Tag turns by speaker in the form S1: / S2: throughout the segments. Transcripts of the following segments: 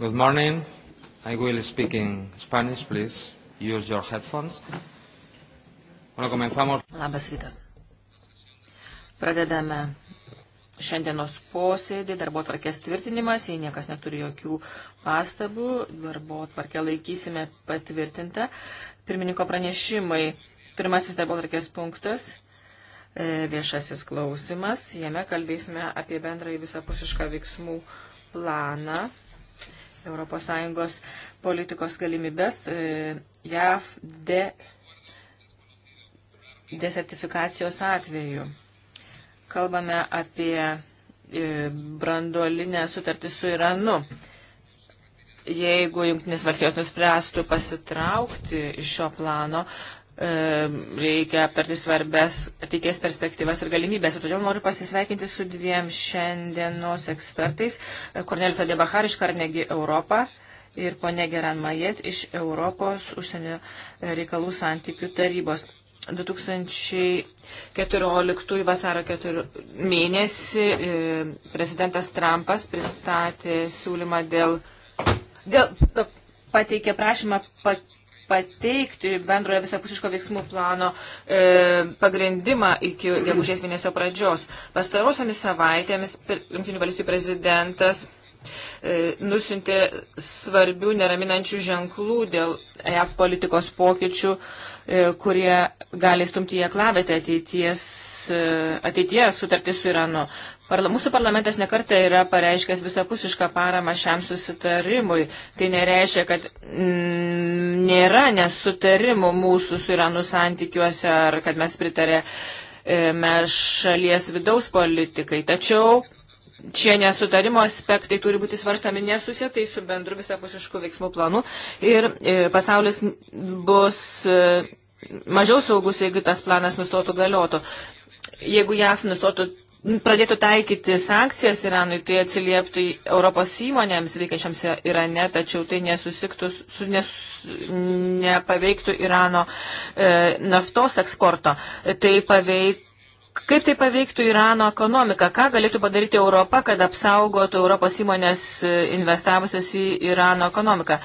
S1: Good morning. I will speak in Spanish, please. Use your headphones. Bueno, comenzamos.
S2: Labas rytas. Pradedame šiandienos posėdį, darbo tvarkės tvirtinimas, jei niekas neturi jokių pastabų, darbo tvarkę laikysime patvirtintą. Pirmininko pranešimai. Pirmasis darbo tvarkės punktas e, viešasis klausimas. Jame kalbėsime apie bendrąjį visapusišką veiksmų planą ES politikos galimybės e, JAV de, desertifikacijos atveju. Kalbame apie e, branduolinę sutartį su Iranu. Jeigu Junktinės valstijos nuspręstų pasitraukti iš šio plano, reikia aptarti svarbes ateities perspektyvas ir galimybės. Ir todėl noriu pasisveikinti su dviem šiandienos ekspertais - Kornelis Adebahar iš Karnegi Europą ir ponė Geran Majet iš Europos užsienio reikalų santykių tarybos. 2014 vasaro 4 mėnesį prezidentas Trumpas pristatė siūlymą dėl, dėl pateikė prašymą pakeisti pateikti bendrojo visapusiško veiksmų plano e, pagrindimą iki gegužės mėnesio pradžios. Pastarosiomis savaitėmis Junktinių valstybių prezidentas e, nusintė svarbių neraminančių ženklų dėl EF politikos pokyčių, e, kurie gali stumti į aklavėtę ateities e, ateities sutartis su Iranu. Parla mūsų parlamentas nekartą yra pareiškęs visapusišką paramą šiam susitarimui. Tai nereiškia, kad mm, nėra nesutarimų mūsų su Iranu santykiuose ar kad mes pritarė e, mes šalies vidaus politikai. Tačiau šie nesutarimo aspektai turi būti svarstami nesusietai su bendru visapusišku veiksmų planu ir e, pasaulis bus e, mažiau saugus, jeigu tas planas nustotų galiotų. Jeigu JAF nustotų pradėtų taikyti sankcijas Iranui, tai atsilieptų Europos įmonėms veikiančiams Irane, tačiau tai nesusiktų, su, nes, nepaveiktų Irano e, naftos eksporto. Tai paveik, kaip tai paveiktų Irano ekonomiką? Ką galėtų padaryti Europa, kad apsaugotų Europos įmonės e, investavusios į Irano ekonomiką?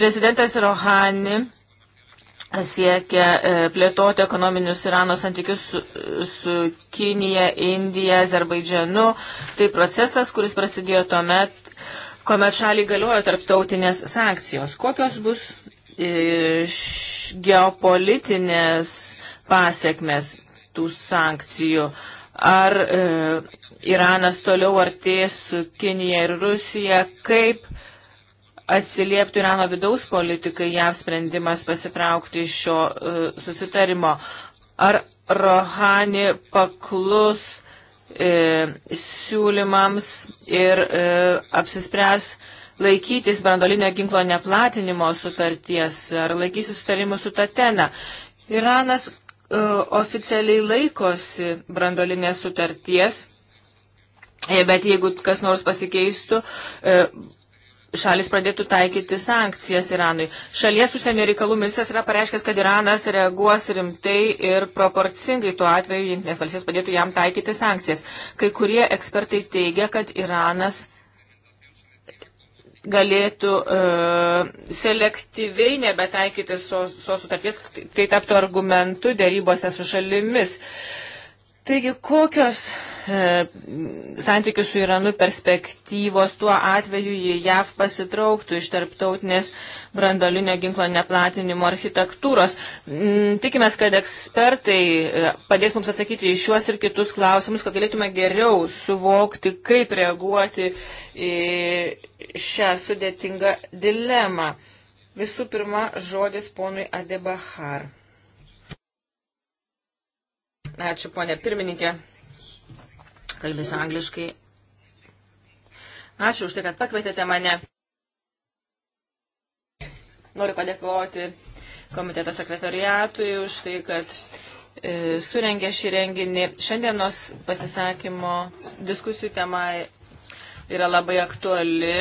S2: Prezidentas Rohani siekia e, plėtoti ekonominius Irano santykius su, su Kinija, Indija, Azerbaidžianu. Tai procesas, kuris prasidėjo tuo met, kuomet šaliai galiojo tarptautinės sankcijos. Kokios bus iš e, geopolitinės pasiekmes tų sankcijų? Ar e, Iranas toliau artės su Kinija ir Rusija? Kaip e, atsilieptų Irano vidaus politikai JAV sprendimas pasitraukti iš šio uh, susitarimo. Ar Rohani paklus e, siūlymams ir e, apsispręs laikytis brandolinio ginklo neplatinimo sutarties ar laikysis sutarimų su Tatena. Iranas e, oficialiai laikosi brandolinės sutarties, e, bet jeigu kas nors pasikeistų, e, šalis pradėtų taikyti sankcijas Iranui. Šalies užsienio reikalų ministras yra pareiškęs, kad Iranas reaguos rimtai ir proporcingai tuo atveju jungtinės valstybės padėtų jam taikyti sankcijas. Kai kurie ekspertai teigia, kad Iranas galėtų uh, selektyviai nebetaikyti sos so sutarties, tai taptų argumentu dėrybose su šalimis. Taigi, kokios E, santykių su Iranu perspektyvos tuo atveju, jei JAV pasitrauktų iš tarptautinės brandolinio ginklo neplatinimo architektūros. Mm, tikimės, kad ekspertai e, padės mums atsakyti į šiuos ir kitus klausimus, kad galėtume geriau suvokti, kaip reaguoti į šią sudėtingą dilemą. Visų pirma, žodis ponui Adebahar. Ačiū, ponė pirmininkė kalbėsiu angliškai. Ačiū už tai, kad pakvietėte mane. Noriu padėkoti komiteto sekretariatui už tai, kad e, surengė šį renginį. Šiandienos pasisakymo diskusijų tema yra labai aktuali.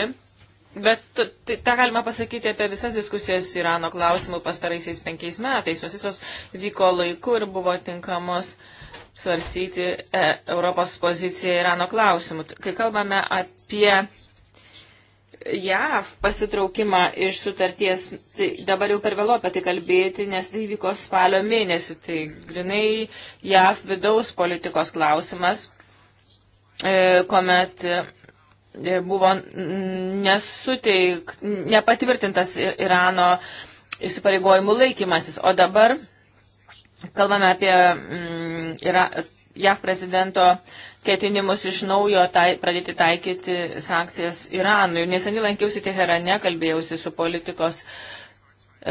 S2: Bet tą galima pasakyti apie visas diskusijas Irano klausimų pastaraisiais penkiais metais. Jos visos vyko laiku ir buvo tinkamos uh, svarstyti e, Europos poziciją Irano klausimų. Kai kalbame apie JAV pasitraukimą iš sutarties, tai dabar jau per vėlo apie tai kalbėti, nes tai vyko spalio mėnesį. Tai grinai JAV vidaus politikos klausimas, e, kuomet e, buvo nesuteik, nepatvirtintas Irano įsipareigojimų laikymasis. O dabar Kalbame apie mm, yra, JAV prezidento ketinimus iš naujo tai, pradėti taikyti sankcijas Iranui. Neseniai lankiausi Teherane, kalbėjausi su politikos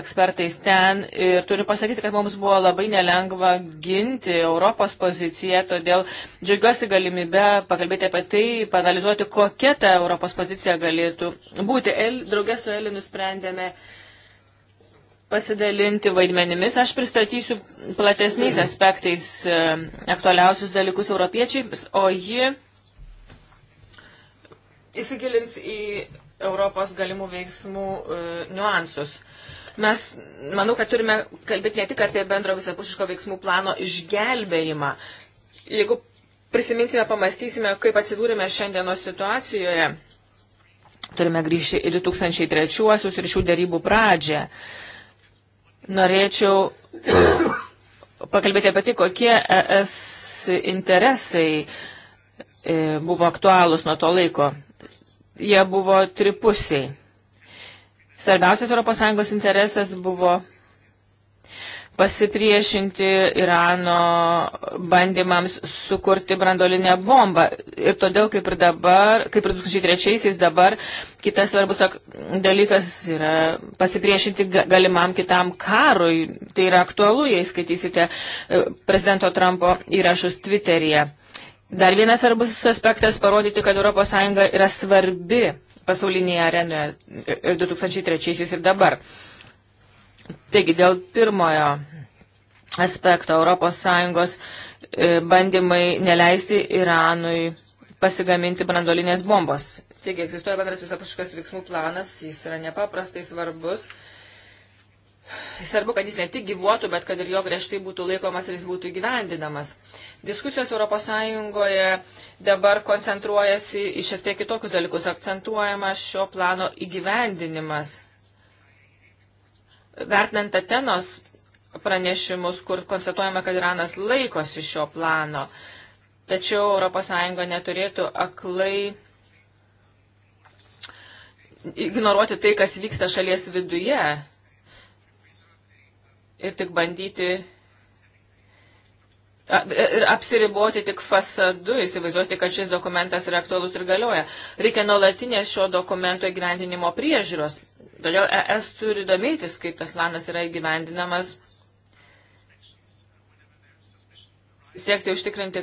S2: ekspertais ten ir turiu pasakyti, kad mums buvo labai nelengva ginti Europos poziciją, todėl džiaugiuosi galimybę pakalbėti apie tai, panalizuoti, kokia ta Europos pozicija galėtų būti. El, draugė su Eli nusprendėme uh, pasidalinti vaidmenimis. Aš pristatysiu platesniais aspektais e, aktualiausius dalykus europiečiai, o ji įsigilins į Europos galimų veiksmų e, niuansus. Mes, manau, kad turime kalbėti ne tik apie bendro visapusiško veiksmų plano išgelbėjimą. Jeigu prisiminsime, pamastysime, kaip atsidūrėme šiandienos situacijoje, turime grįžti ir 2003-uosius ir šių darybų pradžią. Uh, Norėčiau pakalbėti apie tai, kokie ES interesai e, buvo aktualūs nuo to laiko. Jie buvo tripusiai. Svarbiausias ES interesas buvo pasipriešinti Irano bandymams sukurti brandolinę bombą. Ir todėl, kaip ir dabar, kaip ir 2003-aisiais dabar, kitas svarbus dalykas yra pasipriešinti galimam kitam karui. Tai yra aktualu, jei skaitysite e, prezidento Trumpo įrašus Twitter'yje. Dar vienas svarbus aspektas - parodyti, kad ES yra svarbi pasaulinėje arenoje e, e, ir 2003-aisiais ir dabar. Taigi, dėl pirmojo aspekto ES e, bandymai neleisti Iranui pasigaminti brandolinės bombos. Taigi, egzistuoja bendras visapuškas veiksmų planas, jis yra nepaprastai svarbus. Svarbu, kad jis ne tik gyvuotų, bet kad ir jo griežtai būtų laikomas ir jis būtų įgyvendinamas. Diskusijos ES dabar koncentruojasi į šiek tiek kitokius dalykus, akcentuojama šio plano įgyvendinimas. Vertinant Atenos pranešimus, kur konstatuojama, kad Iranas laikosi šio plano, tačiau ES neturėtų aklai ignoruoti tai, kas vyksta šalies viduje ir tik bandyti ir apsiriboti tik fasadu, įsivaizduoti, kad šis dokumentas yra aktualus ir galioja. Reikia nuolatinės šio dokumento įgyvendinimo priežiūros. Todėl ES turi domėtis, kaip tas planas yra įgyvendinamas, siekti užtikrinti,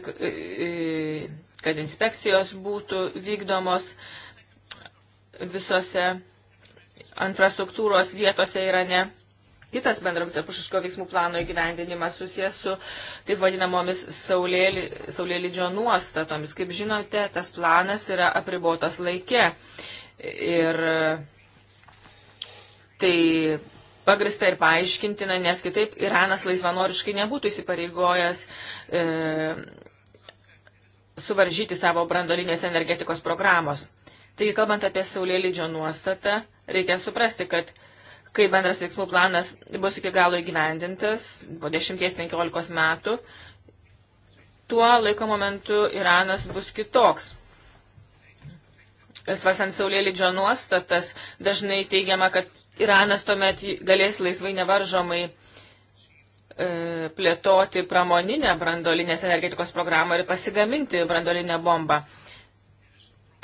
S2: kad inspekcijos būtų vykdomos visose infrastruktūros vietose yra ne. Kitas bendrams tarpušiško veiksmų plano įgyvendinimas susijęs su taip vadinamomis saulėly, saulėlydžio nuostatomis. Kaip žinote, tas planas yra apribotas laike. Ir Tai pagrista ir paaiškintina, nes kitaip Iranas laisvanoriškai nebūtų įsipareigojęs e, suvaržyti savo brandolinės energetikos programos. Taigi, kalbant apie Saulėlydžio nuostatą, reikia suprasti, kad kai bendras veiksmų planas bus iki galo įgyvendintas po 10-15 metų, tuo laiko momentu Iranas bus kitoks svarstant Saulėlydžio nuostatas, dažnai teigiama, kad Iranas tuomet galės laisvai nevaržomai e, plėtoti pramoninę brandolinės energetikos programą ir pasigaminti brandolinę bombą.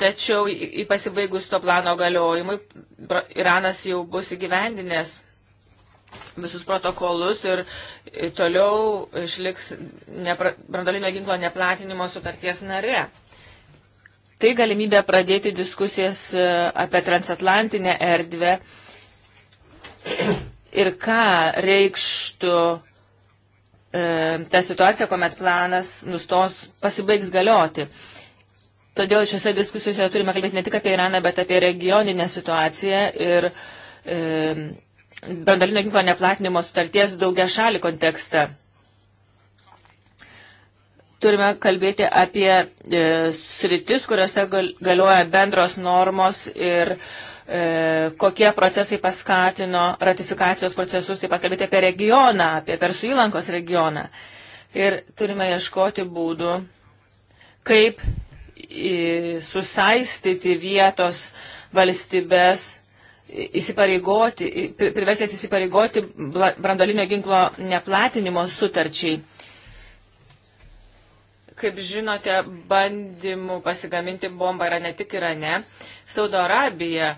S2: Tačiau į pasibaigus to plano galiojimui Iranas jau bus įgyvendinęs visus protokolus ir toliau išliks nepra, brandolinio ginklo neplatinimo sutarties nare. Tai galimybė pradėti diskusijas e, apie transatlantinę erdvę ir ką reikštų e, ta situacija, kuomet planas nustos pasibaigs galioti. Todėl šiose diskusijose turime kalbėti ne tik apie Iraną, bet apie regioninę situaciją ir e, brandalinio ginklo neplatinimo sutarties daugia šalį kontekstą turime kalbėti apie e, sritis, kuriuose gal, galioja bendros normos ir e, kokie procesai paskatino ratifikacijos procesus, taip pat kalbėti apie regioną, apie Persų įlankos regioną. Ir turime ieškoti būdų, kaip e, susaistyti vietos valstybės įsipareigoti, priverstės įsipareigoti brandolinio ginklo neplatinimo sutarčiai. Kaip žinote, bandymų pasigaminti bombą yra ne tik Irane. Saudo Arabija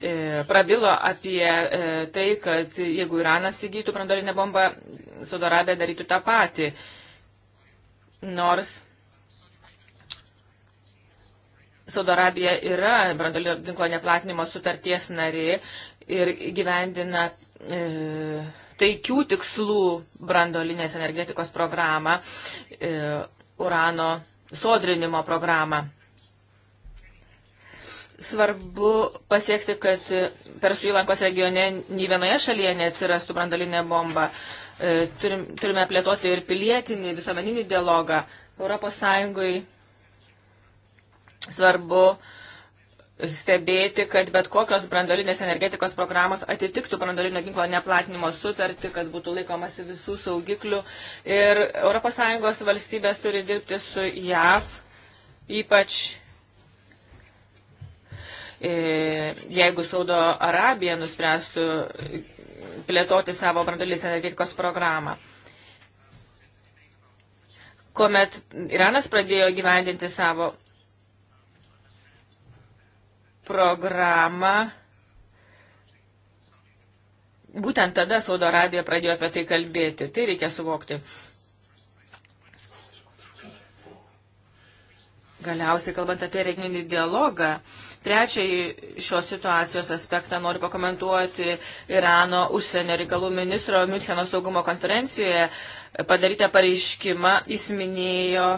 S2: e, prabilo apie e, tai, kad jeigu Iranas įgytų brandolinę bombą, Saudo Arabija darytų tą patį. Nors Saudo Arabija yra brandolinio ginklo neplatinimo sutarties narė ir gyvendina. E, taikių tikslų brandolinės energetikos programą. E, urano sodrinimo programą. Svarbu pasiekti, kad Persų įlankos regione nei vienoje šalyje neatsirastų brandalinė bomba. E, turim, turime plėtoti ir pilietinį, visuomeninį dialogą. Europos Sąjungui svarbu uh, stebėti, kad bet kokios brandolinės energetikos programos atitiktų brandolinio ginklo neplatinimo sutartį, kad būtų laikomasi visų saugiklių. Ir ES valstybės turi dirbti su JAV, ypač e, jeigu Saudo Arabija nuspręstų plėtoti savo brandolinės energetikos programą kuomet Iranas pradėjo gyvendinti savo programą. Būtent tada Saudo Arabija pradėjo apie tai kalbėti. Tai reikia suvokti. Galiausiai, kalbant apie regioninį dialogą, trečiąjį šios situacijos aspektą noriu pakomentuoti Irano užsienio reikalų ministro Müncheno saugumo konferencijoje padarytą pareiškimą. Jis minėjo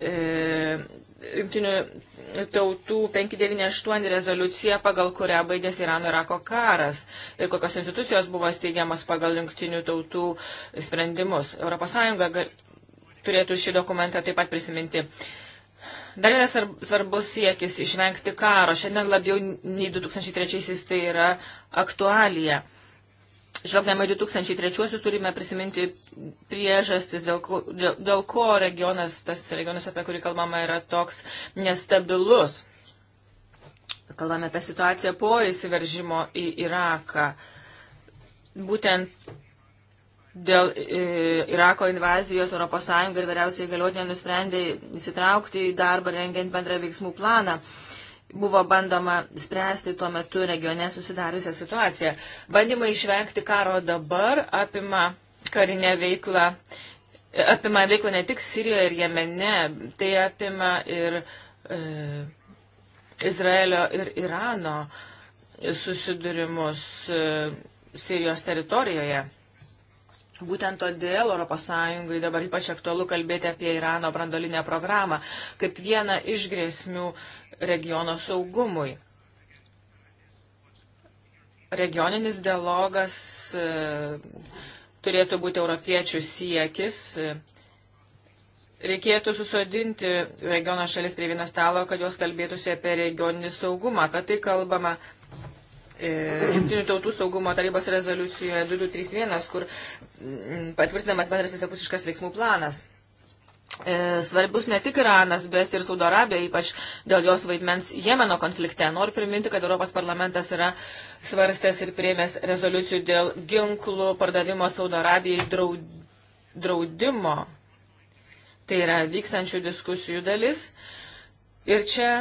S2: e, jungtinių tautų 598 rezoliucija, pagal kurią baigėsi Irano-Irako karas ir kokios institucijos buvo steigiamas pagal jungtinių tautų sprendimus. ES turėtų šį dokumentą taip pat prisiminti. Dar vienas svarbus siekis išvengti karo. Šiandien labiau nei 2003-aisiais tai yra aktualija žvelgdami 2003-uosius turime prisiminti priežastis, dėl ko, dėl, dėl ko regionas, tas regionas, apie kurį kalbama, yra toks nestabilus. Kalbame tą situaciją po įsiveržimo į Iraką. Būtent dėl e, Irako invazijos ES ir vyriausiai galiotinė nusprendė įsitraukti į darbą rengiant bendrą veiksmų planą buvo bandoma spręsti tuo metu regione susidariusią situaciją. Bandymai išvengti karo dabar apima karinę veiklą, apima veiklą ne tik Sirijoje ir Jemene, tai apima ir e, Izraelio ir Irano susidūrimus e, Sirijos teritorijoje. Būtent todėl ES dabar ypač aktualu kalbėti apie Irano brandolinę programą kaip vieną iš grėsmių regiono saugumui. Regioninis dialogas e, turėtų būti europiečių siekis. E, reikėtų susodinti regiono šalis prie vieno stalo, kad jos kalbėtųsi apie regioninį saugumą. Apie tai kalbama e, Junktinių tautų saugumo tarybos rezoliucijoje 2231, kur patvirtinamas bendras visapusiškas veiksmų planas. E, svarbus ne tik Iranas, bet ir Saudo Arabija, ypač dėl jos vaidmens Jemeno konflikte. Noriu priminti, kad Europos parlamentas yra svarstęs ir priemęs rezoliucijų dėl ginklų pardavimo Saudo Arabijai draudimo. Tai yra vykstančių diskusijų dalis. Ir čia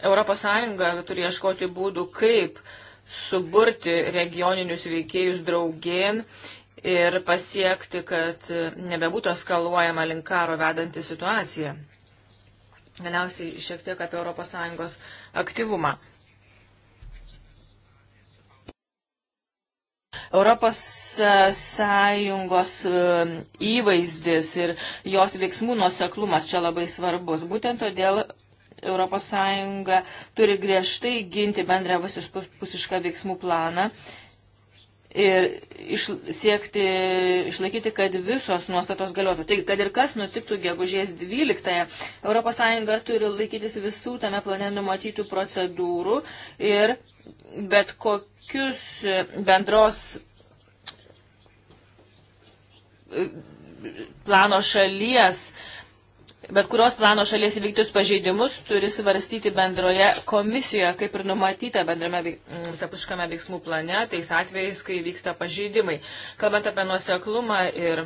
S2: ES turi ieškoti būdų, kaip suburti regioninius veikėjus draugien ir pasiekti, kad nebebūtų eskaluojama link karo vedanti situacija. Galiausiai šiek tiek apie ES aktyvumą. Europos Sąjungos e, įvaizdis ir jos veiksmų nuoseklumas čia labai svarbus. Būtent todėl Europos Sąjunga turi griežtai ginti bendrą visišką veiksmų planą ir iš, siekti, išlaikyti, kad visos nuostatos galiotų. Taigi, kad ir kas nutiktų gegužės 12-ąją, ES turi laikytis visų tame plane numatytų procedūrų ir bet kokius bendros e, plano šalies uh, bet kurios plano šalies įvyktus pažeidimus turi svarstyti bendroje komisijoje, kaip ir numatyta bendrame mm, visapuškame veiksmų plane, tais atvejais, kai vyksta pažeidimai. Kalbant apie nuoseklumą ir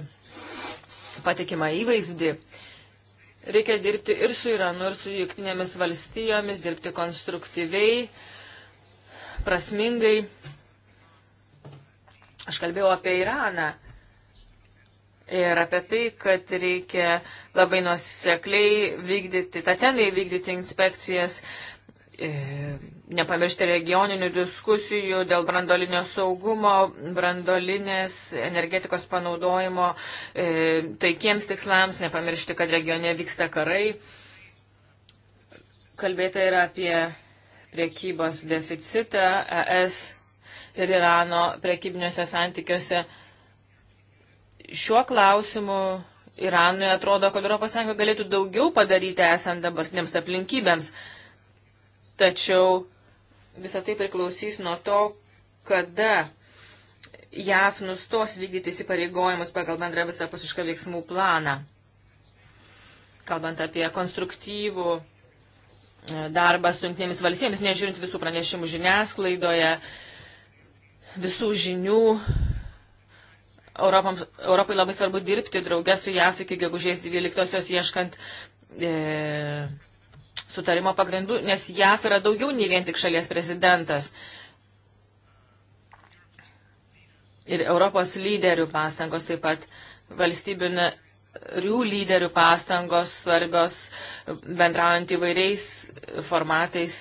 S2: patikimą įvaizdį, reikia dirbti ir su Iranu, ir su jungtinėmis valstijomis, dirbti konstruktyviai, prasmingai. Aš kalbėjau apie Iraną ir apie tai, kad reikia labai nusekliai vykdyti, tatenai vykdyti inspekcijas, e, nepamiršti regioninių diskusijų dėl brandolinio saugumo, brandolinės energetikos panaudojimo e, taikiems tikslams, nepamiršti, kad regione vyksta karai. Kalbėta yra apie priekybos deficitą ES ir Irano priekybiniuose santykiuose šiuo klausimu Iranui atrodo, kad ES galėtų daugiau padaryti esant dabartiniams aplinkybėms. Tačiau visą tai priklausys nuo to, kada JAF nustos vykdyti įsipareigojimus pagal bendrą visapusišką veiksmų planą. Kalbant apie konstruktyvų e, darbą su jungtinėmis valstybėmis, nežiūrint visų pranešimų žiniasklaidoje, visų žinių Europams, Europai labai svarbu dirbti draugę su JAF iki gegužės 12-osios ieškant e, sutarimo pagrindų, nes JAF yra daugiau nei vien tik šalies prezidentas. Ir Europos lyderių pastangos taip pat valstybių rių lyderių pastangos svarbios bendraujant įvairiais formatais.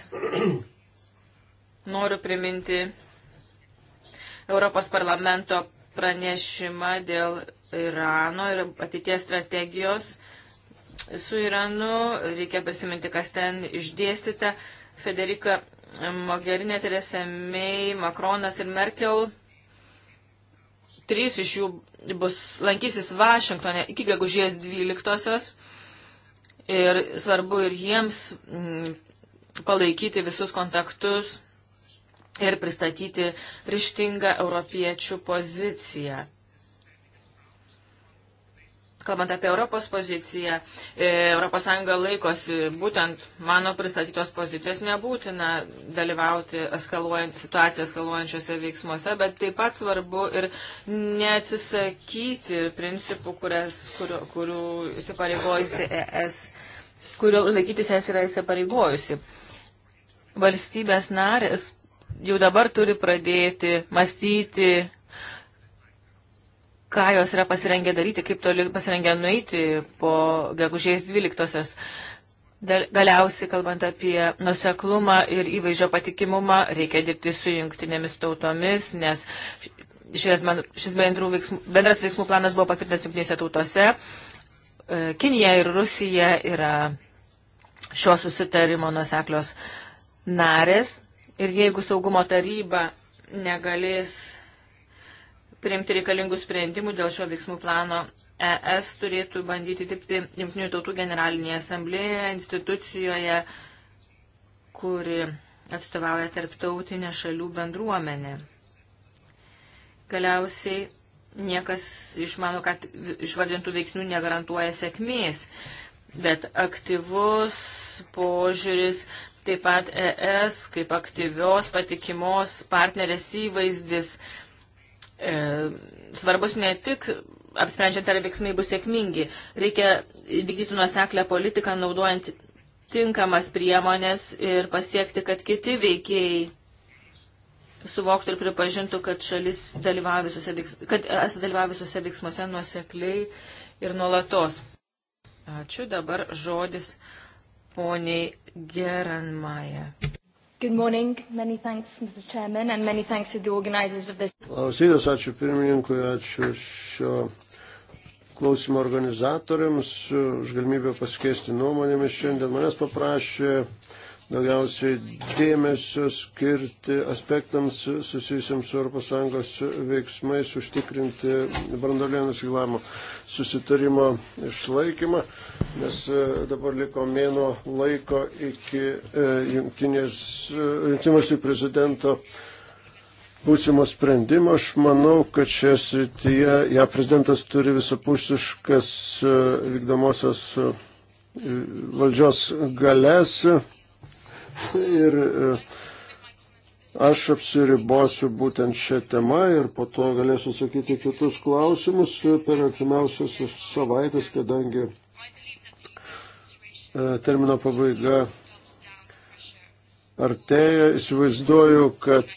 S2: Noriu priminti Europos parlamento pranešimą dėl Irano ir ateities strategijos su Iranu. Reikia prisiminti, kas ten išdėstyta. Federika Mogerinė, Teresa May, Makronas ir Merkel. Trys iš jų bus lankysis Vašingtonė iki gegužės 12-osios. Ir svarbu ir jiems mm, palaikyti visus kontaktus ir pristatyti ryštingą europiečių poziciją. Kalbant apie Europos poziciją, ES laikosi būtent mano pristatytos pozicijos nebūtina dalyvauti eskaluojant, situaciją eskaluojančiose veiksmuose, bet taip pat svarbu ir neatsisakyti principų, kurias, kurių, kurių įsipareigojusi ES, kurio laikytis ES yra įsipareigojusi. Valstybės narės jau dabar turi pradėti mąstyti, ką jos yra pasirengę daryti, kaip toli pasirengę nueiti po gegužės 12-osios. Galiausiai, kalbant apie nuseklumą ir įvaizdžio patikimumą, reikia dirbti su jungtinėmis tautomis, nes šis, šis veiksmų, bendras veiksmų planas buvo patvirtintas jungtinėse tautose. E, Kinija ir Rusija yra šio susitarimo nuseklios narės. Ir jeigu saugumo taryba negalės priimti reikalingų sprendimų dėl šio veiksmų plano, ES turėtų bandyti dirbti Junktinių tautų generalinėje asamblėje, institucijoje, kuri atstovauja tarptautinę šalių bendruomenę. Galiausiai niekas iš mano, kad išvardintų veiksnių negarantuoja sėkmės, bet aktyvus požiūris, Taip pat ES kaip aktyvios patikimos partnerės įvaizdis e, svarbus ne tik apsprendžiant, ar veiksmai bus sėkmingi. Reikia vykdyti nuoseklę politiką, naudojant tinkamas priemonės ir pasiekti, kad kiti veikėjai suvoktų ir pripažintų, kad šalis dalyvauja visose, kad e dalyvauja visose veiksmuose nuosekliai ir nuolatos. Ačiū dabar žodis poniai Geranmaja.
S1: Good morning. Many thanks, Mr. Chairman, and many thanks to the organizers of this.
S3: Klausydas, ačiū pirmininkui, ačiū šio klausimo organizatoriams už galimybę pasikeisti nuomonėmis. Šiandien manęs paprašė uh, daugiausiai dėmesio skirti aspektams susijusiams su ES veiksmais, užtikrinti brandolinio nusigilavimo susitarimo išlaikymą, nes e, dabar liko mėno laiko iki e, jungtinės, e, jungtinės prezidento būsimo sprendimo. Aš manau, kad šioje srityje ja, prezidentas turi visapusiškas vykdomosios valdžios galės Ir e, aš apsiribosiu būtent šią temą ir po to galėsiu sakyti kitus klausimus e, per artimiausias savaitės, kadangi e, termino pabaiga artėja, įsivaizduoju, kad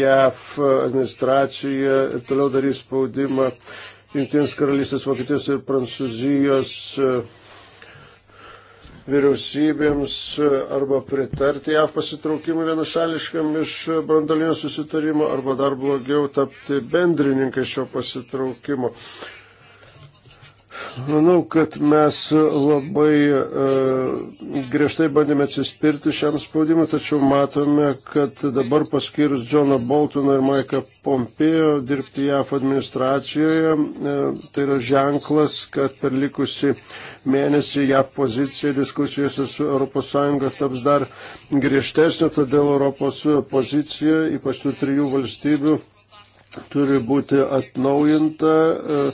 S3: JAF administracija ir toliau darys spaudimą Junktinės karalystės, Vokietijos ir Prancūzijos vyriausybėms e, arba pritarti JAV pasitraukimui vienašališkam iš e, brandalinio susitarimo arba dar blogiau tapti bendrininkai šio pasitraukimo. Manau, kad mes labai e, griežtai bandėme atsispirti šiam spaudimui, tačiau matome, kad dabar paskyrus Džoną Boltoną ir Maiką Pompėjo dirbti JAF administracijoje, e, tai yra ženklas, kad per likusi mėnesį JAF pozicija diskusijose su ES taps dar griežtesnė, todėl Europos pozicija, ypač tų trijų valstybių, turi būti atnaujinta. E,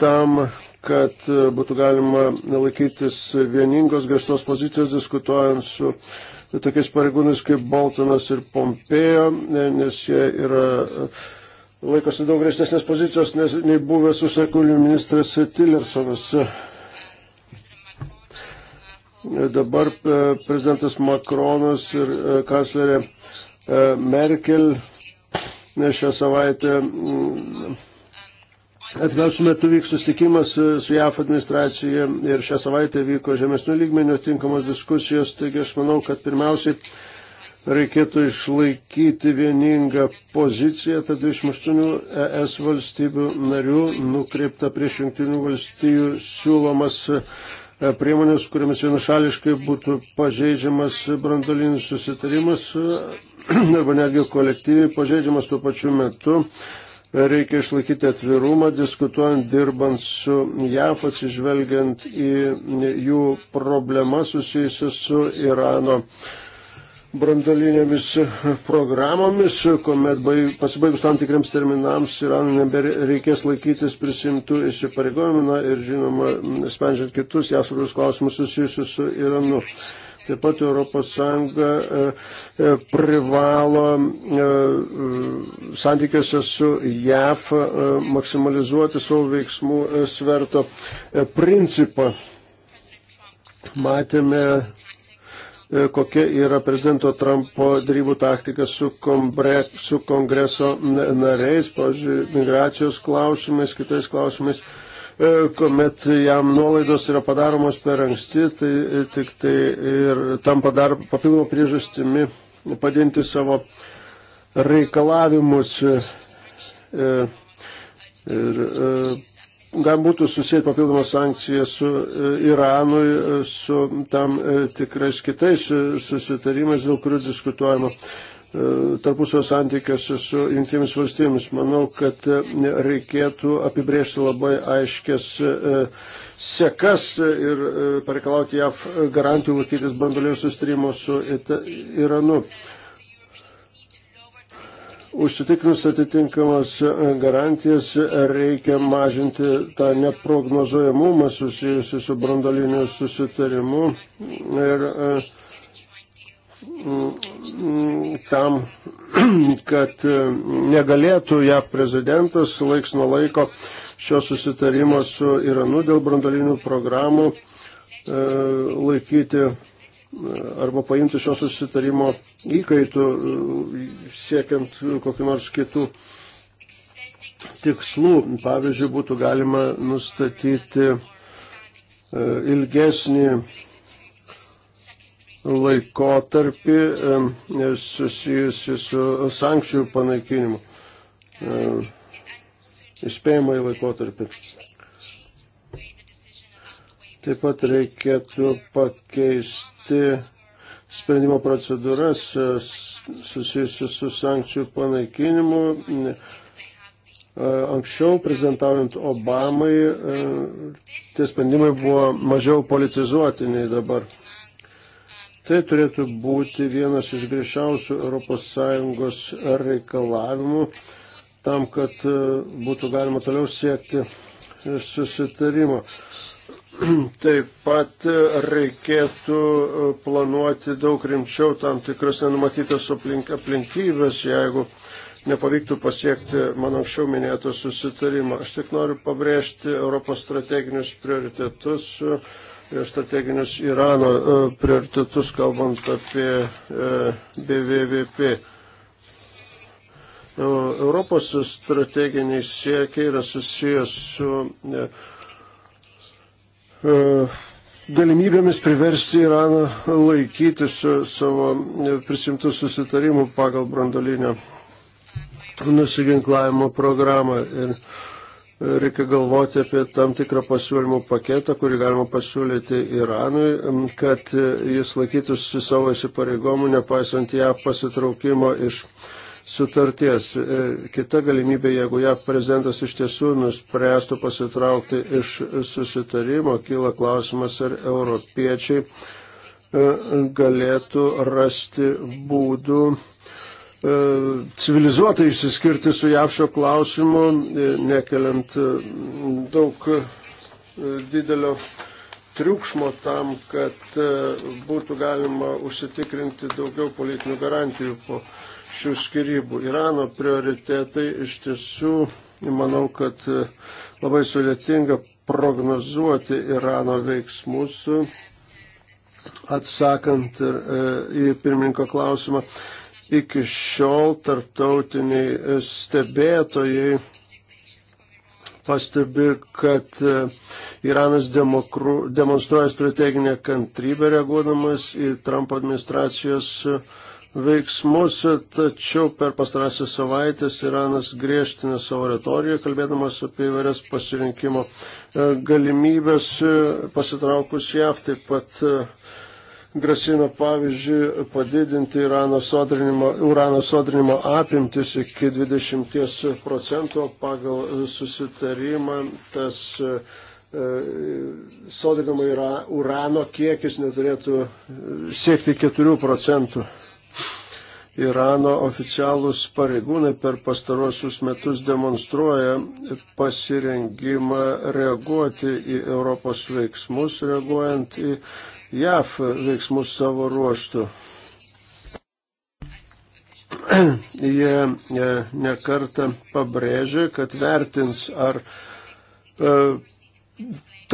S3: tam kad e, būtų galima laikytis vieningos griežtos pozicijos diskutuojant su tokiais pareigūnais kaip Boltonas ir Pompėjo, e, nes jie yra e, laikosi daug griežtesnės pozicijos nes, nei buvęs užsienio ministras Tillersonas. Dabar prezidentas Makronas ir kanclerė Merkel šią savaitę Atgausiu metu vyks susitikimas e, su JAF administracija ir šią savaitę vyko žemesnių lygmenių tinkamos diskusijos, taigi aš manau, kad pirmiausiai reikėtų išlaikyti vieningą poziciją, tad 28 ES valstybių narių nukreipta prieš jungtinių valstybių siūlomas e, priemonės, kuriamis vienašališkai būtų pažeidžiamas brandolinis susitarimas e, arba netgi kolektyviai pažeidžiamas tuo pačiu metu reikia išlaikyti atvirumą, diskutuojant, dirbant su JAF, atsižvelgiant į jų problemas susijusias su Irano brandolinėmis programomis, kuomet pasibaigus tam tikriams terminams Iranui nebereikės laikytis prisimtų įsipareigojimų ir žinoma, sprendžiant kitus jas svarbius klausimus susijusius su Iranu. Taip pat ES e, e, privalo e, santykiuose su JAF maksimalizuoti savo veiksmų sverto principą. Matėme kokia yra prezidento Trumpo darybų taktika su, kombre, su kongreso nariais, pavyzdžiui, migracijos klausimais, kitais klausimais. E, kuomet jam nuolaidos yra padaromos per anksti, tai e, tik tai ir tampa dar papildomą priežastimi padinti savo reikalavimus. E, ir galima būtų susijęti papildomą sankciją su Iranui, su tam tikrais kitais susitarimais, dėl kurių diskutuojama E, tarpusio santykiuose su jungtinėmis valstybėmis. Manau, kad e, reikėtų apibriežti labai aiškės e, sekas ir pareikalauti JAV garantijų laikytis bandulio sustrimo su Iranu. Užsitikrinus atitinkamas garantijas reikia mažinti tą neprognozuojamumą susijusi su brandoliniu susitarimu ir uh, Mm, tam, kad e, negalėtų JAV prezidentas laiks nuo laiko šio susitarimo su Iranu dėl brandolinių programų e, laikyti e, arba paimti šio susitarimo įkaitų, siekiant kokiu nors kitų tikslų. Pavyzdžiui, būtų galima nustatyti ilgesnį laikotarpį susijusi su sankcijų panaikinimu. Įspėjimai laikotarpį. Taip pat reikėtų pakeisti sprendimo procedūras e, susijusius su sankcijų panaikinimu. E, anksčiau, prezidentaujant Obamai, e, tie sprendimai buvo mažiau politizuoti nei dabar. Tai turėtų būti vienas iš grįžčiausių ES reikalavimų tam, kad e, būtų galima toliau siekti susitarimo. Taip pat e, reikėtų e, planuoti daug rimčiau tam tikras nenumatytas aplink, aplinkybės, jeigu nepavyktų pasiekti mano anksčiau minėto susitarimo. Aš tik noriu pabrėžti Europos strateginius prioritetus prieš strateginius Irano e, prioritetus, kalbant apie e, BVVP. E, Europos strateginiai siekiai yra susijęs su galimybėmis priversti Iraną laikytis savo prisimtų susitarimų pagal brandolinę nusiginklavimo programą. Ir reikia galvoti apie tam tikrą pasiūlymų paketą, kurį galima pasiūlyti Iranui, kad jis laikytųsi savo įsipareigomų, nepaisant JAV pasitraukimo iš sutarties. Kita galimybė, jeigu JAV prezidentas iš tiesų nuspręstų pasitraukti iš susitarimo, kyla klausimas, ar europiečiai e, galėtų rasti būdų E, civilizuotai išsiskirti su JAV šio klausimu, e, nekeliant e, daug didelio triukšmo tam, kad būtų galima užsitikrinti daugiau politinių garantijų po šių skirybų. Irano prioritetai iš tiesų, manau, kad labai sudėtinga prognozuoti Irano veiksmus, atsakant į pirmininko klausimą Iki šiol tarptautiniai stebėtojai pastebi, kad e, Iranas demokru, demonstruoja strateginę kantrybę reaguodamas į Trumpo administracijos e, veiksmus, tačiau per pastarąsias savaitės Iranas griežtina savo retoriją, kalbėdamas apie įvairias pasirinkimo e, galimybės pasitraukus JAV, taip pat grasino, pavyzdžiui, padidinti urano sodrinimo, urano sodrinimo apimtis iki 20 procentų pagal susitarimą. Tas e, sodrinimo urano kiekis neturėtų e, siekti 4 procentų. Irano oficialūs pareigūnai per pastarosius metus demonstruoja pasirengimą reaguoti į Europos veiksmus, reaguojant į JAF veiksmus savo ruoštų. Jie ne, nekartą pabrėžė, kad vertins, ar e,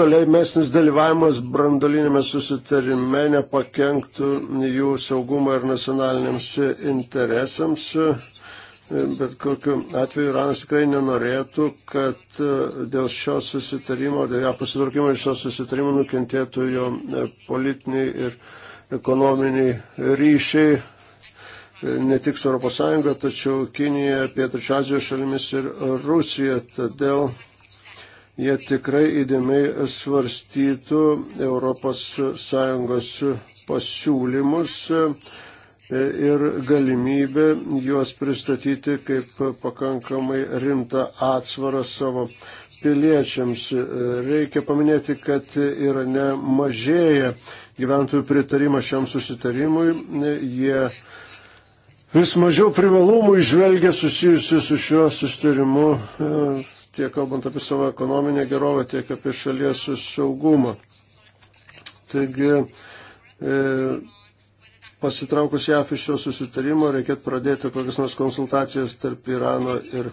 S3: tolimesnis dalyvavimas brandolinėme susitarime nepakenktų jų saugumo ir nacionaliniams interesams. E, Bet kokiu atveju Iranas tikrai nenorėtų, kad e, dėl šio susitarimo, dėl jo pasitraukimo iš šio susitarimo nukentėtų jo e, politiniai ir ekonominiai ryšiai e, ne tik su ES, tačiau Kinija, Pietričio Azijos šalimis ir Rusija. Todėl jie tikrai įdėmiai svarstytų ES pasiūlymus E, ir galimybė juos pristatyti kaip pakankamai rimtą atsvarą savo piliečiams. E, reikia paminėti, kad Irane mažėja gyventojų pritarimas šiam susitarimui. E, jie vis mažiau privalumų išvelgia susijusi su šiuo susitarimu tiek kalbant apie savo ekonominę gerovę, tiek apie šalies saugumą. Taigi, e, pasitraukus JAF iš šio susitarimo reikėtų pradėti kokias nors konsultacijas tarp Irano ir e,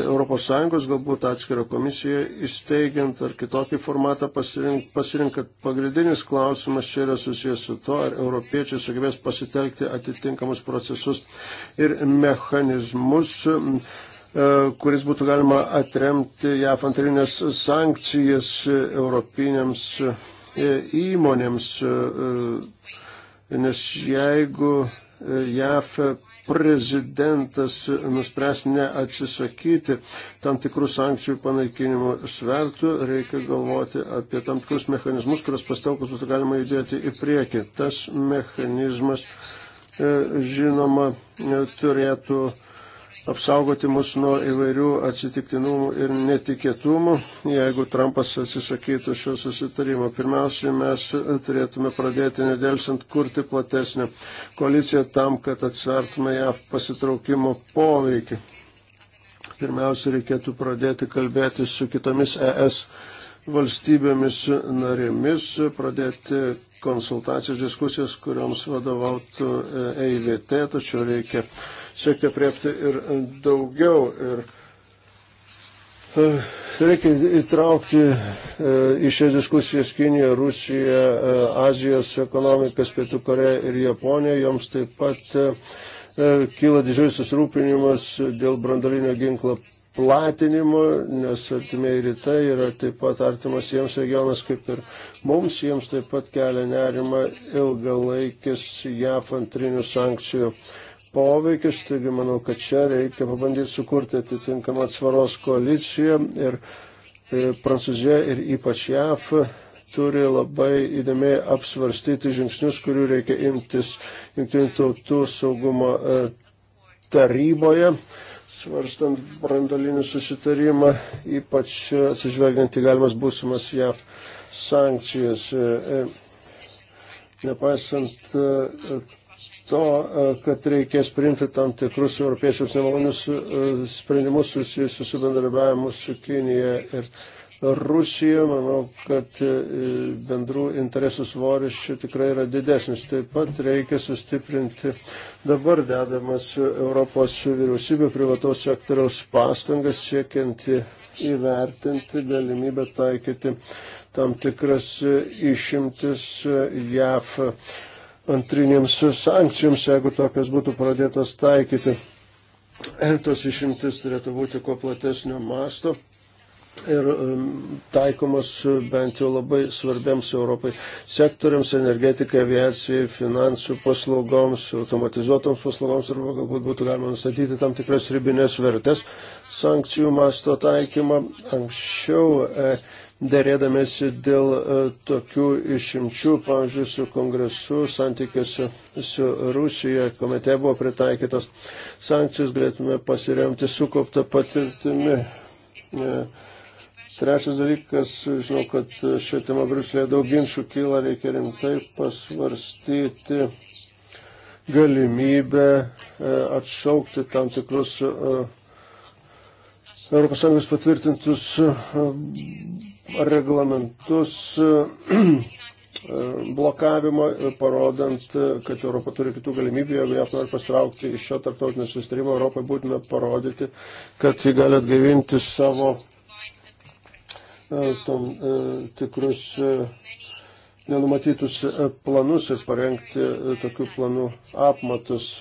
S3: Europos Sąjungos, galbūt atskirą komisiją įsteigiant ar kitokį formatą pasirink, pasirinkat. Pagrindinis klausimas čia yra susijęs su to, ar europiečiai sugebės pasitelkti atitinkamus procesus ir mechanizmus e, kuris būtų galima atremti JAF antrinės sankcijas europinėms e, įmonėms nes jeigu e, JAF prezidentas nuspręs neatsisakyti tam tikrų sankcijų panaikinimo svertų, reikia galvoti apie tam tikrus mechanizmus, kurios pastelkus būtų galima judėti į priekį. Tas mechanizmas, e, žinoma, e, turėtų apsaugoti mus nuo įvairių atsitiktinumų ir netikėtumų, jeigu Trumpas atsisakytų šio susitarimo. Pirmiausiai mes turėtume pradėti nedėlsant kurti platesnę koaliciją tam, kad atsvertume JAV pasitraukimo poveikį. Pirmiausia, reikėtų pradėti kalbėti su kitomis ES valstybėmis narėmis, pradėti konsultacijos diskusijas, kuriams vadovautų EIVT, tačiau reikia siekti priepti ir daugiau. Ir e, Reikia įtraukti e, į šias diskusijas Kiniją, Rusiją, e, Azijos ekonomikas, Pietų Koreją ir Japoniją. Joms taip pat kyla didžiulis susirūpinimas dėl brandalinio ginklo platinimo, nes artimiai rytai yra taip pat artimas jiems regionas kaip ir mums. Jiems taip pat kelia nerima ilgalaikis JAF antrinių sankcijų poveikis, taigi manau, kad čia reikia pabandyti sukurti atitinkamą atsvaros koaliciją ir e, Prancūzija ir ypač JAF turi labai įdėmiai apsvarstyti žingsnius, kurių reikia imtis Junktinių tautų saugumo e, taryboje, svarstant brandolinį susitarimą, ypač atsižvelgiant į galimas būsimas JAV sankcijas. E, nepaisant to, e, kad reikės priimti tam tikrus europiečius nemalonius e, sprendimus susijusius su bendradarbiavimu su Kinija ir Rusija. Manau, kad e, bendrų interesų svoris čia tikrai yra didesnis. Taip pat reikia sustiprinti dabar dedamas Europos vyriausybė privataus sektoriaus pastangas siekiant įvertinti galimybę taikyti tam tikras išimtis JAF antrinėms sankcijoms, jeigu tokios būtų pradėtos taikyti. Tos išimtis turėtų būti kuo platesnio masto ir um, taikomas uh, bent jau labai svarbiams Europai sektoriams - energetikai, aviacijai, finansų paslaugoms, automatizuotoms paslaugoms arba galbūt būtų galima nustatyti tam tikras ribinės vertės sankcijų masto taikymą. Anksčiau uh, dėrėdamėsi dėl e, tokių išimčių, pavyzdžiui, su kongresu, santykiuose su Rusija, kuomet buvo pritaikytos sankcijos, galėtume pasiremti sukauptą patirtimi. E, Trečias dalykas, žinau, kad šią temą Bruselėje daug ginčių kyla, reikia rimtai pasvarstyti galimybę e, atšaukti tam tikrus ES patvirtintus e, reglamentus e, e, blokavimo, parodant, kad Europa turi kitų galimybių, jeigu JAF nori pastraukti iš šio tarptautinio sustarimo, Europai būtina parodyti, kad ji gali atgaivinti savo tam, tikrus nenumatytus planus ir parengti tokių planų apmatus.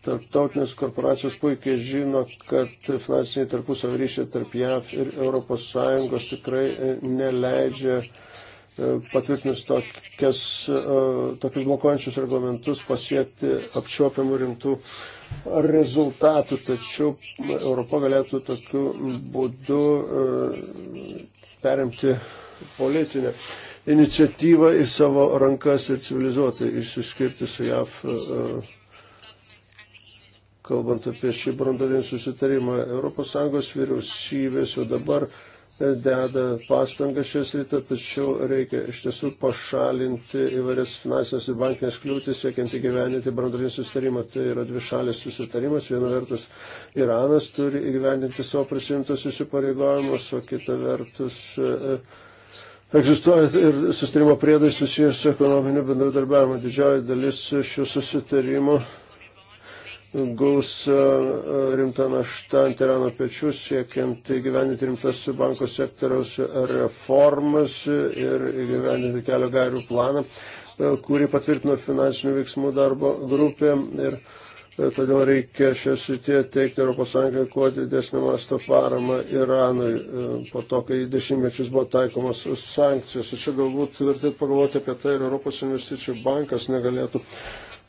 S3: Tarptautinės korporacijos puikiai žino, kad finansiniai tarpusavio ryšiai tarp JAV ir ES tikrai e, neleidžia e, patvirtinus tokias, e, tokius blokuojančius reglamentus pasiekti apčiuopiamų rimtų rezultatų, tačiau Europa galėtų tokiu būdu perimti politinę iniciatyvą į savo rankas ir civilizuotai išsiskirti su JAV kalbant apie šį brandolinį susitarimą. ES vyriausybės jau dabar e, deda pastangą šią sritą, tačiau reikia iš tiesų pašalinti įvairias finansinės ir bankinės kliūtis, siekiant įgyveninti brandolinį susitarimą. Tai yra dvišalės susitarimas. Viena vertus Iranas turi įgyveninti savo prisimtus įsipareigojimus, o kita vertus. E, e Egzistuoja ir sustarimo priedai susijęs su ekonominiu bendradarbiavimu. Didžioji dalis šių susitarimų guls e, e, rimta našta ant Irano pečių, siekiant įgyvendinti rimtas banko sektoriaus reformas ir įgyvendinti kelio gairių planą, e, kurį patvirtino finansinių veiksmų darbo grupė. Ir todėl reikia šią srityje teikti ES kuo didesnį masto paramą Iranui po to, kai dešimtmečius buvo taikomos sankcijos. Čia galbūt vertėtų pagalvoti apie tai ir Europos investicijų bankas negalėtų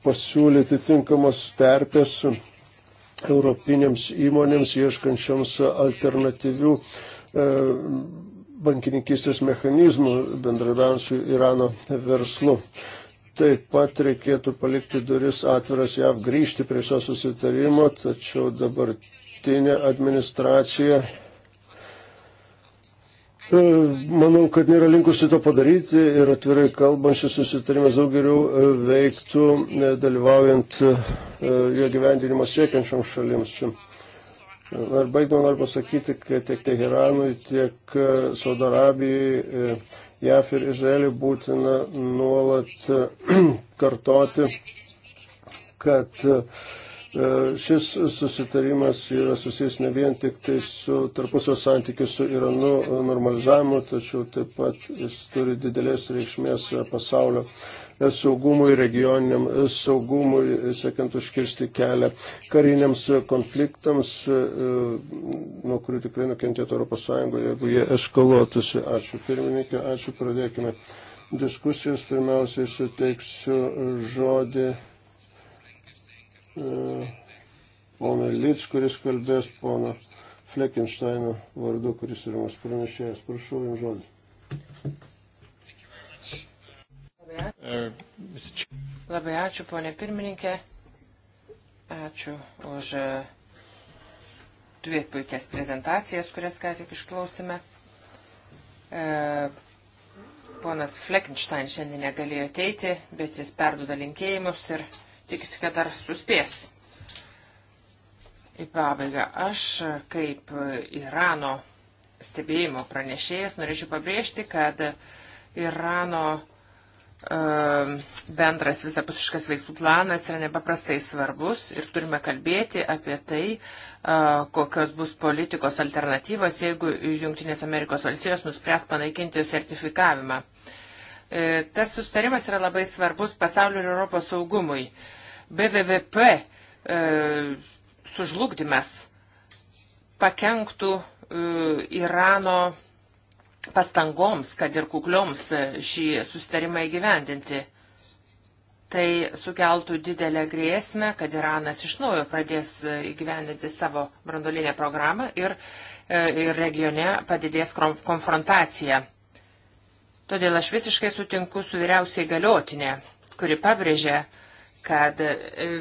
S3: pasiūlyti tinkamas terpės europinėms įmonėms ieškančioms alternatyvių e, bankininkistės mechanizmų bendradarbiavant su Irano verslu. Taip pat reikėtų palikti duris atviras JAV grįžti prie šio susitarimo, tačiau dabartinė administracija E, manau, kad nėra linkusi to padaryti ir atvirai kalbant, šis susitarimas daug geriau e, veiktų e, dalyvaujant jo gyvendinimo siekiančiam šalims. Ir baigdama noriu pasakyti, kad tiek Teheranui, tiek Saudo Arabijai, JAF ir Izraeliui būtina nuolat kartoti, kad uh, E, šis susitarimas yra susijęs ne vien tik tai su tarpusio santykiu su Iranu normalizavimu, tačiau taip pat jis turi didelės reikšmės pasaulio saugumui, regioniniam saugumui, siekiant užkirsti kelią kariniams konfliktams, e, nuo kurių tikrai nukentėtų ES, jeigu jie eskaluotųsi. Ačiū pirmininkė, ačiū, pradėkime diskusijas. Pirmiausiai suteiksiu žodį Mm. poną Lyts, kuris kalbės pono Fleckensteino vardu, kuris yra mūsų pranešėjas. Prašau jums žodį.
S1: Labai ačiū, ponė pirmininkė. Ačiū už e, dvi puikias prezentacijas, kurias ką tik išklausime. E, ponas Fleckenstein šiandien negalėjo ateiti, bet jis perduoda linkėjimus ir tikisi, kad dar suspės. Į pabaigą, aš kaip Irano stebėjimo pranešėjas norėčiau pabrėžti, kad Irano um, bendras visapusiškas veiksmų planas yra nepaprastai svarbus ir turime kalbėti apie tai, uh, kokios bus politikos alternatyvos, jeigu Junktinės Amerikos valstijos nuspręs panaikinti sertifikavimą. E, tas sustarimas yra labai svarbus pasaulio ir Europos saugumui. BVVP e, sužlugdymas pakenktų e, Irano pastangoms, kad ir kuklioms e, šį sustarimą įgyvendinti. Tai sukeltų didelę grėsmę, kad Iranas iš naujo pradės e, įgyvendinti savo brandolinę programą ir, e, ir regione padidės konfrontacija. Todėl aš visiškai sutinku su vyriausiai galiotinė, kuri pabrėžė, kad e,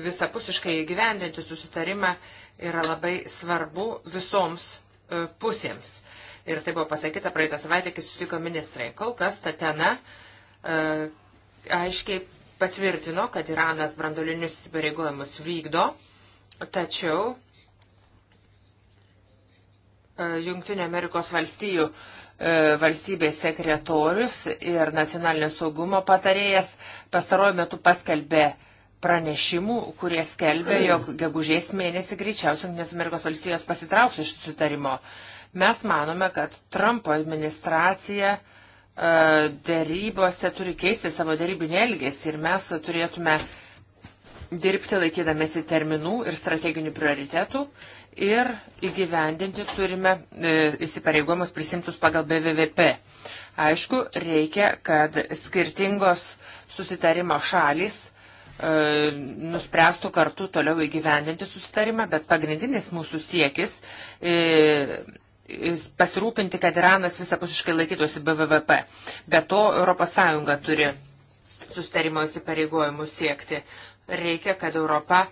S1: visapusiškai įgyvendinti susitarimą yra labai svarbu visoms e, pusėms. Ir tai buvo pasakyta praeitą savaitę, kai susitiko ministrai. Kol kas Tatena e, aiškiai patvirtino, kad Iranas brandolinius įsipareigojimus vykdo, tačiau Junktinio Amerikos valstijų valstybės sekretorius ir nacionalinio saugumo patarėjas pastaruoju metu paskelbė pranešimų, kurie skelbia, jog gegužės mėnesį greičiausiai Junktinės Amerikos valstijos pasitrauks iš sutarimo. Mes manome, kad Trumpo administracija e, dėrybose turi keisti savo dėrybinį elgesį ir mes turėtume dirbti laikydamėsi terminų ir strateginių prioritetų ir įgyvendinti turime e, įsipareigojimus prisimtus pagal BVVP. Aišku, reikia, kad skirtingos susitarimo šalis E, nuspręstų kartu toliau įgyvendinti susitarimą, bet pagrindinis mūsų siekis e, pasirūpinti, kad Iranas visapusiškai laikytųsi BVVP. Be to, ES turi susitarimo įsipareigojimų siekti. Reikia, kad Europa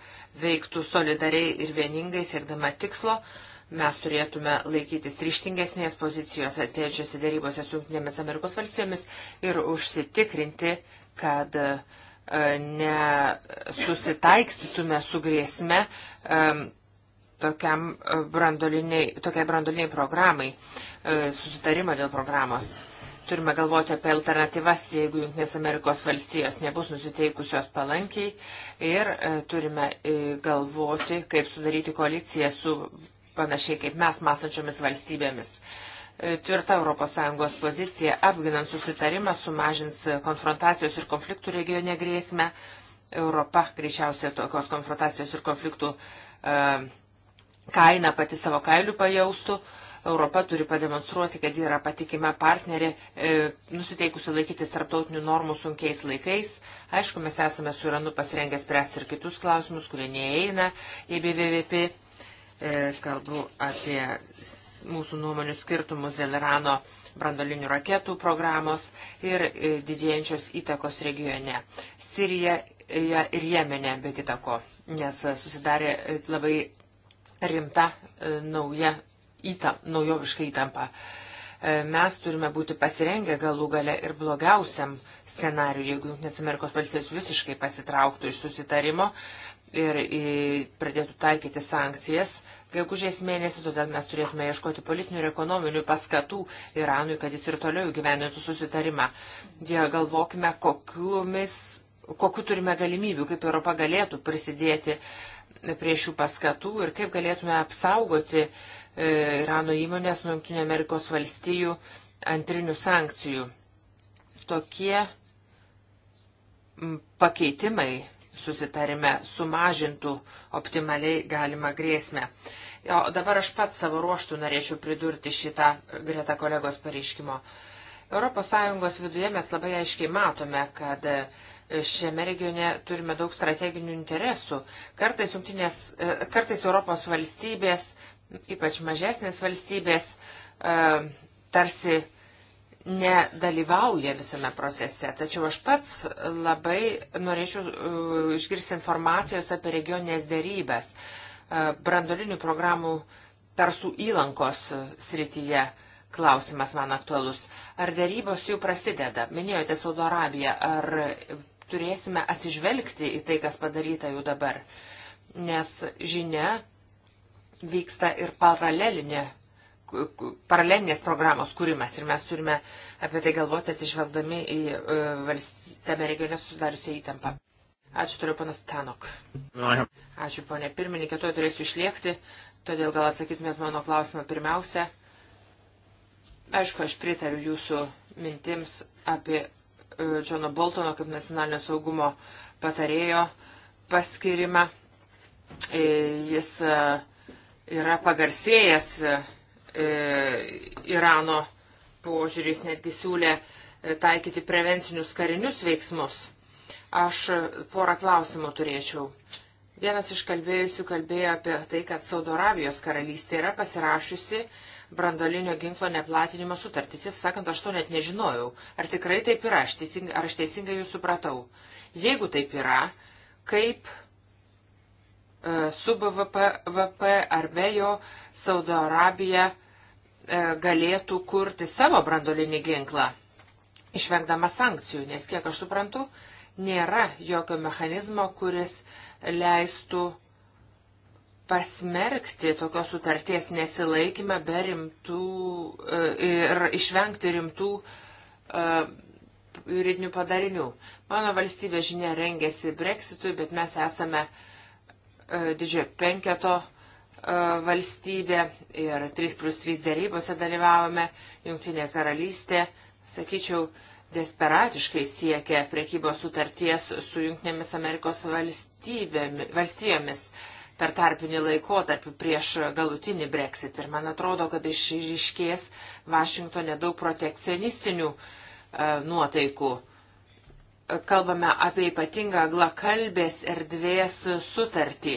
S1: veiktų solidariai ir vieningai siekdama tikslo. Mes turėtume laikytis ryštingesnės pozicijos atėjusiose dėrybose su Junktinėmis Amerikos valstybėmis ir užsitikrinti, kad uh, nesusitaikstytume su grėsme tokiam e, brandoliniai, tokiai brandoliniai programai, e, susitarimą dėl programos. Turime galvoti apie alternatyvas, jeigu Junktinės Amerikos valstijos nebus nusiteikusios palankiai ir e, turime galvoti, kaip sudaryti koaliciją su panašiai kaip mes mąstančiomis valstybėmis. Uh, E, tvirta ES pozicija, apginant susitarimą, sumažins konfrontacijos ir konfliktų regione grėsmę. Europa greičiausiai tokios konfrontacijos ir konfliktų e, kainą pati savo kailių pajaustų. Europa turi pademonstruoti, kad yra patikima partnerė, e, nusiteikusi laikytis tarptautinių normų sunkiais laikais. Aišku, mes esame su Iranu pasirengę spręsti ir kitus klausimus, kurie neįeina į BVVP. E, kalbu apie mūsų nuomonių skirtumus dėl Irano brandolinių raketų programos ir e, didėjančios įtakos regione. Sirija e, ir Jemenė be kitako, nes e, susidarė labai rimta nauja įtam, naujoviška įtampa. Mes turime būti pasirengę galų gale ir blogiausiam scenariu, jeigu Junktinės Amerikos valstijos visiškai pasitrauktų iš susitarimo ir pradėtų taikyti sankcijas, gegužės mėnesį, todėl mes turėtume ieškoti politinių ir ekonominių paskatų Iranui, kad jis ir toliau gyvenintų susitarimą. Jie galvokime, kokiumis, kokiu turime galimybių, kaip Europa galėtų prisidėti prie šių paskatų ir kaip galėtume apsaugoti e, Irano įmonės nuo Junktinio Amerikos valstijų antrinių sankcijų. Tokie pakeitimai susitarime sumažintų optimaliai galimą grėsmę. O dabar aš pats savo ruoštų norėčiau pridurti šitą greta kolegos pareiškimo. ES viduje mes labai aiškiai matome, kad šiame regione turime daug strateginių interesų. Kartais, e, kartais Europos valstybės, ypač mažesnės valstybės, e, tarsi uh, nedalyvauja visame procese. Tačiau aš pats labai norėčiau uh, išgirsti informacijos apie regioninės dėrybės uh, brandolinių programų persų įlankos uh, srityje. Klausimas man aktualus. Ar dėrybos jau prasideda? Minėjote Saudo Arabiją. Ar turėsime atsižvelgti į tai, kas padaryta jau dabar? Nes žinia, vyksta ir paralelinė paralelinės programos kūrimas ir mes turime apie tai galvoti atsižvelgdami į e, valstybę regione susidariusią įtampą. Ačiū turiu panas Tanok. Ačiū ponė pirmininkė, tuo turėsiu išliekti, todėl gal atsakytumėt mano klausimą pirmiausia. Aišku, aš pritariu jūsų mintims apie e, Džono Boltono kaip nacionalinio saugumo patarėjo paskirimą. E, jis yra pagarsėjęs E, Irano požiūris netgi siūlė e, taikyti prevencinius karinius veiksmus. Aš porą klausimų turėčiau. Vienas iš kalbėjusių kalbėjo apie tai, kad Saudo Arabijos karalystė yra pasirašiusi brandolinio ginklo neplatinimo sutartį. Tiesą sakant, aš to net nežinojau. Ar tikrai taip yra? Aš teisingai, ar aš teisingai jūs supratau? Jeigu taip yra, kaip E, su BVP ar be jo Saudo Arabija e, galėtų kurti savo brandolinį ginklą, išvengdama sankcijų, nes kiek aš suprantu, nėra jokio mechanizmo, kuris leistų pasmerkti tokios sutarties nesilaikymą be rimtų e, ir išvengti rimtų juridinių padarinių. Mano valstybė žinia rengėsi breksitui, bet mes esame uh, E, didžiojo penketo e, valstybė ir 3 plus 3 dėrybose dalyvavome, Junktinė karalystė, sakyčiau, desperatiškai siekia priekybos sutarties su Junktinėmis Amerikos valstijomis per tarpinį laikotarpį prieš galutinį Brexit. Ir man atrodo, kad išryškės Vašingtonė daug protekcionistinių e, nuotaikų. E, kalbame apie ypatingą glakalbės erdvės sutartį,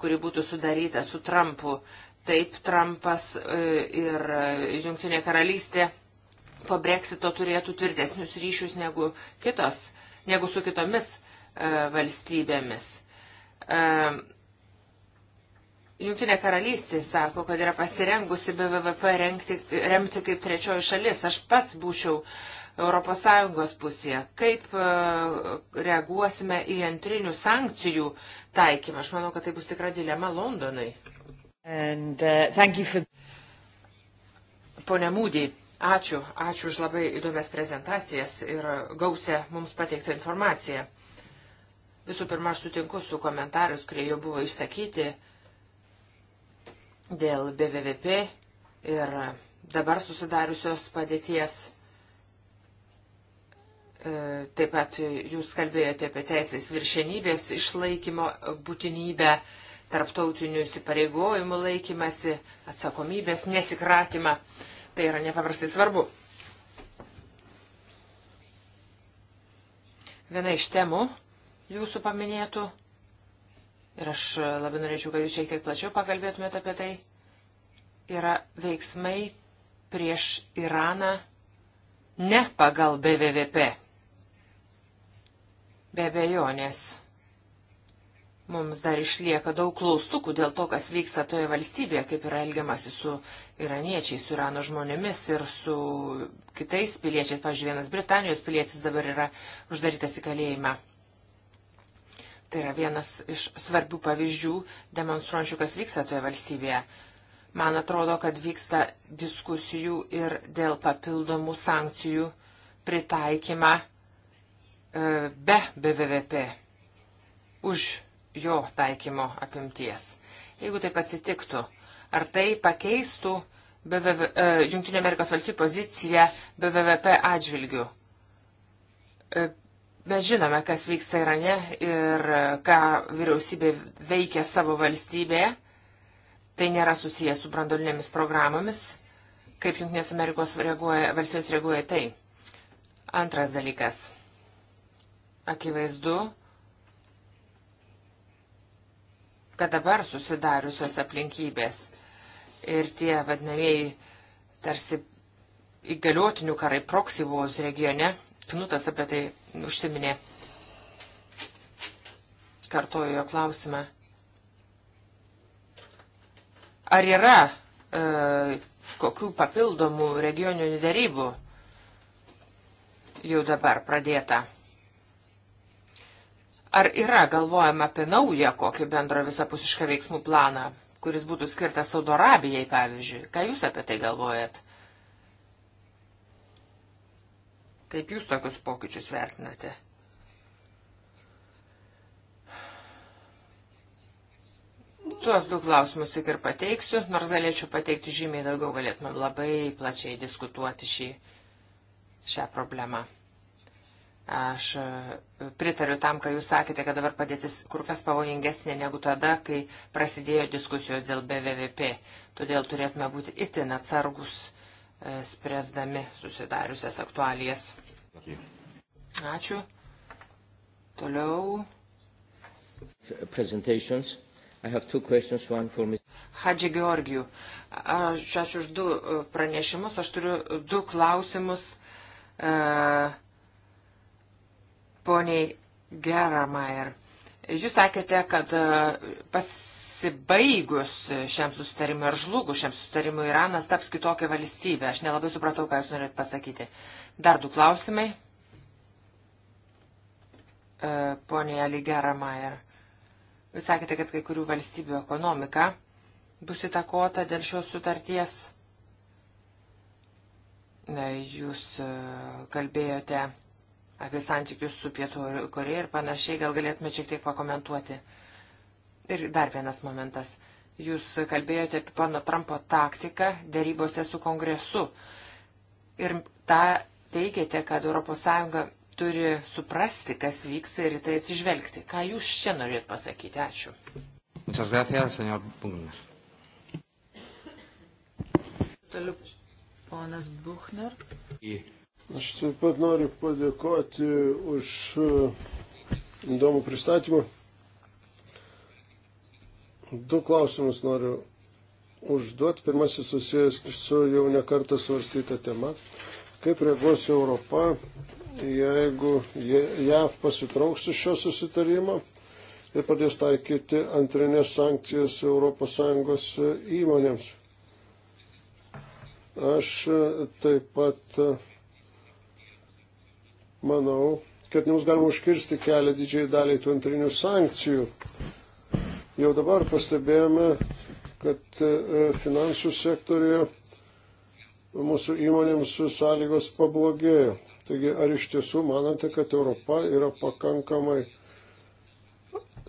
S1: kuri būtų sudaryta su Trumpu. Taip Trumpas e, ir Junktinė karalystė po breksito turėtų tvirtesnius ryšius negu, kitos, negu su kitomis e, valstybėmis. E, Junktinė karalystė sako, kad yra pasirengusi BVP renkti, remti kaip trečioji šalis. Aš pats būčiau uh, ES pusėje, kaip e, reaguosime į antrinių sankcijų taikymą. Aš manau, kad tai bus tikra dilema Londonui. And, uh, for... Pone Mūdį, ačiū, ačiū už labai įdomias prezentacijas ir gausią mums pateiktą informaciją. Visų pirma, aš sutinku su komentarius, kurie jau buvo išsakyti dėl BVVP ir dabar susidariusios padėties E, taip pat jūs kalbėjote apie teisės viršenybės išlaikymo būtinybę, tarptautinių įsipareigojimų laikymasi, atsakomybės nesikratimą. Tai yra nepaprastai svarbu. Viena iš temų jūsų paminėtų, ir aš labai norėčiau, kad jūs šiek tiek plačiau pakalbėtumėte apie tai, yra veiksmai prieš Iraną ne pagal BVVP Be bejonės. Mums dar išlieka daug klaustukų dėl to, kas vyksta toje valstybėje, kaip yra elgiamasi su iraniečiais, su Irano žmonėmis ir su kitais piliečiais. Pavyzdžiui, vienas Britanijos pilietis dabar yra uždarytas į kalėjimą. Tai yra vienas iš svarbių pavyzdžių demonstruojančių, kas vyksta toje valstybėje. Man atrodo, kad vyksta diskusijų ir dėl papildomų sankcijų pritaikymą E, be BVP už jo taikymo apimties. Jeigu taip atsitiktų, ar tai pakeistų BVV, e, Junktinio Amerikos valstybių poziciją BVP atžvilgių? E, mes žinome, kas vyksta Irane ir ką vyriausybė veikia savo valstybėje. Tai nėra susijęs su brandolinėmis programomis. Kaip Junktinės Amerikos reaguoja, valstybės reaguoja tai. Antras dalykas akivaizdu, kad dabar susidariusios aplinkybės ir tie vadinamieji tarsi įgaliotinių karai proksivos regione, Pinutas apie tai užsiminė, kartojo jo klausimą. Ar yra e, kokių papildomų regioninių darybų jau dabar pradėta? Ar yra galvojama apie naują kokį bendrą visapusišką veiksmų planą, kuris būtų skirtas Saudo Arabijai, pavyzdžiui? Ką Jūs apie tai galvojat? Kaip Jūs tokius pokyčius vertinate? Tuos du klausimus tik ir pateiksiu, nors galėčiau pateikti žymiai daugiau, galėtumėm labai plačiai diskutuoti šį, šią problemą. Aš e, pritariu tam, ką jūs sakėte, kad dabar padėtis kur kas pavojingesnė negu tada, kai prasidėjo diskusijos dėl BVVP. Todėl turėtume būti itin atsargus, e, spręsdami susidariusias aktualijas. Ačiū. Toliau. Presentations. Hadži Georgijų, aš ačiū už du e, pranešimus, aš turiu du klausimus. Uh, Poniai Geramair, jūs sakėte, kad e, pasibaigus šiam sustarimui ar žlugus šiam sustarimui Iranas taps kitokią valstybę. Aš nelabai supratau, ką jūs norėt pasakyti. Dar du klausimai. E, poniai Ali Geramair, jūs sakėte, kad kai kurių valstybių ekonomika bus įtakota dėl šios sutarties. E, jūs kalbėjote apie santykius su Pietų Koreja ir panašiai, gal galėtumėte šiek tiek pakomentuoti. Ir dar vienas momentas. Jūs kalbėjote apie pano Trumpo taktiką dėrybose su kongresu. Ir tą teigiate, kad ES turi suprasti, kas vyksta ir į tai atsižvelgti. Ką jūs čia norėt pasakyti? Ačiū. Muchas gracias, señor Buchner.
S2: Toliau, ponas Buchner.
S1: Yeah.
S3: Aš taip pat noriu padėkoti už uh, įdomų pristatymą. Du klausimus noriu užduoti. Pirmasis susijęs su jau nekartą svarstyta tema. Kaip reaguos Europa, jeigu JAV pasitrauks iš šio susitarimo ir pradės taikyti antrinės sankcijas ES uh, įmonėms? Aš uh, taip pat manau, kad mums galima užkirsti kelią didžiai daliai tų antrinių sankcijų. Jau dabar pastebėjome, kad e, e, finansų sektorioje mūsų įmonėms sąlygos pablogėjo. Taigi, ar iš tiesų manate, kad Europa yra pakankamai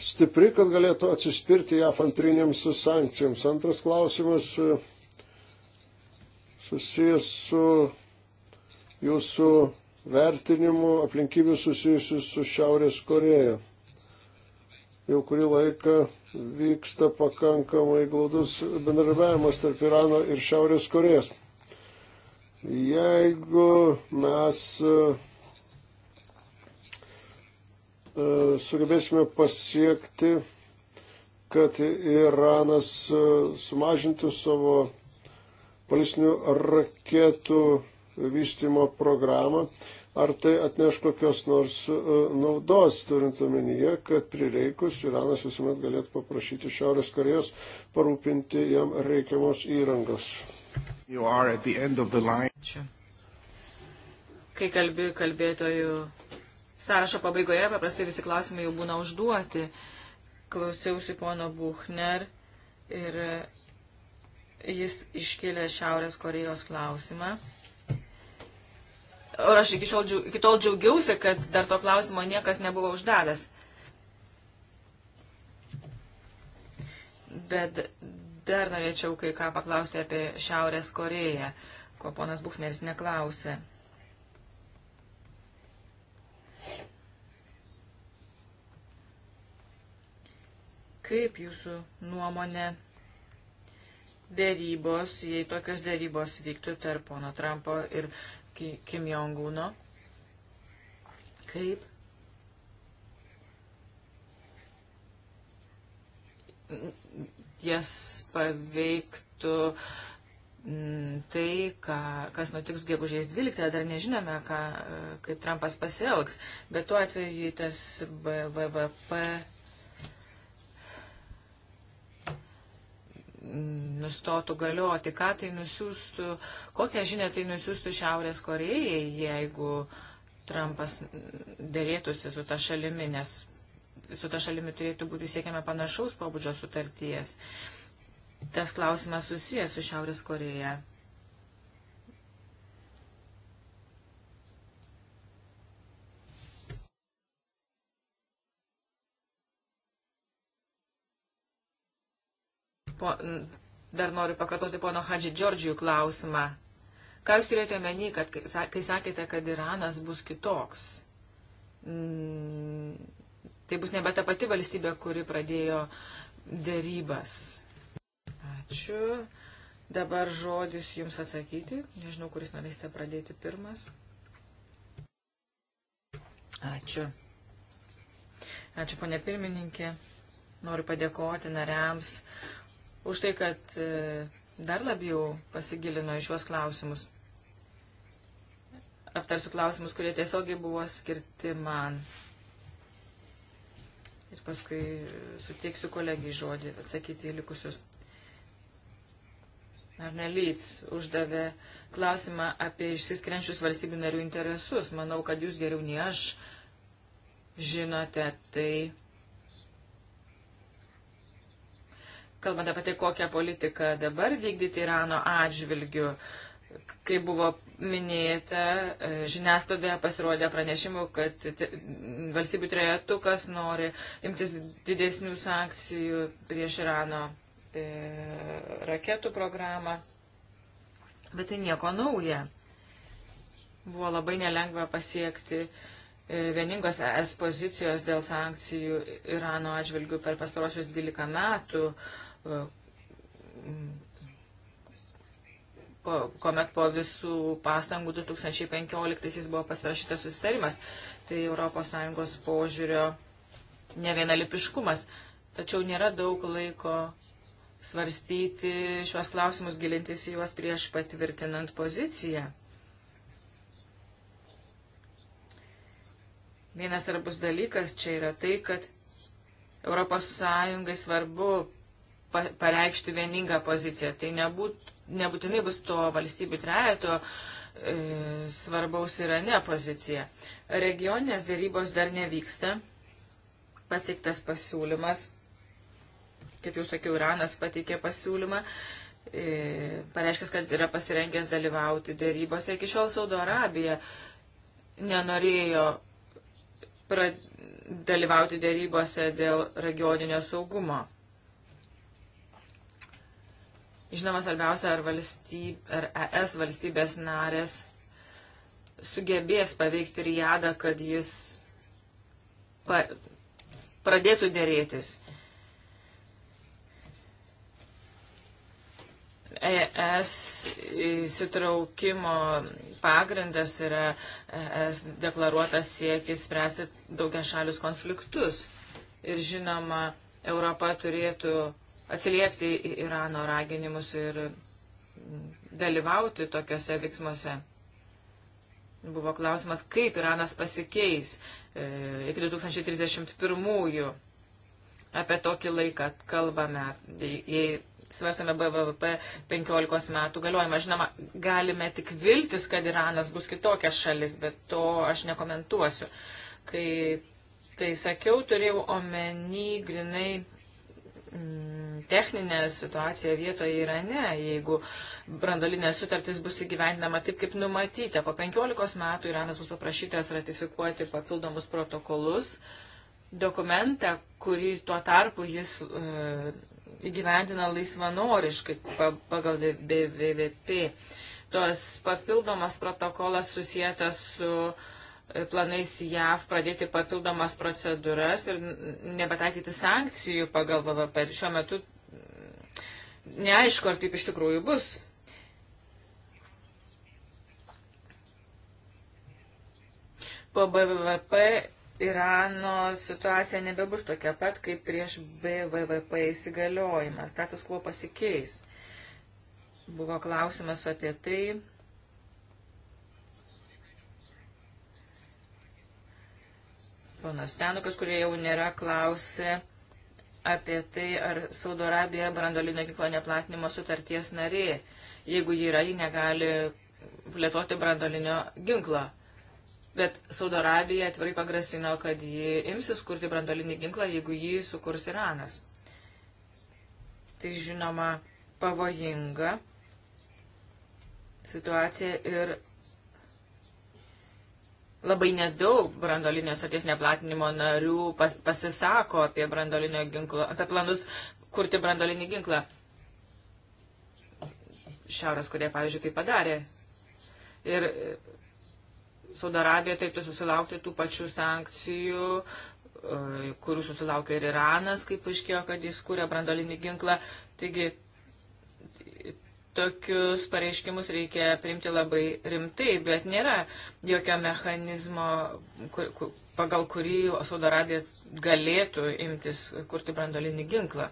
S3: stipri, kad galėtų atsispirti JAF antrinėms sankcijoms? Antras klausimas e, susijęs su jūsų vertinimų aplinkybių susijusių su Šiaurės Koreja. Jau kurį laiką vyksta pakankamai glaudus bendradarbiavimas tarp Irano ir Šiaurės Korejos. Jeigu mes e, sugebėsime pasiekti, kad Iranas e, sumažintų savo palestinių raketų vystimo programą, Ar tai atneš kokios nors e, naudos, turint omenyje, kad prireikus Iranas visuomet galėtų paprašyti Šiaurės Korejos parūpinti jam reikiamos įrangos. Ačiū.
S2: Kai kalbi kalbėtojų sąrašo pabaigoje, paprastai visi klausimai jau būna užduoti. Klausiausi pono Buchner ir jis iškėlė Šiaurės Korejos klausimą.
S3: Ir aš iki, šiol, iki tol
S2: džiaugiausi, kad dar to klausimo niekas nebuvo uždavęs. Bet dar norėčiau kai ką paklausti apie Šiaurės Koreją, ko ponas Buchneris neklausė. Kaip jūsų nuomonė dėrybos, jei tokios dėrybos vyktų tarp pono Trumpo ir Kim Jong-uno, kaip jas paveiktų mm, tai, ką, kas nutiks gegužės 12, dar nežinome, ką, kaip Trumpas pasielgs, bet tuo atveju tas BVP nustotų galioti, ką tai nusiųstų, kokią žinę tai nusiųstų Šiaurės Korejai, jeigu Trumpas dėrėtųsi su ta šalimi, nes su ta šalimi turėtų būti siekiama panašaus pobūdžio sutarties. Tas klausimas susijęs su Šiaurės Koreja. po, dar noriu pakartoti pono Hadži Džordžijų klausimą. Ką jūs turėjote omeny, kad kai sakėte, kad Iranas bus kitoks? Mm, tai bus nebe ta pati valstybė, kuri pradėjo dėrybas. Ačiū. Dabar žodis jums atsakyti. Nežinau, kuris norėsite pradėti pirmas. Ačiū. Ačiū, ponė pirmininkė. Noriu padėkoti nariams už tai, kad e, dar labiau pasigilino į šiuos klausimus. Aptarsiu klausimus, kurie tiesiogiai buvo skirti man. Ir paskui suteiksiu kolegijai žodį atsakyti į likusius. Ar nelyts uždavė klausimą apie išsiskrenčius valstybių narių interesus. Manau, kad jūs geriau nei aš žinote tai kalbant apie tai, kokią politiką dabar vykdyti Irano atžvilgiu. Kai buvo minėta, e, žiniasklaidoje pasirodė pranešimų, kad valstybių trejetukas nori imtis didesnių sankcijų prieš Irano e, raketų programą. Bet tai nieko nauja. Buvo labai nelengva pasiekti e, vieningos es pozicijos dėl sankcijų Irano atžvilgių per pastarosius 12 metų. Uh, po, kuomet po visų pastangų 2015 buvo pasirašytas susitarimas. Tai ES požiūrio nevienalipiškumas. Tačiau nėra daug laiko svarstyti šiuos klausimus, gilintis į juos prieš patvirtinant poziciją. Vienas svarbus dalykas čia yra tai, kad ES svarbu pareikšti vieningą poziciją. Tai nebūt, nebūtinai bus to valstybių trejato e, svarbaus yra ne pozicija. Regioninės dėrybos dar nevyksta. Pateiktas pasiūlymas. Kaip jau sakiau, Iranas pateikė pasiūlymą. E, pareiškęs, kad yra pasirengęs dalyvauti dėrybose. Iki šiol Saudo Arabija nenorėjo dalyvauti dėrybose dėl regioninio saugumo. Žinoma, svarbiausia, ar, valstyb, ar ES valstybės narės sugebės paveikti Rijadą, kad jis pa, pradėtų dėrėtis. ES įsitraukimo pagrindas yra ES deklaruotas siekis spręsti daugia šalius konfliktus. Ir žinoma, Europa turėtų atsiliepti į Irano raginimus ir dalyvauti tokiuose veiksmuose. Buvo klausimas, kaip Iranas pasikeis e, iki 2031-ųjų. Apie tokį laiką kalbame, jei svarstame BVP 15 metų galiojimą. Žinoma, galime tik viltis, kad Iranas bus kitokia šalis, bet to aš nekomentuosiu. Kai tai sakiau, turėjau omeny grinai Mm, techninė situacija vietoje yra ne, jeigu brandolinė sutartis bus įgyvendinama taip, kaip numatyta. Po 15 metų Iranas bus paprašytas ratifikuoti papildomus protokolus, dokumentą, kurį tuo tarpu jis e, įgyvendina laisvanoriškai pagal BVP. Tos papildomas protokolas susijęs su planais JAV pradėti papildomas procedūras ir nebetaikyti sankcijų pagal VVP. Ir šiuo metu neaišku, ar taip iš tikrųjų bus. Po BVP Irano situacija nebebus tokia pat, kaip prieš BVP įsigaliojimą. Status quo pasikeis. Buvo klausimas apie tai, ponas Tenukas, kurie jau nėra klausė apie tai, ar Saudo Arabija brandolinio ginklo neplatinimo sutarties narė. Jeigu ji yra, ji negali plėtoti brandolinio ginklo. Bet Saudo Arabija atvirai pagrasino, kad ji imsis kurti brandolinį ginklą, jeigu jį sukurs Iranas. Tai žinoma pavojinga situacija ir Labai nedaug brandolinio saties neplatinimo narių pas, pasisako apie, ginklo, apie planus kurti brandolinį ginklą. Šiaurės Korėja, pavyzdžiui, tai padarė. Ir e, Saudo Arabija taip tai susilaukti tų pačių sankcijų, e, kurių susilaukė ir Iranas, kaip aiškėjo, kad jis kūrė brandolinį ginklą. Taigi tokius pareiškimus reikia primti labai rimtai, bet nėra jokio mechanizmo, kur, kur, pagal kurį Saudo Arabija galėtų imtis kurti brandolinį ginklą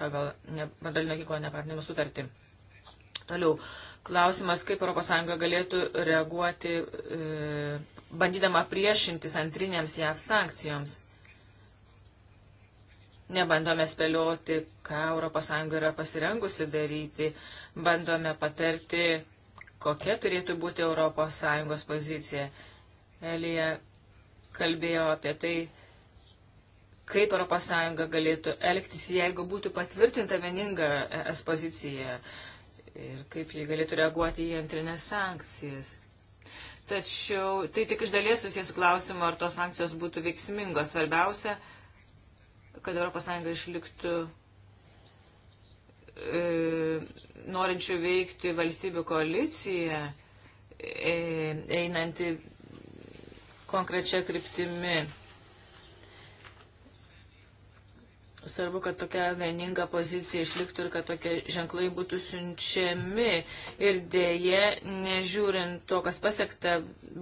S2: pagal ne, brandolinio ginklo nepratinimo sutartį. Toliau, klausimas, kaip ES galėtų reaguoti, e, bandydama priešintis antrinėms JAV sankcijoms nebandome spėlioti, ką ES yra pasirengusi daryti, bandome patarti, kokia turėtų būti ES pozicija. Elija kalbėjo apie tai, kaip ES galėtų elgtis, jeigu būtų patvirtinta vieninga ES pozicija ir kaip jie galėtų reaguoti į antrinės sankcijas. Tačiau tai tik iš dalies susijęs su klausimu, ar tos sankcijos būtų veiksmingos. Svarbiausia, kad ES išliktų e, norinčių veikti valstybių koaliciją, e, einanti konkrečia kryptimi. Svarbu, kad tokia vieninga pozicija išliktų ir kad tokie ženklai būtų siunčiami. Ir dėje, nežiūrint to, kas pasiekta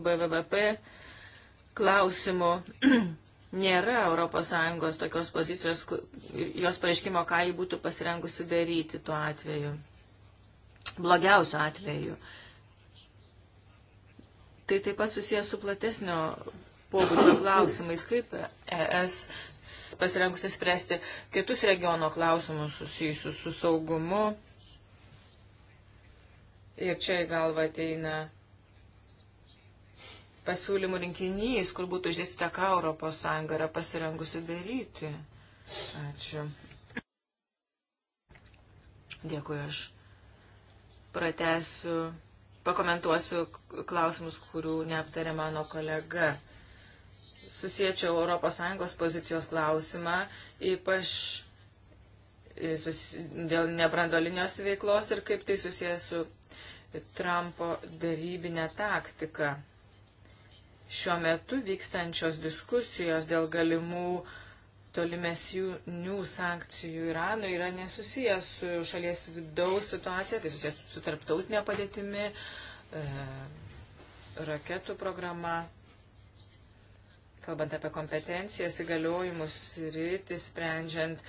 S2: BVP klausimu, nėra ES tokios pozicijos, jos pareiškimo, ką ji būtų pasirengusi daryti tuo atveju. Blogiausiu atveju. Tai taip pat susijęs su platesnio pobūdžio klausimais, kaip ES pasirengusi spręsti kitus regiono klausimus susijusius su saugumu. Ir čia į galvą ateina pasiūlymų rinkinys, kur būtų išdėstyta, ką Europos Sąjunga yra pasirengusi daryti. Ačiū. Dėkui, aš pratesiu, pakomentuosiu klausimus, kurių neaptarė mano kolega. Susiečiau ES pozicijos klausimą, ypač dėl nebrandolinios veiklos ir kaip tai susijęs su Trumpo darybinė taktika šiuo metu vykstančios diskusijos dėl galimų tolimesnių sankcijų Iranui yra nesusijęs su šalies vidaus situacija, tai susijęs su tarptautinė padėtimi, e, raketų programa. Kalbant apie kompetencijas, įgaliojimus rytį, sprendžiant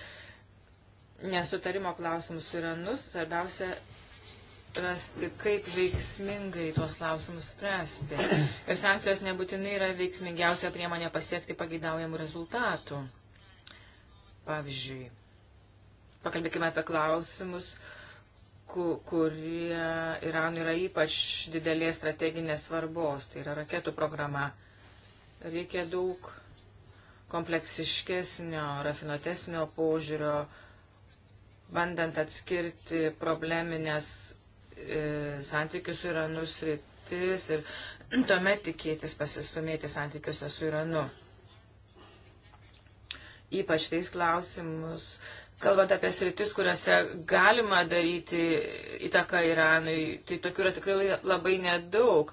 S2: nesutarimo klausimus su Iranu, svarbiausia rasti, kaip veiksmingai tuos klausimus spręsti. Ir sankcijos nebūtinai yra veiksmingiausia priemonė pasiekti pageidaujamų rezultatų. Pavyzdžiui, pakalbėkime apie klausimus, kurie Iranui yra ypač didelės strateginės svarbos, tai yra raketų programa. Reikia daug kompleksiškesnio, rafinotesnio požiūrio bandant atskirti probleminės E, santykių su Iranu sritis ir tuomet tikėtis pasistumėti santykiuose su Iranu. Ypač tais klausimus, kalbant apie sritis, kuriuose galima daryti įtaką Iranui, tai tokių yra tikrai labai nedaug.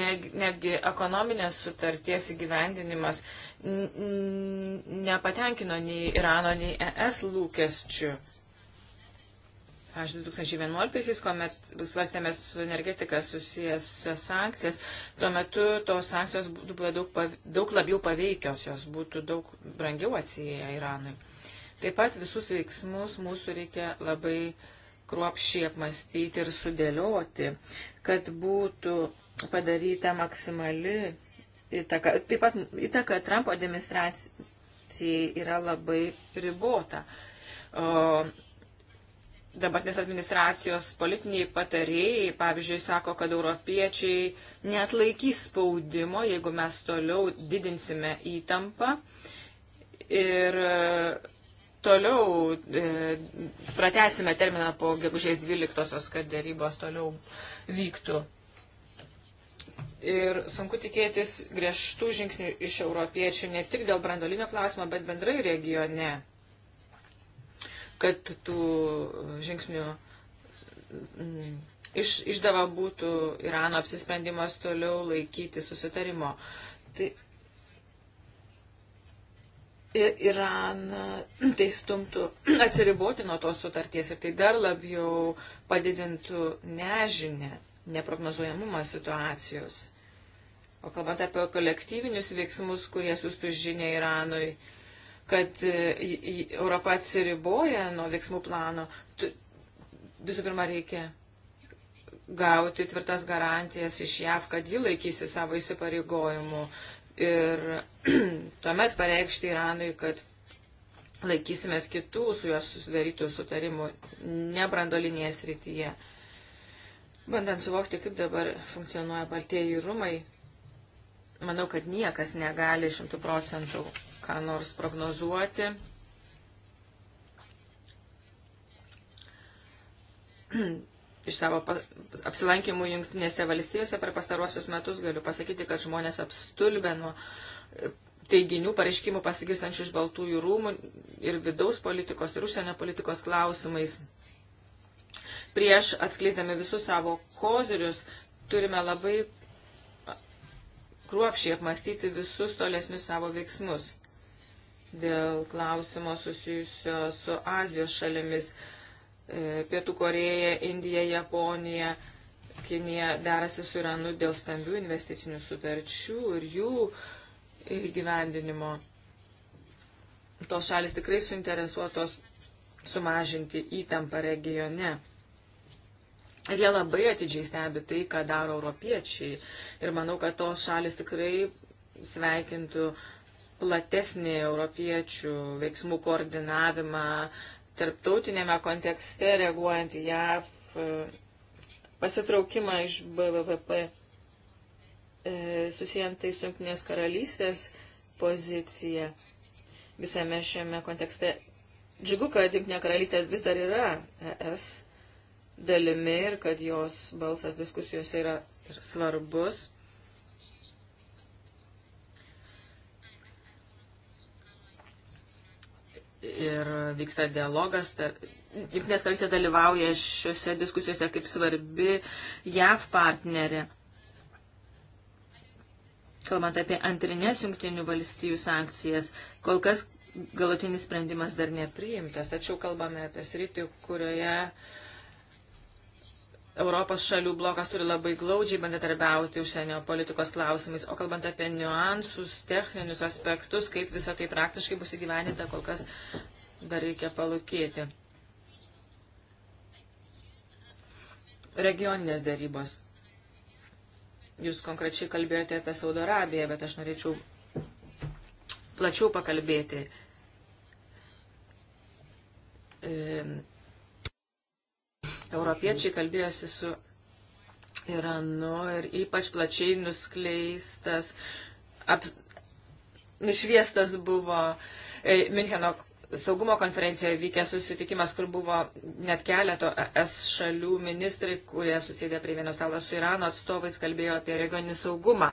S2: Netgi ekonominės sutarties įgyvendinimas nepatenkino nei Irano, nei ES lūkesčių. Aš 2011-aisiais, kuomet svarstėme su energetika susijęs sankcijas, tuo metu tos sankcijos būtų daug, daug labiau paveikios, jos būtų daug brangiau atsijėję Iranui. Taip pat visus veiksmus mūsų reikia labai kruopšiai apmastyti ir sudėlioti, kad būtų padaryta maksimali įtaka. Taip pat įtaka Trumpo administracijai yra labai ribota. O, dabartinės administracijos politiniai patarėjai, pavyzdžiui, sako, kad europiečiai neatlaikys spaudimo, jeigu mes toliau didinsime įtampą ir e, toliau e, pratesime terminą po gegužės 12-osios, kad dėrybos toliau vyktų. Ir sunku tikėtis griežtų žingsnių iš europiečių ne tik dėl brandolinio klausimo, bet bendrai regione kad tų e, žingsnių iš, išdava būtų Irano apsisprendimas toliau laikyti susitarimo. Tai Iraną tai stumtų atsiriboti nuo tos sutarties ir tai dar labiau padidintų nežinę, neprognozuojamumą situacijos. O kalbant apie kolektyvinius veiksmus, kurie sustų žinia Iranui, kad e, Europa atsiriboja nuo veiksmų plano. Visų pirma, reikia gauti tvirtas garantijas iš JAV, kad ji laikysi savo įsipareigojimų ir tuomet pareikšti Iranui, kad laikysimės kitų su juos susidarytų sutarimų nebrandolinėje srityje. Bandant suvokti, kaip dabar funkcionuoja baltieji rūmai, manau, kad niekas negali šimtų procentų ką nors prognozuoti. Iš savo apsilankimų jungtinėse valstijose per pastaruosius metus galiu pasakyti, kad žmonės apstulbė nuo e, teiginių, pareiškimų pasigistančių iš Baltųjų rūmų ir vidaus politikos ir užsienio politikos klausimais. Prieš atskleisdami visus savo kozirius turime labai kruopšiai apmastyti visus tolesnius savo veiksmus dėl klausimo susijusio su Azijos šalimis. E, Pietų Koreja, Indija, Japonija, Kinija derasi su Iranu dėl stambių investicinių sutarčių ir jų įgyvendinimo. Tos šalis tikrai suinteresuotos sumažinti įtampą regione. Ir jie labai atidžiai stebi tai, ką daro europiečiai. Ir manau, kad tos šalis tikrai sveikintų uh, platesnį europiečių veiksmų koordinavimą tarptautinėme kontekste, reaguojant į JAV e, pasitraukimą iš BVP, e, susijant tai su Junktinės karalystės pozicija visame šiame kontekste. Džiugu, kad Junktinė karalystė vis dar yra ES dalimi ir kad jos balsas diskusijose yra svarbus. ir vyksta dialogas. Junktinės karalystės dalyvauja šiuose diskusijose kaip svarbi JAV partnerė. Kalbant apie antrinės jungtinių valstijų sankcijas, kol kas galutinis sprendimas dar nepriimtas, tačiau kalbame apie sritį, kurioje uh, Europos šalių blokas turi labai glaudžiai bendradarbiauti užsienio politikos klausimais, o kalbant apie niuansus, techninius aspektus, kaip visą tai praktiškai bus įgyveninta, kol kas dar reikia palūkėti. Regioninės darybos. Jūs konkrečiai kalbėjote apie Saudo Arabiją, bet aš norėčiau plačiau pakalbėti. E Europiečiai kalbėjosi su Iranu ir ypač plačiai nuskleistas, ap, nušviestas buvo e, Müncheno saugumo konferencijoje vykęs susitikimas, kur buvo net keleto es šalių ministrai, kurie susėdė prie vieno stalo su Irano atstovais, kalbėjo apie regioninį saugumą.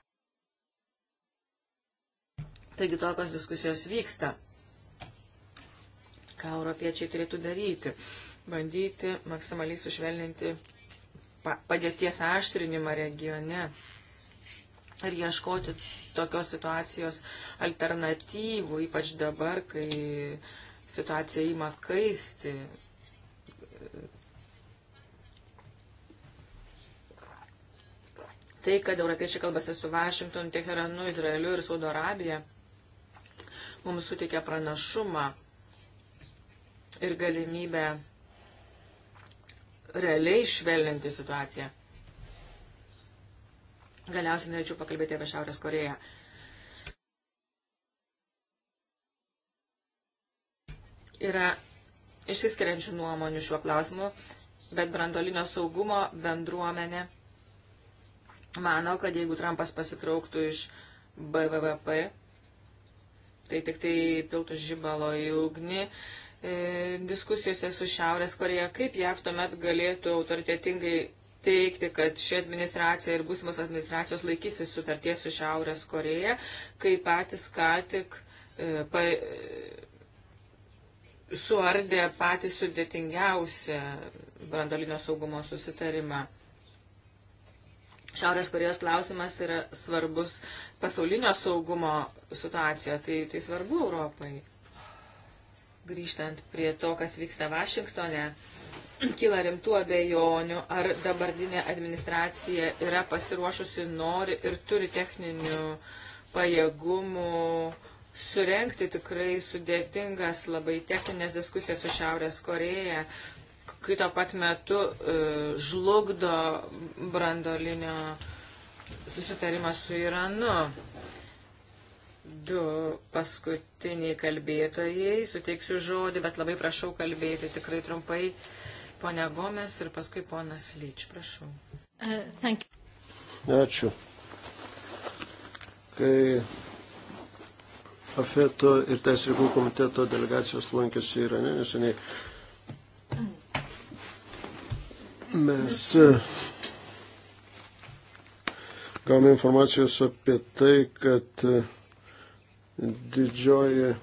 S2: Taigi tokios diskusijos vyksta. Ką europiečiai turėtų daryti? Uh, bandyti maksimaliai sušvelninti padėties aštrinimą regione ir ieškoti tokios situacijos alternatyvų, ypač dabar, kai situacija ima kaisti. Tai, kad europiečiai kalbasi su Vašingtonu, Teheranu, Izraeliu ir Saudo Arabija, mums suteikia pranašumą ir galimybę realiai švelninti situaciją. Galiausiai norėčiau pakalbėti apie Šiaurės Koreją. Yra išsiskiriančių nuomonių šiuo klausimu, bet brandolinio saugumo bendruomenė mano, kad jeigu Trumpas pasitrauktų iš BVP, tai tik tai piltų žibalo į ugnį E, diskusijose su Šiaurės Koreja, kaip JAV tuomet galėtų autoritetingai teikti, kad ši administracija ir būsimos administracijos laikysis sutarties su Šiaurės Koreja, kai patys ką tik e, pa, e, suardė patį sudėtingiausią brandolinio saugumo susitarimą. Šiaurės Korejos klausimas yra svarbus pasaulinio saugumo situacijoje, tai, tai svarbu Europai grįžtant prie to, kas vyksta Vašingtone, kyla rimtų abejonių, ar dabartinė administracija yra pasiruošusi, nori ir turi techninių pajėgumų surenkti tikrai sudėtingas labai techninės diskusijas su Šiaurės Koreja, kai tuo pat metu e, žlugdo brandolinio susitarimą su Iranu du paskutiniai kalbėtojai. Suteiksiu žodį, bet labai prašau kalbėti tikrai trumpai. Pone Gomes ir paskui ponas Lyč, prašau. Uh,
S3: Ačiū. Kai Afeto ir Teisėkų komiteto delegacijos lankėsi Irane neseniai, mes uh, gavome informacijos apie tai, kad uh, didžioji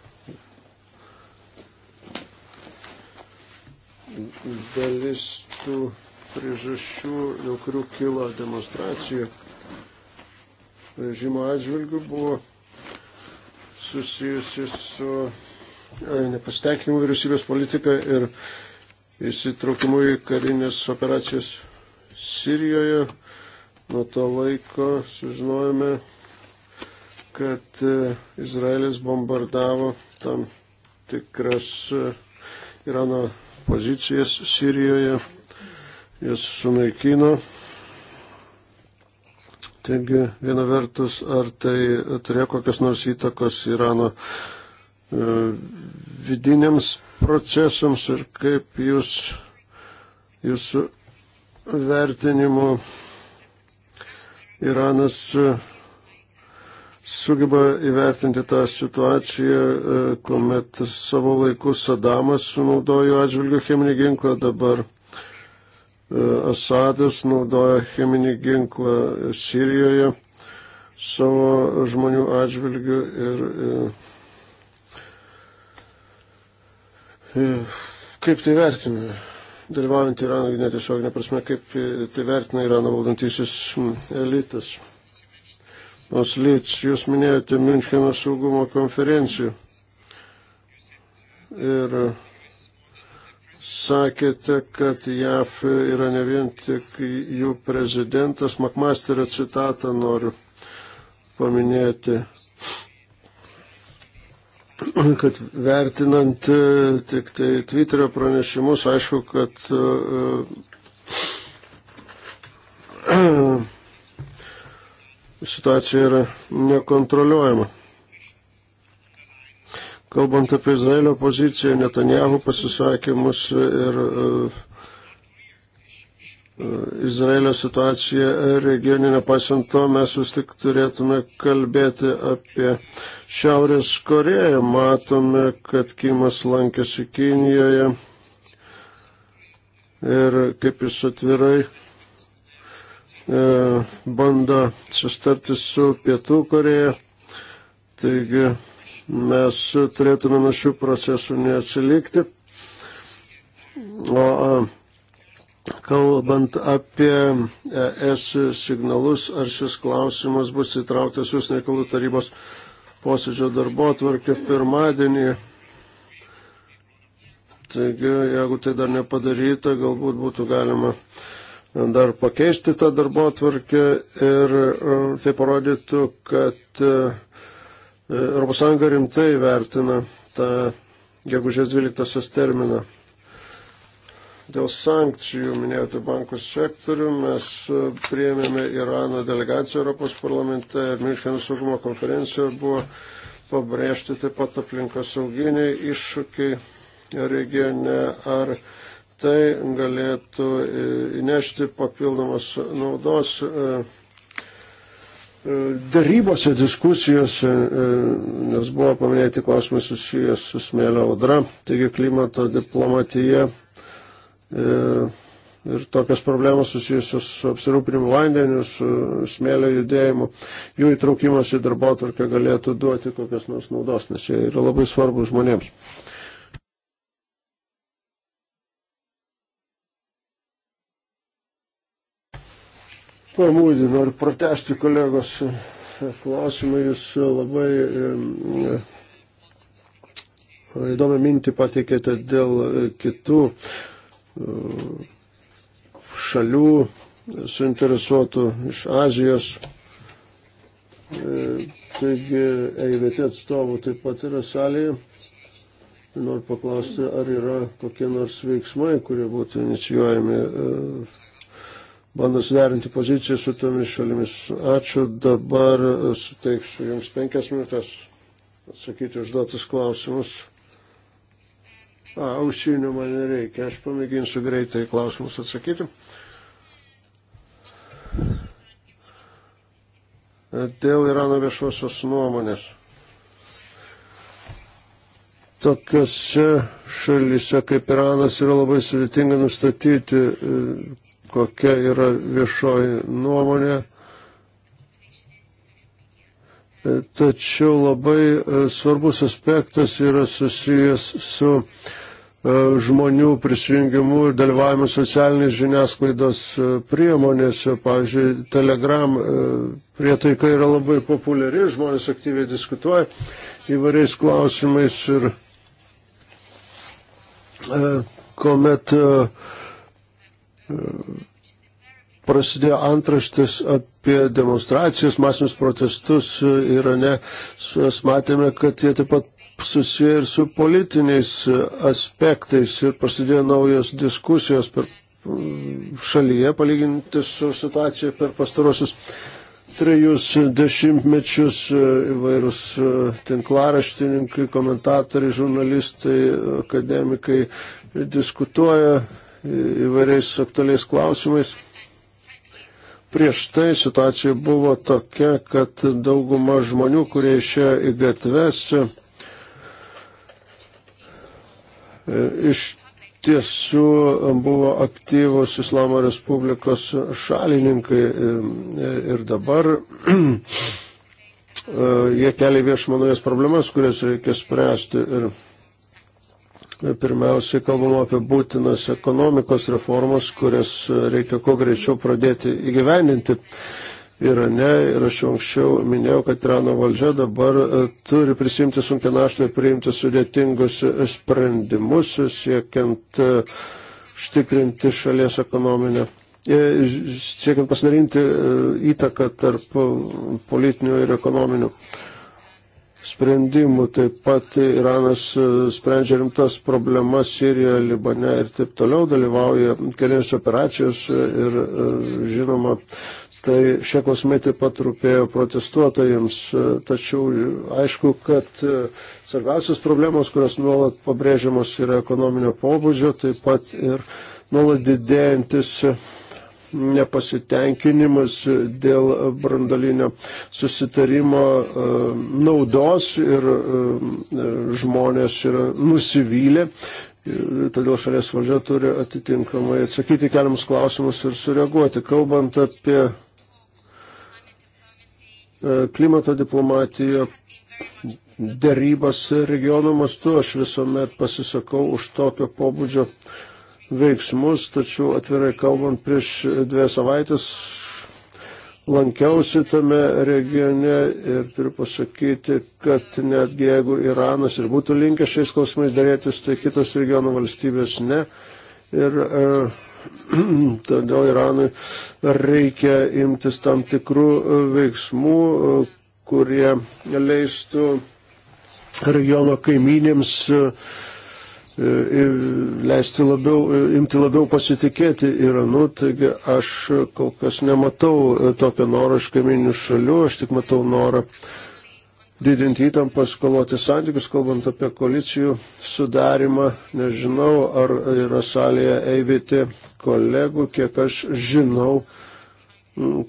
S3: dalis tų priežasčių, dėl kurių kilo demonstracija režimo atžvilgių, buvo susijusi su e, nepasitenkinimu vyriausybės politika ir įsitraukimu į karinės operacijos Sirijoje. Nuo to laiko sužinojome kad e, Izraelis bombardavo tam tikras e, Irano pozicijas Sirijoje, jas sunaikino. Taigi, viena vertus, ar tai turėjo kokios nors įtakos Irano e, vidiniams procesams ir kaip jūs, jūsų vertinimu Iranas sugeba įvertinti tą situaciją, e, kuomet savo laiku Sadamas naudojo atžvilgių cheminį ginklą, dabar e, Asadas naudoja cheminį ginklą Sirijoje savo žmonių atžvilgių ir, ir e, kaip tai vertiname dalyvaujant Irano netiesioginė prasme, kaip tai vertina Irano valdantysis elitas. Oslyts, jūs minėjote Müncheno saugumo konferencijų ir sakėte, kad JAF yra ne vien tik jų prezidentas. Makmasterio citatą noriu paminėti, kad vertinant tik tai Twitterio pranešimus, aišku, kad situacija yra nekontroliuojama. Kalbant apie Izraelio poziciją, Netanjahu pasisakymus ir uh, Izraelio situaciją regione, nepaisant to, mes vis tik turėtume kalbėti apie Šiaurės Koreją. Matome, kad Kimas lankėsi Kinijoje ir kaip jis atvirai E, bando sustarti su Pietų Koreja. Taigi mes turėtume nuo šių procesų neatsilikti. O kalbant apie ES signalus, ar šis klausimas bus įtrauktas jūs nekalų tarybos posėdžio darbo atvarkė pirmadienį. Taigi, jeigu tai dar nepadaryta, galbūt būtų galima uh, dar pakeisti tą darbo atvarkę ir e, tai parodytų, kad ES rimtai vertina tą gegužės 12 terminą. Dėl sankcijų minėjote bankų sektorių, mes e, priėmėme Irano delegaciją Europos parlamente ir Milchenų saugumo konferencijoje buvo pabrėžti taip pat aplinkos sauginiai iššūkiai regione ar tai galėtų e, įnešti papildomas naudos e, e, darybose, diskusijose, nes buvo paminėti klausimai susijęs su smėlio audra, taigi klimato diplomatija ir tokios problemos susijusios su apsirūpinimu vandeniu, su smėlio judėjimu, jų įtraukimas į darbo atvarkę galėtų duoti kokias nors naudos, nes jie yra labai svarbus žmonėms. Tuo mūdį noriu pratesti kolegos klausimą, jūs labai e, įdomią mintį pateikėte dėl kitų e, šalių suinteresuotų iš Azijos. E, taigi, EIVT atstovų taip pat yra salėje. Noriu paklausti, ar yra kokie nors veiksmai, kurie būtų inicijuojami bando suderinti poziciją su tomis šalimis. Ačiū, dabar e, suteiksiu Jums penkias minutės atsakyti užduotus klausimus. A, ausinių man nereikia, aš pamėginsiu greitai klausimus atsakyti. E, dėl Irano viešosios nuomonės. Tokiose šalyse kaip Iranas yra labai sudėtinga nustatyti, e, kokia yra viešoji nuomonė. Tačiau labai e, svarbus aspektas yra susijęs su e, žmonių prisijungimu ir dalyvavimu socialinės žiniasklaidos e, priemonėse. Pavyzdžiui, Telegram prietaika yra labai populiari, žmonės aktyviai diskutuoja įvairiais klausimais ir kuomet uh, prasidėjo antraštis apie demonstracijas, masinius protestus Irane. Mes matėme, kad jie taip pat susiję ir su politiniais aspektais ir prasidėjo naujos diskusijos per šalyje, palyginti su situacija per pastarosius trejus dešimtmečius įvairūs e, tinklaraštininkai, komentatoriai, žurnalistai, akademikai diskutuoja įvairiais aktualiais klausimais. Prieš tai situacija buvo tokia, kad dauguma žmonių, kurie išėjo į gatves, iš tiesų buvo aktyvus Islamo Respublikos šalininkai ir dabar jie kelia vieš mano jas problemas, kurias reikia spręsti. Ir Pirmiausiai kalbama apie būtinas ekonomikos reformas, kurias reikia kuo greičiau pradėti įgyvendinti. Irane ir aš jau anksčiau minėjau, kad Irano valdžia dabar e, turi prisimti sunkia naštą ir priimti sudėtingus sprendimus, siekiant e, užtikrinti šalies ekonominę, e, siekiant pasidarinti įtaką tarp politinių ir ekonominių sprendimų. Taip pat Iranas e, sprendžia rimtas problemas Sirijoje, Libane ir taip toliau, dalyvauja keliais operacijos e, ir e, žinoma. Tai šie klausimai taip pat rūpėjo protestuotojams, tačiau aišku, kad svarbiausios problemos, kurios nuolat pabrėžiamos, yra ekonominio pobūdžio, taip pat ir nuolat didėjantis nepasitenkinimas dėl brandalinio susitarimo e, naudos ir e, žmonės yra nusivylę. Todėl šalies valdžia turi atitinkamai atsakyti keliamus klausimus ir sureaguoti. Kalbant apie e, klimato diplomatiją, darybas regionų mastu, aš visuomet pasisakau už tokio pobūdžio veiksmus, tačiau atvirai kalbant, prieš dvi savaitės lankiausi tame regione ir turiu pasakyti, kad netgi jeigu Iranas ir būtų linkęs šiais klausimais dėrėtis, tai kitos regiono valstybės ne. Ir e, todėl Iranui reikia imtis tam tikrų e, veiksmų, e, kurie leistų regiono kaiminėms e, E, leisti labiau, e, imti labiau pasitikėti Iranu, taigi aš kol kas nematau e, tokio noro iš kaiminių šalių, aš tik matau norą didinti įtampą, skaloti santykius, kalbant apie koalicijų sudarimą. Nežinau, ar yra salėje eivyti kolegų, kiek aš žinau,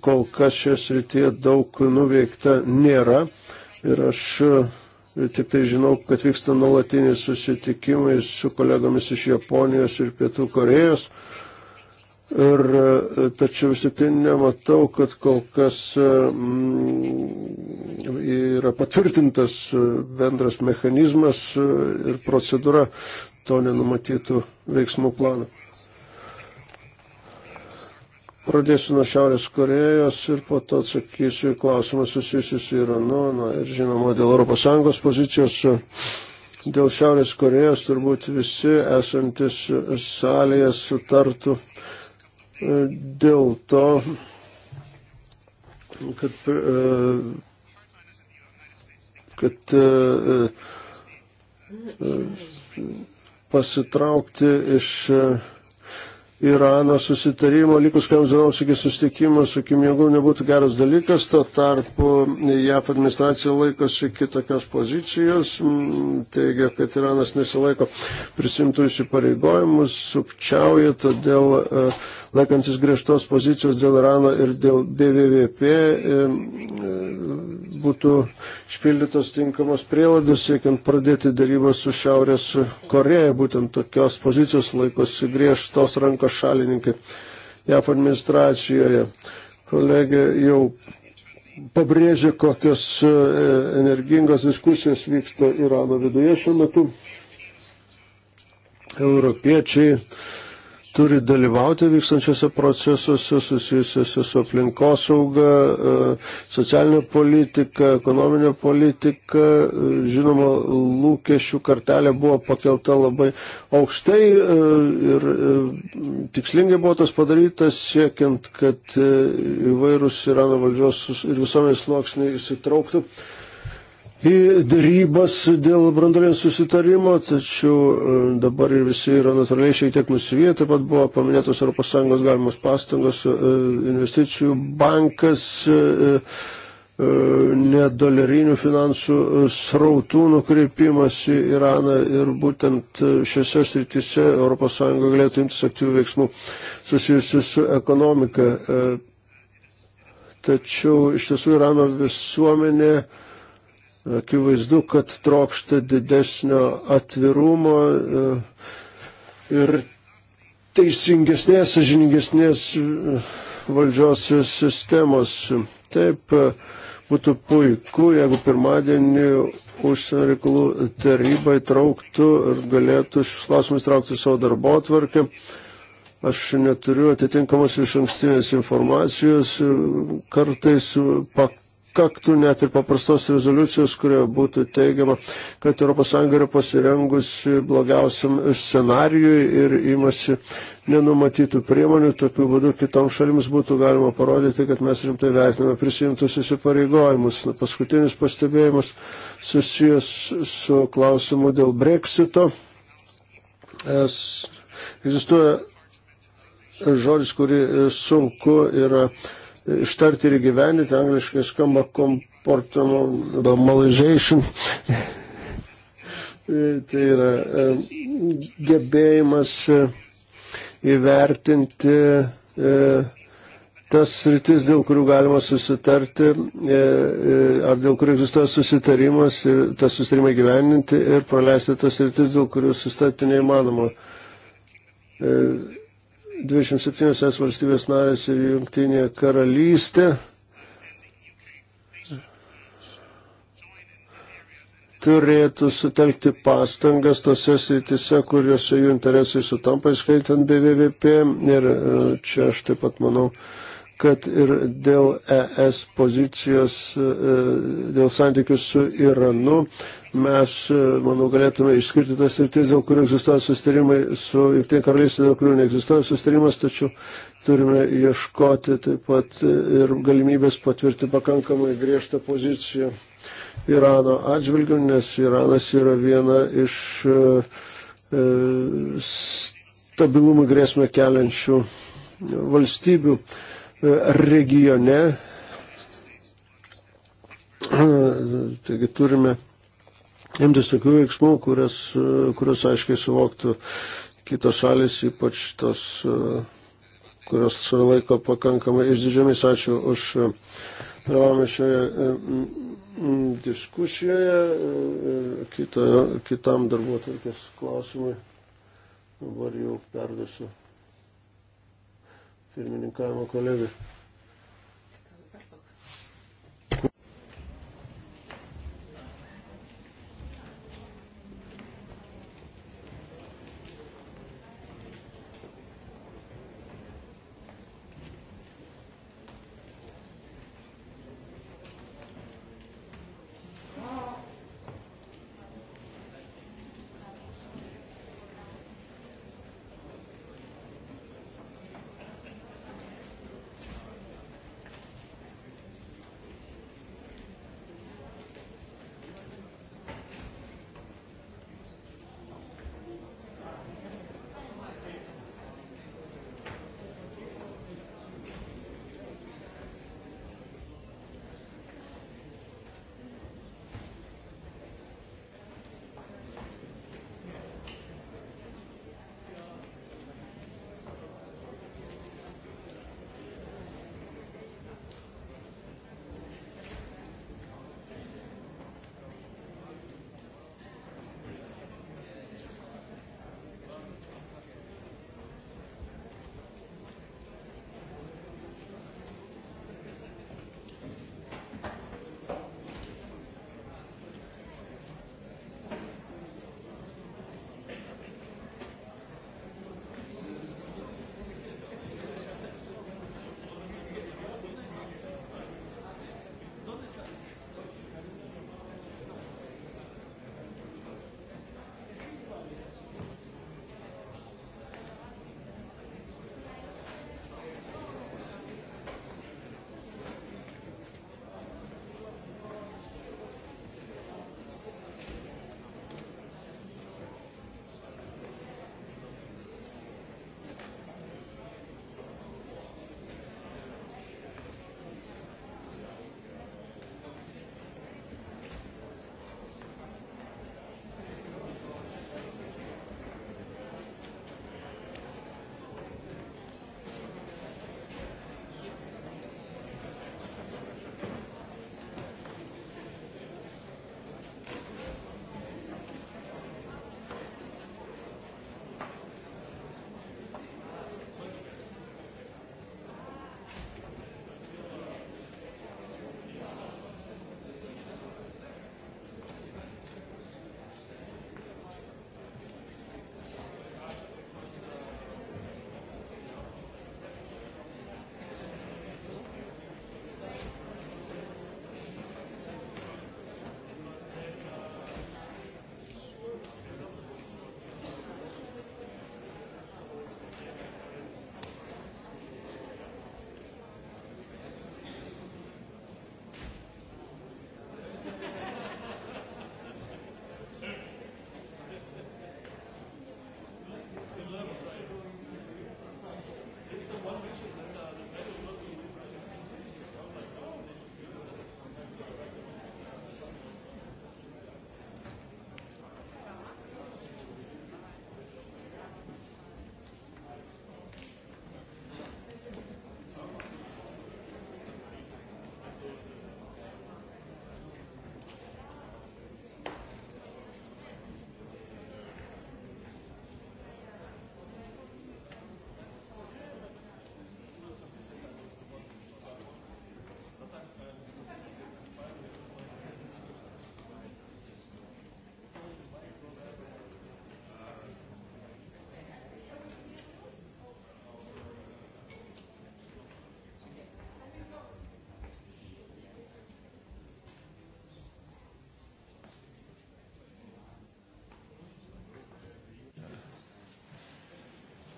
S3: kol kas šios rytie daug nuveikta nėra. Ir aš Tik tai žinau, kad vyksta nuolatiniai susitikimai su kolegomis iš Japonijos ir Pietų Korejos. Ir e, tačiau vis tik tai nematau, kad kol kas e, yra patvirtintas e, bendras mechanizmas ir procedūra to nenumatytų veiksmų plano. Pradėsiu nuo Šiaurės Korejos ir po to atsakysiu į klausimą susijusius su Iranu. Na ir žinoma, dėl ES pozicijos, dėl Šiaurės Korejos turbūt visi esantis salėje sutartų e, dėl to, kad, e, kad e, pasitraukti iš Irano susitarimo, likus kelioms dienoms iki sustikimo su Kim Jong-un nebūtų geras dalykas, to tarpu JAF administracija laikosi kitokios pozicijos, teigia, kad Iranas nesilaiko prisimtų įsipareigojimus, sukčiauja, todėl e, laikantis griežtos pozicijos dėl Irano ir dėl BVVP e, būtų išpildytos tinkamos prielaidos, siekiant pradėti dėrybą su Šiaurės Koreja. Būtent tokios pozicijos laikosi griežtos rankos šalininkai JAF administracijoje. Kolegė jau pabrėžė, kokios e, energingos diskusijos vyksta Irano viduje šiuo metu. Europiečiai turi dalyvauti vykstančiose procesuose susijusiuose su aplinkosauga, e, socialinė politika, ekonominė politika. E, žinoma, lūkesčių kartelė buvo pakelta labai aukštai e, ir tikslingai buvo tas padarytas, siekiant, kad įvairūs Irano valdžios ir visuomenės sluoksniai įsitrauktų į darybas dėl brandolio susitarimo, tačiau e, dabar ir visi yra natūraliai šiek tiek nusivyję, taip pat buvo paminėtos ES galimos pastangos, e, investicijų bankas e, nedolerinių finansų srautų nukreipimas į Iraną ir būtent šiose srityse ES galėtų imtis aktyvių veiksmų susijusių su ekonomika. Tačiau iš tiesų Irano visuomenė Akivaizdu, kad trokšta didesnio atvirumo e, ir teisingesnės, sažiningesnės e, valdžios sistemos. Taip, e, būtų puiku, jeigu pirmadienį užsienio reikalų taryba įtrauktų ir galėtų šis klausimas traukti savo darbo atvarkę. Aš neturiu atitinkamos iš ankstinės informacijos, kartais pak pakaktų net ir paprastos rezoliucijos, kurioje būtų teigiama, kad ES yra pasirengusi blogiausiam scenarijui ir imasi nenumatytų priemonių. Tokiu būdu kitoms šalims būtų galima parodyti, kad mes rimtai vertiname prisimtus įsipareigojimus. Na, paskutinis pastebėjimas susijęs su klausimu dėl breksito. Es, egzistuoja žodis, kurį sunku yra ištarti ir gyveninti, angliškai skamba comportalization. tai yra e, gebėjimas e, įvertinti e, tas sritis, dėl kurių galima susitarti, ar dėl kurių egzistuoja susitarimas ir tą susitarimą gyveninti ir praleisti tas sritis, dėl kurių susitarti neįmanoma. 27 valstybės narės ir jungtinė karalystė turėtų sutelkti pastangas tose sritise, kuriuose jų interesai sutampa, skaitant BVP. Ir e, čia aš taip pat manau, kad ir dėl ES pozicijos, e, e, dėl santykių su Iranu mes, e, manau, galėtume išskirti tas sritis, dėl kurių egzistuoja sustarimai su Junktinė karalystė, dėl kurių neegzistuoja sustarimas, tačiau turime ieškoti taip pat ir galimybės patvirti pakankamai griežtą poziciją Irano atžvilgių, nes Iranas yra viena iš stabilumą grėsmę keliančių valstybių E, regione. E, taigi turime imtis tokių veiksmų, kurias, e, kurios aiškiai suvoktų kitos šalis, ypač tos, kurios save laiko pakankamai išdidžiamis. Ačiū už dalyvavimą šioje diskusijoje. Kita, kitam darbuotojų klausimui dabar jau perduosiu pirmininkavimo kolegai.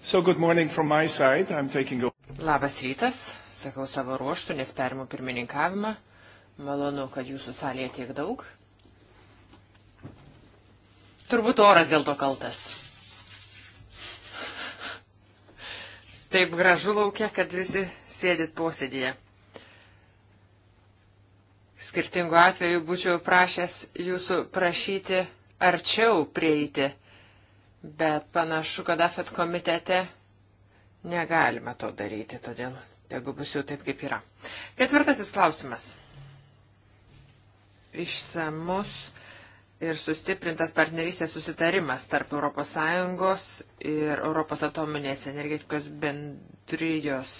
S1: So good morning from my side. I'm taking over. Labas rytas, sakau savo ruoštų, nes perimu pirmininkavimą. Malonu, kad jūsų salėje tiek daug. Turbūt oras dėl to kaltas. Taip gražu laukia, kad visi sėdit posėdėje. Skirtingų atvejų būčiau prašęs jūsų prašyti arčiau prieiti Bet panašu, kad AFET komitete negalime to daryti, todėl tegu bus jau taip, kaip yra. Ketvirtasis klausimas. Išsamus ir sustiprintas partnerystės susitarimas tarp ES ir Europos atominės energetikos bendrijos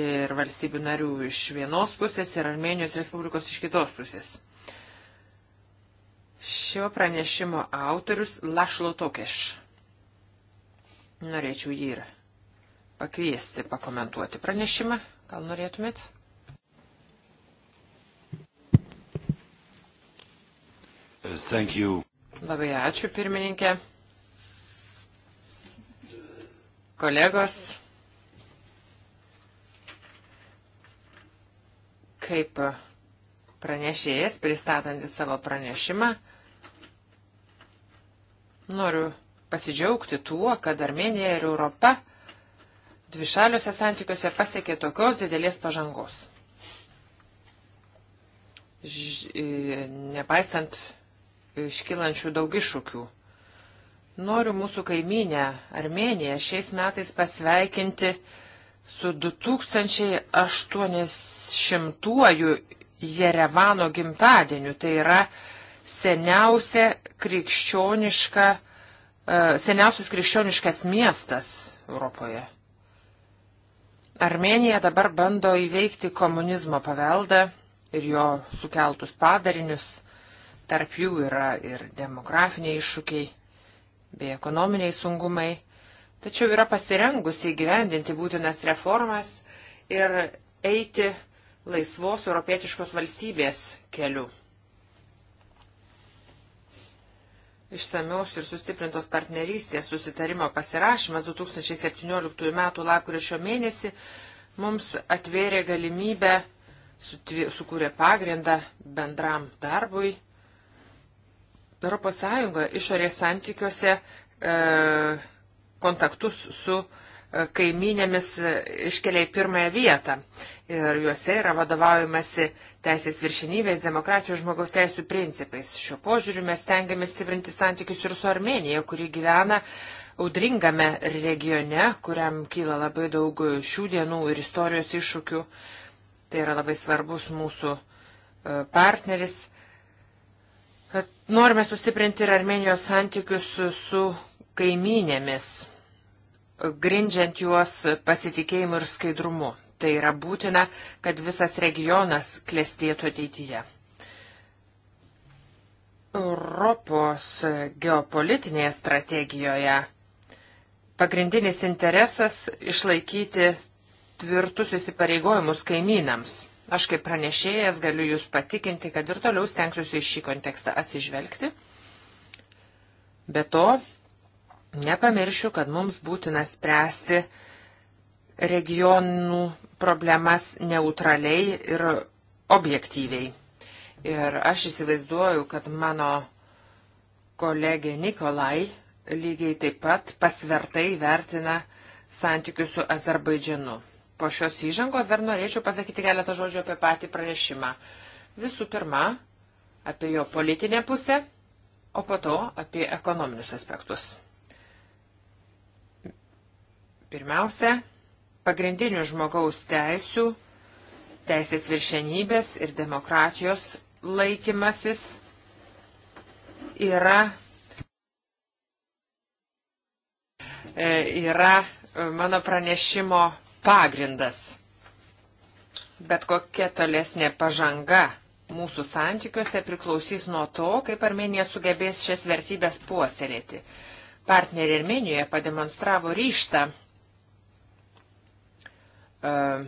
S1: ir valstybių narių iš vienos pusės ir Armenijos Respublikos iš kitos pusės. Šio pranešimo autorius Lašlo Tokeš. Norėčiau jį ir pakviesti, pakomentuoti pranešimą. Gal norėtumėt? Thank you. Labai ačiū, pirmininkė. Kolegos, kaip pranešėjas, pristatantis savo pranešimą, noriu pasidžiaugti tuo, kad Armenija ir Europa dvišaliuose santykiuose pasiekė tokios didelės pažangos. Ž, nepaisant iškilančių daug iššūkių. Noriu mūsų kaiminę Armeniją šiais metais pasveikinti su 2800-uoju Jerevano gimtadieniu. Tai yra seniausia krikščioniška E, seniausius krikščioniškas miestas Europoje. Armenija dabar bando įveikti komunizmo paveldą ir jo sukeltus padarinius. Tarp jų yra ir demografiniai iššūkiai bei ekonominiai sungumai. Tačiau yra pasirengusi įgyvendinti būtinas reformas ir eiti laisvos europietiškos valstybės keliu. Išsamiaus ir sustiprintos partnerystės susitarimo pasirašymas 2017 m. lapkričio mėnesį mums atvėrė galimybę, sukūrė pagrindą bendram darbui. ES išorės santykiuose e, kontaktus su e, kaiminėmis iškelia į pirmąją vietą. Ir juose yra vadovaujamasi teisės viršinybės, demokratijos žmogaus teisų principais. Šiuo požiūriu mes tengiamės stiprinti santykius ir su Armenija, kuri gyvena audringame regione, kuriam kyla labai daug šių dienų ir istorijos iššūkių. Tai yra labai svarbus mūsų e, partneris. Norime sustiprinti ir Armenijos santykius su kaiminėmis grindžiant juos pasitikėjimu ir skaidrumu. Tai yra būtina, kad visas regionas klestėtų ateityje. Europos geopolitinėje strategijoje pagrindinis interesas išlaikyti tvirtus įsipareigojimus kaimynams. Aš kaip pranešėjas galiu Jūs patikinti, kad ir toliau stengsiuosi į šį kontekstą atsižvelgti. Be to, Nepamiršiu, kad mums būtina spręsti regionų problemas neutraliai ir objektyviai. Ir aš įsivaizduoju, kad mano kolegė Nikolai lygiai taip pat pasvertai vertina santykius su Azerbaidžianu. Po šios įžangos dar norėčiau pasakyti keletą žodžių apie patį pranešimą. Visų pirma, apie jo politinę pusę, o po to apie ekonominius aspektus. Pirmiausia, pagrindinių žmogaus teisių, teisės viršenybės ir demokratijos laikymasis yra, e, yra e, mano pranešimo pagrindas. Bet kokia tolesnė pažanga mūsų santykiuose priklausys nuo to, kaip Armenija sugebės šias vertybės puoselėti. Partneriai Armenijoje pademonstravo ryštą uh,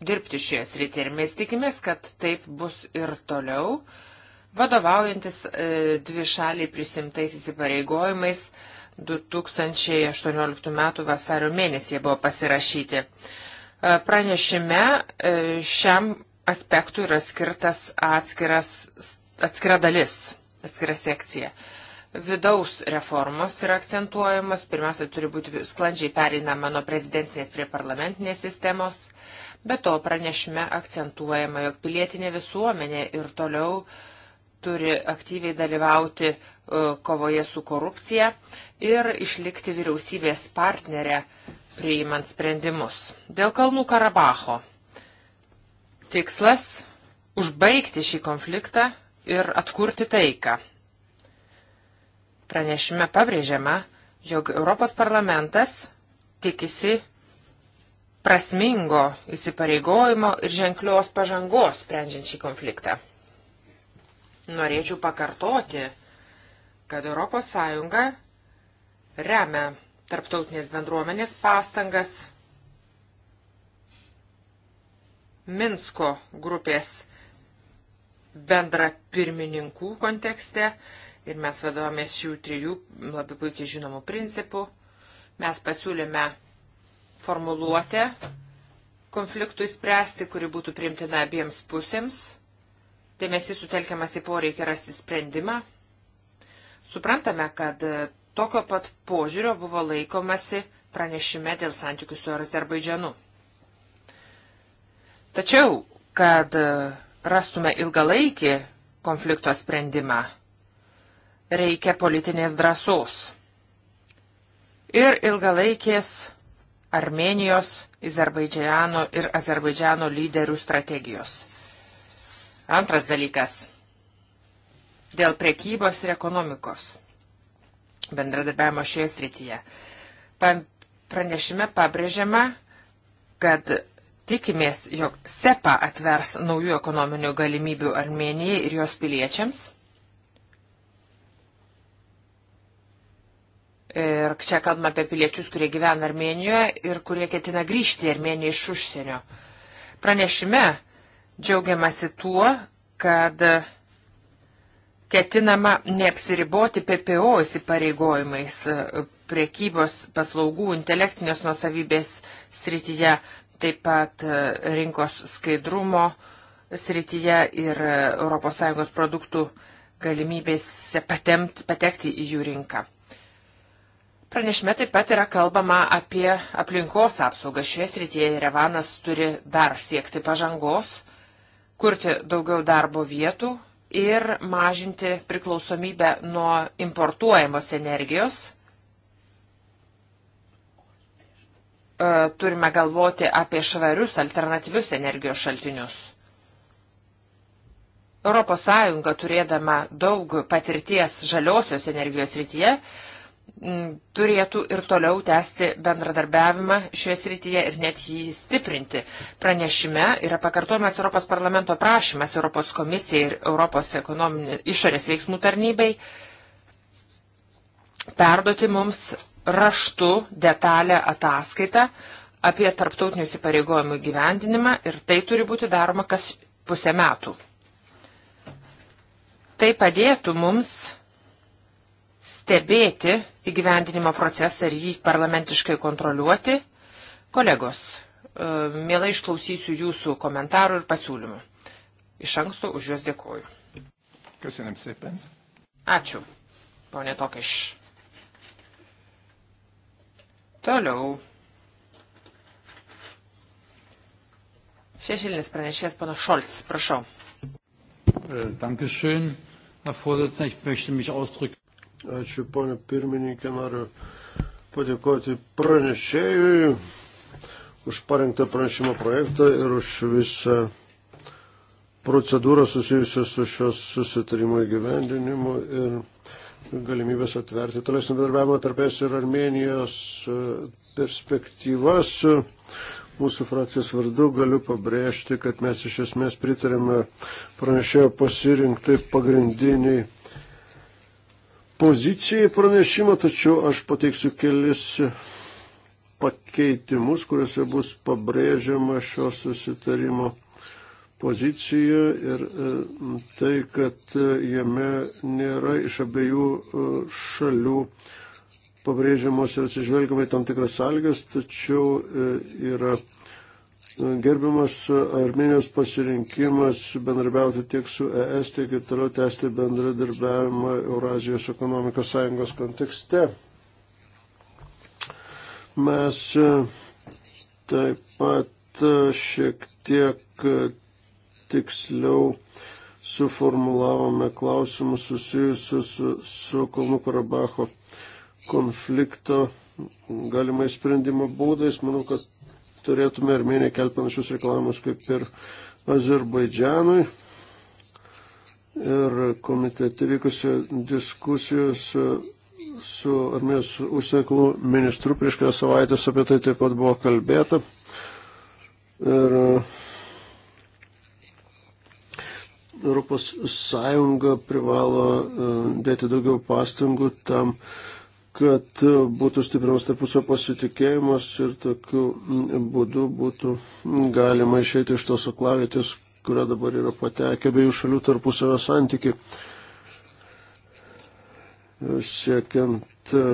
S1: dirbti šioje srityje. Ir mes tikimės, kad taip bus ir toliau, vadovaujantis uh, dvi šaliai prisimtais įsipareigojimais 2018 m. vasario mėnesį jie buvo pasirašyti. Uh, pranešime uh, šiam aspektui yra skirtas atskiras, atskira dalis, atskira sekcija. Uh, vidaus reformos yra akcentuojamos. Pirmiausia, turi būti sklandžiai pereinama nuo prezidencinės prie parlamentinės sistemos. Be to, pranešime akcentuojama, jog pilietinė visuomenė ir toliau turi aktyviai dalyvauti e, kovoje su korupcija ir išlikti vyriausybės partnerę priimant sprendimus. Dėl Kalnų Karabaho. Tikslas - užbaigti šį konfliktą ir atkurti taiką. Pranešime pabrėžiama, jog Europos parlamentas tikisi prasmingo įsipareigojimo ir ženklios pažangos sprendžiant šį konfliktą. Norėčiau pakartoti, kad ES remia tarptautinės bendruomenės pastangas Minsko grupės bendra pirmininkų kontekste ir mes vadovomės šių trijų labai puikiai žinomų principų. Mes pasiūlėme formuluotę konfliktui spręsti, kuri būtų priimtina abiems pusėms. Dėmesys sutelkiamas į poreikį rasti sprendimą. Suprantame, kad tokio pat požiūrio buvo laikomasi pranešime dėl santykių su Azerbaidžianu. Tačiau, kad rastume ilgalaikį konflikto sprendimą, reikia politinės drąsos ir ilgalaikės Armenijos, Azerbaidžiano ir Azerbaidžiano lyderių strategijos. Antras dalykas - dėl prekybos ir ekonomikos bendradarbiavimo šioje srityje. Pranešime pabrėžiama, kad tikimės, jog SEPA atvers naujų ekonominių galimybių Armenijai ir jos piliečiams Ir čia kalbame apie piliečius, kurie gyvena Armenijoje ir kurie ketina grįžti į Armeniją iš užsienio. Pranešime džiaugiamasi tuo, kad ketinama neapsiriboti PPO įsipareigojimais priekybos paslaugų intelektinės nusavybės srityje, taip pat e, rinkos skaidrumo srityje ir ES produktų galimybės patemt, patekti į jų rinką. Pranešime taip pat yra kalbama apie aplinkos apsaugą. Šioje srityje Revanas turi dar siekti pažangos, kurti daugiau darbo vietų ir mažinti priklausomybę nuo importuojamos energijos. E, turime galvoti apie švarius alternatyvius energijos šaltinius. ES turėdama daug patirties žaliosios energijos rytyje turėtų ir toliau tęsti bendradarbiavimą šioje srityje ir net jį stiprinti. Pranešime yra pakartojamas Europos parlamento prašymas Europos komisijai ir Europos išorės veiksmų tarnybai perduoti mums raštu detalę ataskaitą apie tarptautinių įsipareigojimų gyvendinimą ir tai turi būti daroma kas pusę metų. Tai padėtų mums stebėti įgyvendinimo procesą ir jį parlamentiškai kontroliuoti. Kolegos, e, mielai išklausysiu jūsų komentarų ir pasiūlymų. Iš anksto už juos dėkoju. Köszönöm szépen. Ačiū, ponė Tokiš. Toliau. Šešilinis pranešėjas
S3: pana Šolts, prašau. Äh, Dankeschön, Herr Vorsitzender, ich möchte mich ausdrücken. Ačiū, ponė pirmininkė, noriu padėkoti pranešėjui už parengtą pranešimo projektą ir už visą procedūrą susijusią su šios susitarimo įgyvendinimu ir galimybės atverti tolesnį darbiavimą tarp es ir Armenijos e, perspektyvas. Mūsų frakcijos vardu galiu pabrėžti, kad mes iš esmės pritarėme pranešėjo pasirinktai pagrindiniai pozicijai pranešimą, tačiau aš pateiksiu kelis pakeitimus, kuriuose bus pabrėžiama šio susitarimo pozicija ir e, tai, kad e, jame nėra iš abiejų e, šalių pabrėžiamos ir atsižvelgiamai tam tikras sąlygas, tačiau yra Gerbiamas Armenijos pasirinkimas bendrabiauti tiek su ES, tiek ir toliau tęsti bendradarbiavimą Eurazijos ekonomikos sąjungos kontekste. Mes e, taip pat e, šiek tiek e, tiksliau suformulavome klausimus susijusius su, su Kalnų Karabacho konflikto galimai sprendimo būdais. Manau, kad turėtume Armenijai kelti panašius reikalavimus kaip ir Azerbaidžianui. Ir komitete vykusi diskusijos su Armijos užsienio ministru prieš kelias savaitės apie tai taip pat buvo kalbėta. Ir Europos Sąjunga privalo e, dėti daugiau pastangų tam, uh, kad būtų stipriaus tarpusio pasitikėjimas ir tokiu būdu būtų galima išeiti iš tos aklavėtės, kuria dabar yra patekę abiejų šalių tarpusavio santykiai. Siekiant e,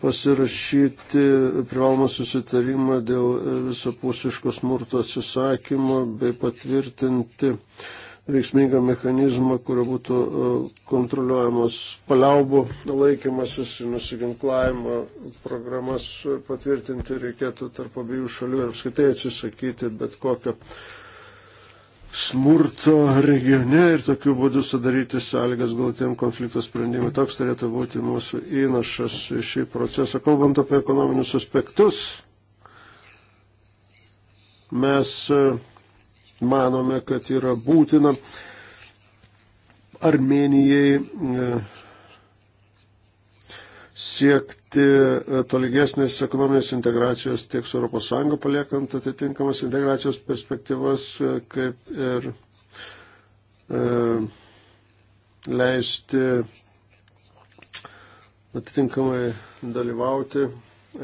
S3: pasirašyti privalomą susitarimą dėl visapusiško smurto atsisakymo bei patvirtinti veiksmingą mechanizmą, kurio būtų e, kontroliuojamos paliaubų laikymasis, nusiginklavimo programas patvirtinti reikėtų tarp abiejų šalių ir apskaitai atsisakyti bet kokio smurto regione ir tokiu būdu sudaryti sąlygas galutiniam konflikto sprendimui. Toks turėtų būti mūsų įnašas į šį procesą. Kalbant apie ekonominius aspektus, mes uh, manome, kad yra būtina Armenijai e, siekti e, tolygesnės ekonominės integracijos tiek su ES, paliekant atitinkamas integracijos perspektyvas, e, kaip ir e, leisti atitinkamai dalyvauti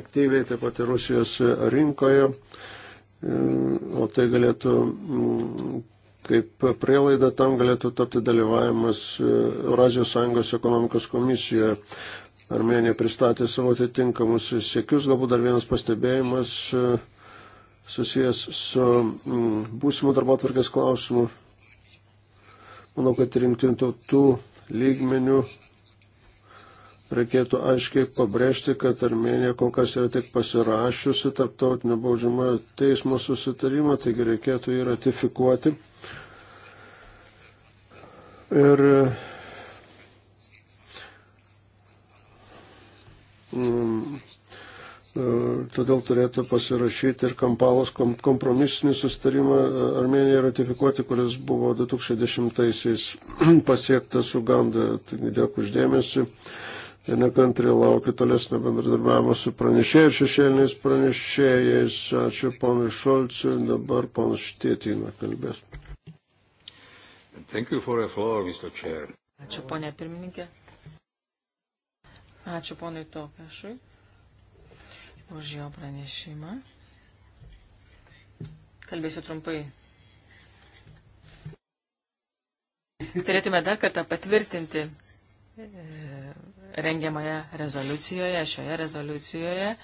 S3: aktyviai taip pat ir Rusijos rinkoje. E, o tai galėtų, mm, kaip prielaida tam galėtų tapti dalyvavimas e, Eurazijos Sąjungos ekonomikos komisijoje. Armenija pristatė savo atitinkamus siekius, galbūt dar vienas pastebėjimas e, susijęs su mm, būsimų darbo atvarkės klausimu. Manau, kad rinktinių tautų lygmenių Reikėtų aiškiai pabrėžti, kad Armenija kol kas yra tik pasirašiusi tarptautinio baudžiamojo teismo susitarimą, taigi reikėtų jį ratifikuoti. Ir mm, e, Todėl turėtų pasirašyti ir Kampalos kompromisinį sustarimą e, Armenijai ratifikuoti, kuris buvo 2010-aisiais pasiektas Ugandoje. Taigi dėkui uždėmesi ir nekantri laukiu tolesnio bendradarbiavimo su pranešėjai ir šešėliniais pranešėjais. Ačiū ponui Šolciui, dabar ponas Štėtina kalbės. Floor,
S2: Ačiū ponė pirmininkė. Ačiū ponui Tokešui už jo pranešimą. Kalbėsiu trumpai. Turėtume dar kartą patvirtinti e, rengiamoje rezoliucijoje, šioje rezoliucijoje,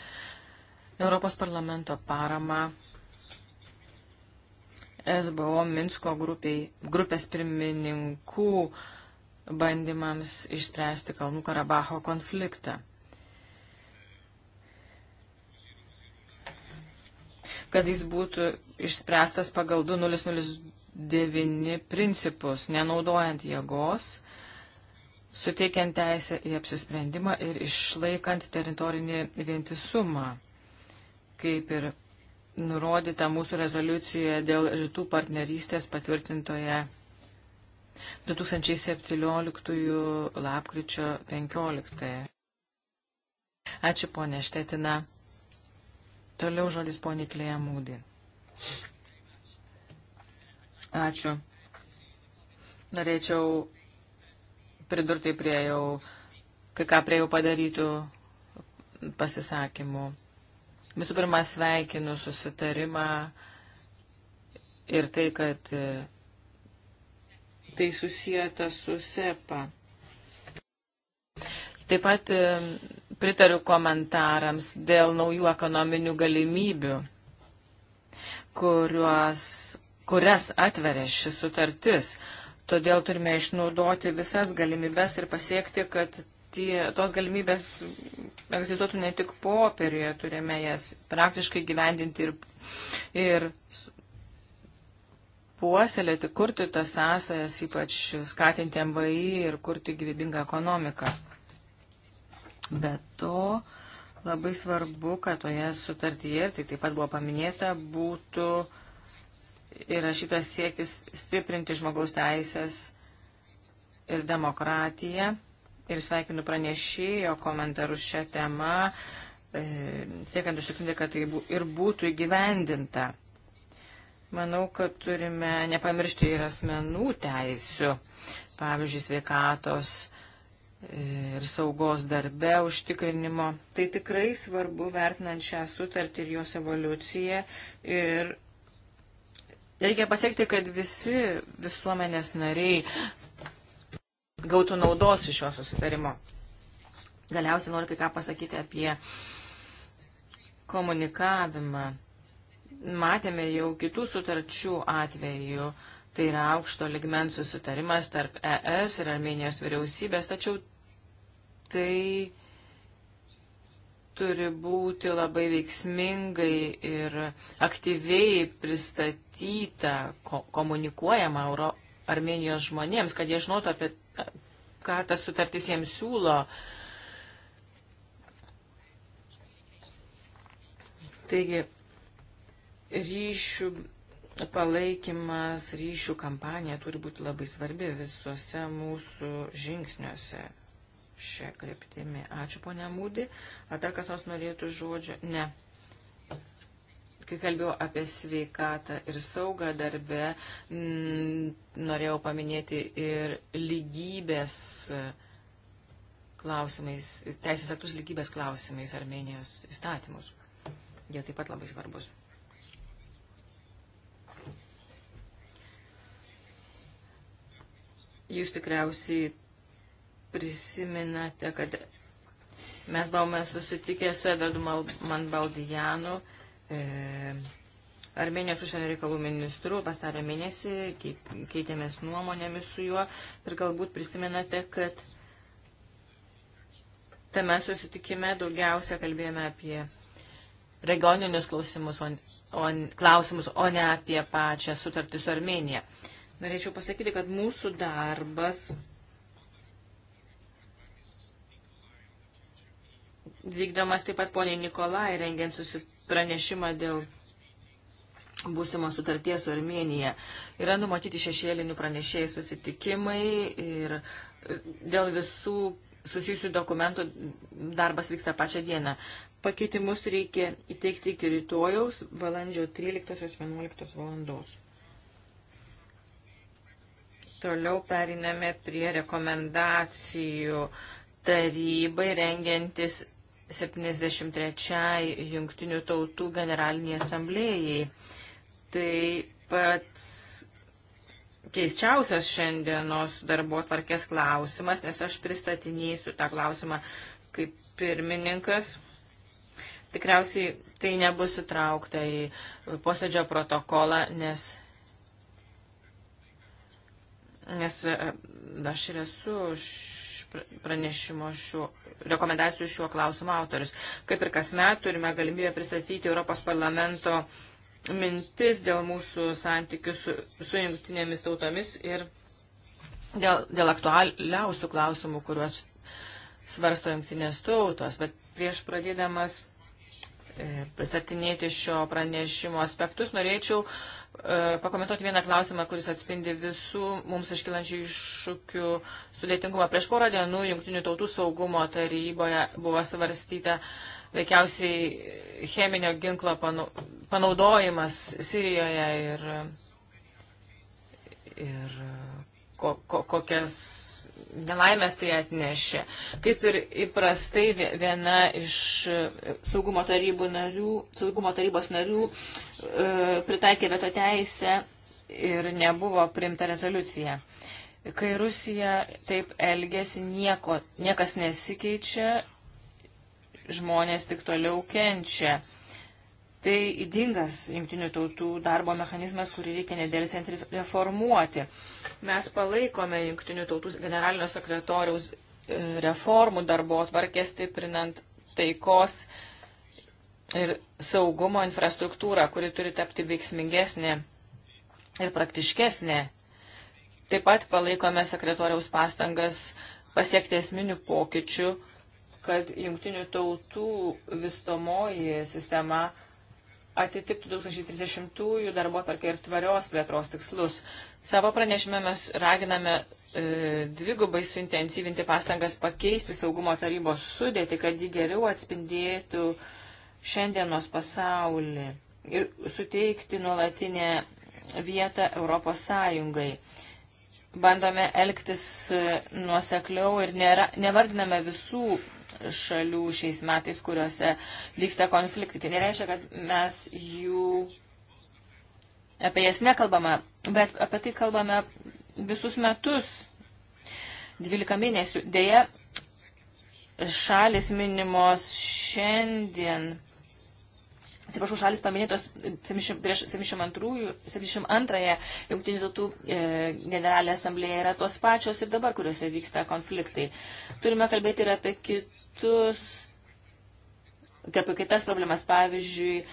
S2: Europos parlamento parama SBO Minsko grupiai, grupės pirmininkų bandymams išspręsti Kalnų Karabaho konfliktą. Kad jis būtų išspręstas pagal 2009 principus, nenaudojant jėgos suteikiant teisę į apsisprendimą ir išlaikant teritorinį vientisumą, kaip ir nurodyta mūsų rezoliucijoje dėl rytų partnerystės patvirtintoje 2017 lapkričio 15. Ačiū ponė Štetina. Toliau žodis ponė Klėja Mūdį. Ačiū. Norėčiau pridurti prie jau, kai ką prie jau padarytų pasisakymų. Visų pirma, sveikinu susitarimą ir tai, kad tai susijęta su SEPA. Taip pat e, pritariu komentarams dėl naujų ekonominių galimybių, kuriuos, kurias atveria šis sutartis. Todėl turime išnaudoti visas galimybes ir pasiekti, kad tie, tos galimybės egzistuotų ne tik popieriuje, turime jas praktiškai gyvendinti ir, ir puoselėti, kurti tas sąsajas, ypač skatinti MVI ir kurti gyvybingą ekonomiką. Be to, labai svarbu, kad toje sutartyje, ir tai taip pat buvo paminėta, būtų uh, yra šitas siekis stiprinti žmogaus teisės ir demokratiją. Ir sveikinu pranešėjo komentarus šią temą, e, siekiant užtikrinti, kad tai ir būtų įgyvendinta. Manau, kad turime nepamiršti ir asmenų teisių, pavyzdžiui, sveikatos e, ir saugos darbe užtikrinimo. Tai tikrai svarbu vertinant šią sutartį ir jos evoliuciją ir Reikia pasiekti, kad visi visuomenės nariai gautų naudos iš šio susitarimo. Galiausiai noriu kai ką pasakyti apie komunikavimą. Matėme jau kitų sutarčių atveju, tai yra aukšto ligmens susitarimas tarp ES ir Armenijos vyriausybės, tačiau tai turi būti labai veiksmingai ir aktyviai pristatyta, ko, komunikuojama Euro Armenijos žmonėms, kad jie žinotų apie, ką tas sutartis jiems siūlo. Taigi, ryšių palaikymas, ryšių kampanija turi būti labai svarbi visuose mūsų žingsniuose šią kryptimį. Ačiū, ponia Mūdi. Ar dar kas nors norėtų žodžio? Ne. Kai kalbėjau apie sveikatą ir saugą darbę, m, norėjau paminėti ir lygybės klausimais, teisės aktus lygybės klausimais Armenijos įstatymus. Jie taip pat labai svarbus. Jūs tikriausiai prisiminate, kad mes buvome susitikę su Edvardu Manbaldijanu, e, Armenijos užsienio reikalų ministru, pastarą mėnesį keitėmės nuomonėmis su juo ir galbūt prisiminate, kad tame susitikime daugiausia kalbėjome apie regioninius klausimus, o, o, klausimus, o ne apie pačią sutartį su Armenija. Norėčiau pasakyti, kad mūsų darbas vykdomas taip pat poniai Nikolai rengiant pranešimą dėl būsimo sutarties su Armenija. Yra numatyti šešėlinių pranešėjų susitikimai ir dėl visų susijusių dokumentų darbas vyksta pačią dieną. Pakeitimus reikia įteikti iki rytojaus valandžio 13-11 valandos. Toliau periname prie rekomendacijų tarybai rengiantis 73 jungtinių tautų generaliniai asamblėjai. Tai pats keisčiausias šiandienos darbo tvarkės klausimas, nes aš pristatinėsiu tą klausimą kaip pirmininkas. Tikriausiai tai nebus įtraukta į posėdžio protokolą, nes, nes aš ir esu š pranešimo šiuo, rekomendacijų šiuo klausimu autorius. Kaip ir kasmet turime galimybę pristatyti Europos parlamento mintis dėl mūsų santykių su, su jungtinėmis tautomis ir dėl, dėl aktualiausių klausimų, kuriuos svarsto jungtinės tautos. Bet prieš pradėdamas e, pristatinėti šio pranešimo aspektus, norėčiau uh, E, pakomentuoti vieną klausimą, kuris atspindi visų mums iškilančių iššūkių sudėtingumą. Prieš porą dienų Junktinių tautų saugumo taryboje buvo svarstyta veikiausiai cheminio ginklo panaudojimas Sirijoje ir, ir ko, ko, kokias nelaimės tai atnešė. Kaip ir įprastai viena iš e, saugumo, narių, saugumo tarybos narių e, pritaikė veto teisę ir nebuvo primta rezoliucija. Kai Rusija taip elgesi, nieko, niekas nesikeičia, žmonės tik toliau kenčia. Tai įdingas jungtinių tautų darbo mechanizmas, kurį reikia nedėlsiant reformuoti. Mes palaikome jungtinių tautų generalinio sekretoriaus e, reformų darbo atvarkės, stiprinant taikos ir saugumo infrastruktūrą, kuri turi tapti veiksmingesnė ir praktiškesnė. Taip pat palaikome sekretoriaus pastangas pasiekti esminių pokyčių, kad jungtinių tautų vystomoji sistema atitiktų 2030-ųjų darbo tarkai ir tvarios plėtros tikslus. Savo pranešime mes raginame e, dvigubai suintensyvinti pastangas pakeisti saugumo tarybos sudėti, kad ji geriau atspindėtų šiandienos pasaulį ir suteikti nuolatinę vietą Europos Sąjungai. Bandome elgtis nuosekliau ir nėra, nevardiname visų šalių šiais metais, kuriuose vyksta konfliktai. Tai nereiškia, kad mes jų apie jas nekalbame, bet apie tai kalbame visus metus, 12 mėnesių. Deja, šalis minimos šiandien. Atsiprašau, šalis paminėtos 72-ąją Junktinių tautų e, generalinė asamblėje yra tos pačios ir dabar, kuriuose vyksta konfliktai. Turime kalbėti ir apie kitų kitus apie kitas problemas, pavyzdžiui, e,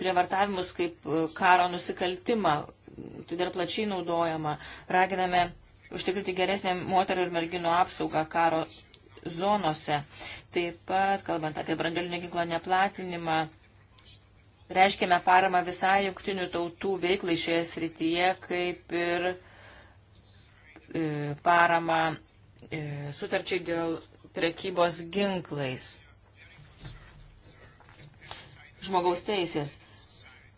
S2: prievartavimus kaip e, karo nusikaltimą, tai dar plačiai naudojama. Raginame užtikrinti geresnę moterų ir merginų apsaugą karo zonose. Taip pat, kalbant apie branduolinio ginklo neplatinimą, reiškėme paramą visai jungtinių tautų veiklai šioje srityje, kaip ir e, paramą sutarčiai dėl prekybos ginklais. Žmogaus teisės.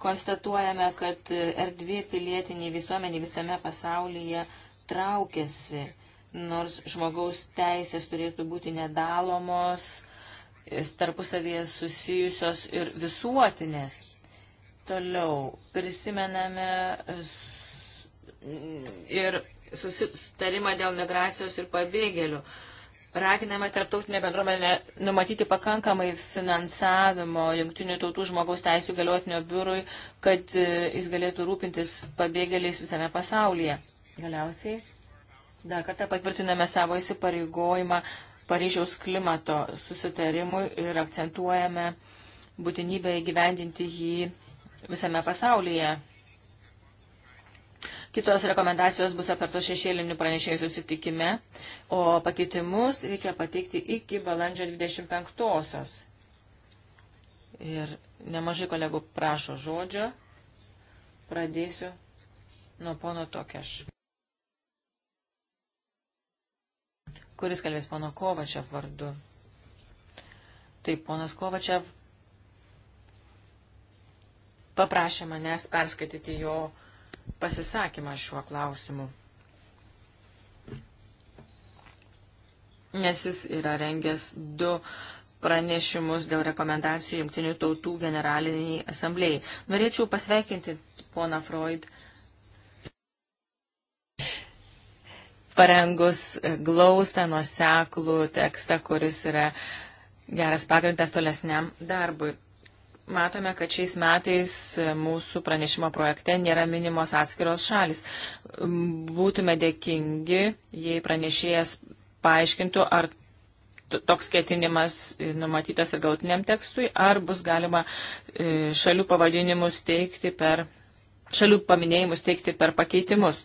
S2: Konstatuojame, kad erdvė pilietiniai visuomeniai visame pasaulyje traukiasi, nors žmogaus teisės turėtų būti nedalomos, tarpusavėje susijusios ir visuotinės. Toliau prisimename ir susitarimą dėl migracijos ir pabėgėlių raginama tarptautinė bendruomenė numatyti pakankamai finansavimo jungtinių tautų žmogaus teisų galiotinio biurui, kad e, jis galėtų rūpintis pabėgėliais visame pasaulyje. Galiausiai dar kartą patvirtiname savo įsipareigojimą Paryžiaus klimato susitarimui ir akcentuojame būtinybę įgyvendinti jį visame pasaulyje. Kitos rekomendacijos bus apertos šešėlinių pranešėjų susitikime, o pakeitimus reikia pateikti iki balandžio 25-osios. Ir nemažai kolegų prašo žodžio. Pradėsiu nuo pono Tokeš. Kuris kalbės pono Kovačev vardu? Taip, ponas Kovačev paprašė manęs perskaityti jo pasisakymą šiuo klausimu. Nes jis yra rengęs du pranešimus dėl rekomendacijų Junktinių tautų generaliniai asamblėjai. Norėčiau pasveikinti poną Freud parengus glaustą nuoseklų tekstą, kuris yra geras pagrindas tolesniam darbui matome, kad šiais metais mūsų pranešimo projekte nėra minimos atskiros šalis. Būtume dėkingi, jei pranešėjas paaiškintų, ar toks ketinimas numatytas ir gautiniam tekstui, ar bus galima e, šalių pavadinimus teikti per, šalių paminėjimus teikti per pakeitimus.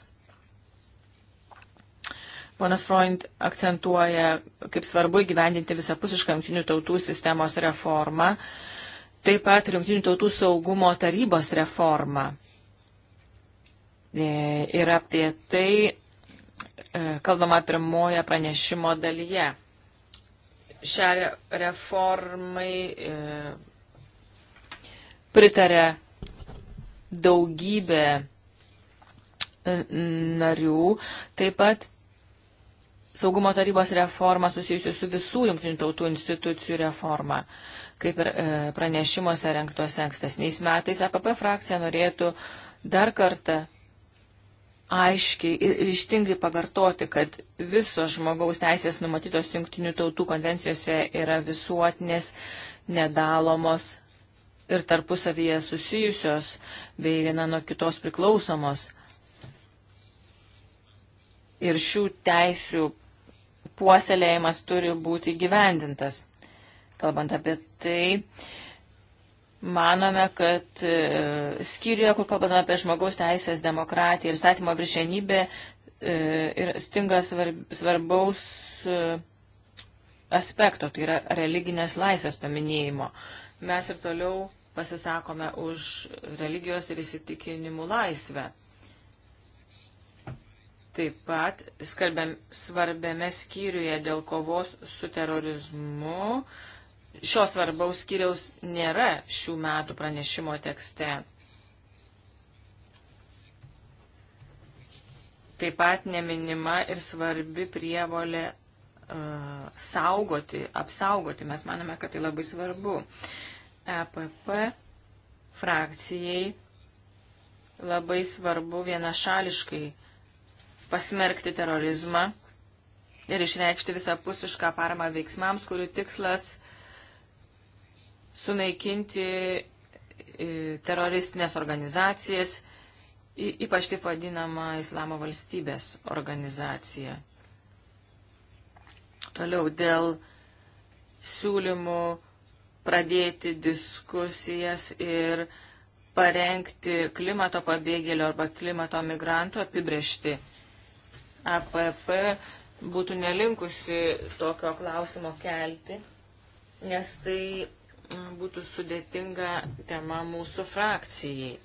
S2: Ponas Freund akcentuoja, kaip svarbu įgyvendinti visapusišką jungtinių tautų sistemos reformą taip pat Junktinių tautų saugumo tarybos reforma. E, ir apie tai e, kalbama pirmoje pranešimo dalyje. Šią reformai e, pritarė daugybė narių, taip pat saugumo tarybos reforma susijusi su visų jungtinių tautų institucijų reforma. Uh, kaip ir e, pranešimuose renktuose ankstesniais metais, APP frakcija norėtų dar kartą aiškiai ir ryštingai pakartoti, kad visos žmogaus teisės numatytos Junktinių tautų konvencijose yra visuotinės, nedalomos ir tarpusavyje susijusios bei viena nuo kitos priklausomos. Ir šių teisių puoselėjimas turi būti gyvendintas kalbant apie tai, manome, kad e, skyriuje, kur kalbame apie žmogaus teisės, demokratiją ir statymo viršenybę, e, ir stinga svarbaus e, aspekto, tai yra religinės laisvės paminėjimo. Mes ir toliau pasisakome už religijos ir įsitikinimų laisvę. Taip pat skalbiam, svarbiame skyriuje dėl kovos su terorizmu uh, šios svarbaus skyriaus nėra šių metų pranešimo tekste. Taip pat neminima ir svarbi prievolė uh, saugoti, apsaugoti. Mes manome, kad tai labai svarbu. EPP frakcijai labai svarbu vienašališkai pasmerkti terorizmą ir išreikšti visapusišką paramą veiksmams, kurių tikslas sunaikinti e, teroristinės organizacijas, ypač taip vadinama Islamo valstybės organizacija. Toliau dėl siūlymų pradėti diskusijas ir parengti klimato pabėgėlio arba klimato migrantų apibriešti. APP būtų nelinkusi tokio klausimo kelti, nes tai būtų sudėtinga tema mūsų frakcijai.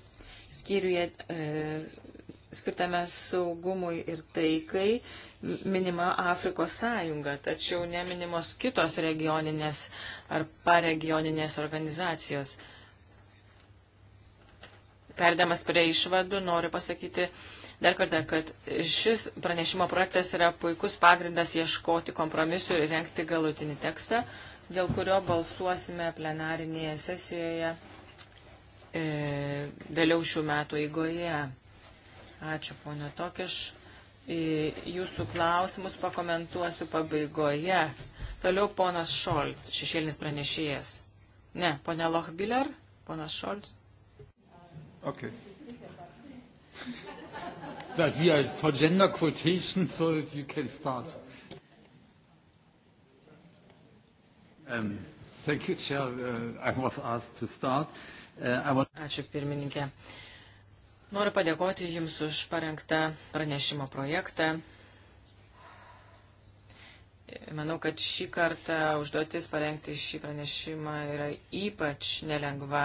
S2: Skyriuje e, skirtame saugumui ir taikai minima Afrikos sąjunga, tačiau neminimos kitos regioninės ar paregioninės organizacijos. Perdamas prie išvadų noriu pasakyti, Dar kartą, kad šis pranešimo projektas yra puikus pagrindas ieškoti kompromisų ir renkti galutinį tekstą, dėl kurio balsuosime plenarinėje sesijoje e, vėliau šių metų eigoje. Ačiū, ponė Tokiš. E, jūsų klausimus pakomentuosiu pabaigoje. Toliau ponas Šolts, šešėlinis pranešėjas. Ne, ponė Lochbiller, ponas Šolts.
S3: Okay. That we are for gender quotation, so you can start. Um, thank you, Chair. Uh,
S1: I was asked to start. Uh, I was... Ačiū pirmininkė. Noriu
S2: padėkoti Jums už parengtą pranešimo projektą. Manau, kad šį kartą užduotis parengti šį pranešimą yra ypač nelengva.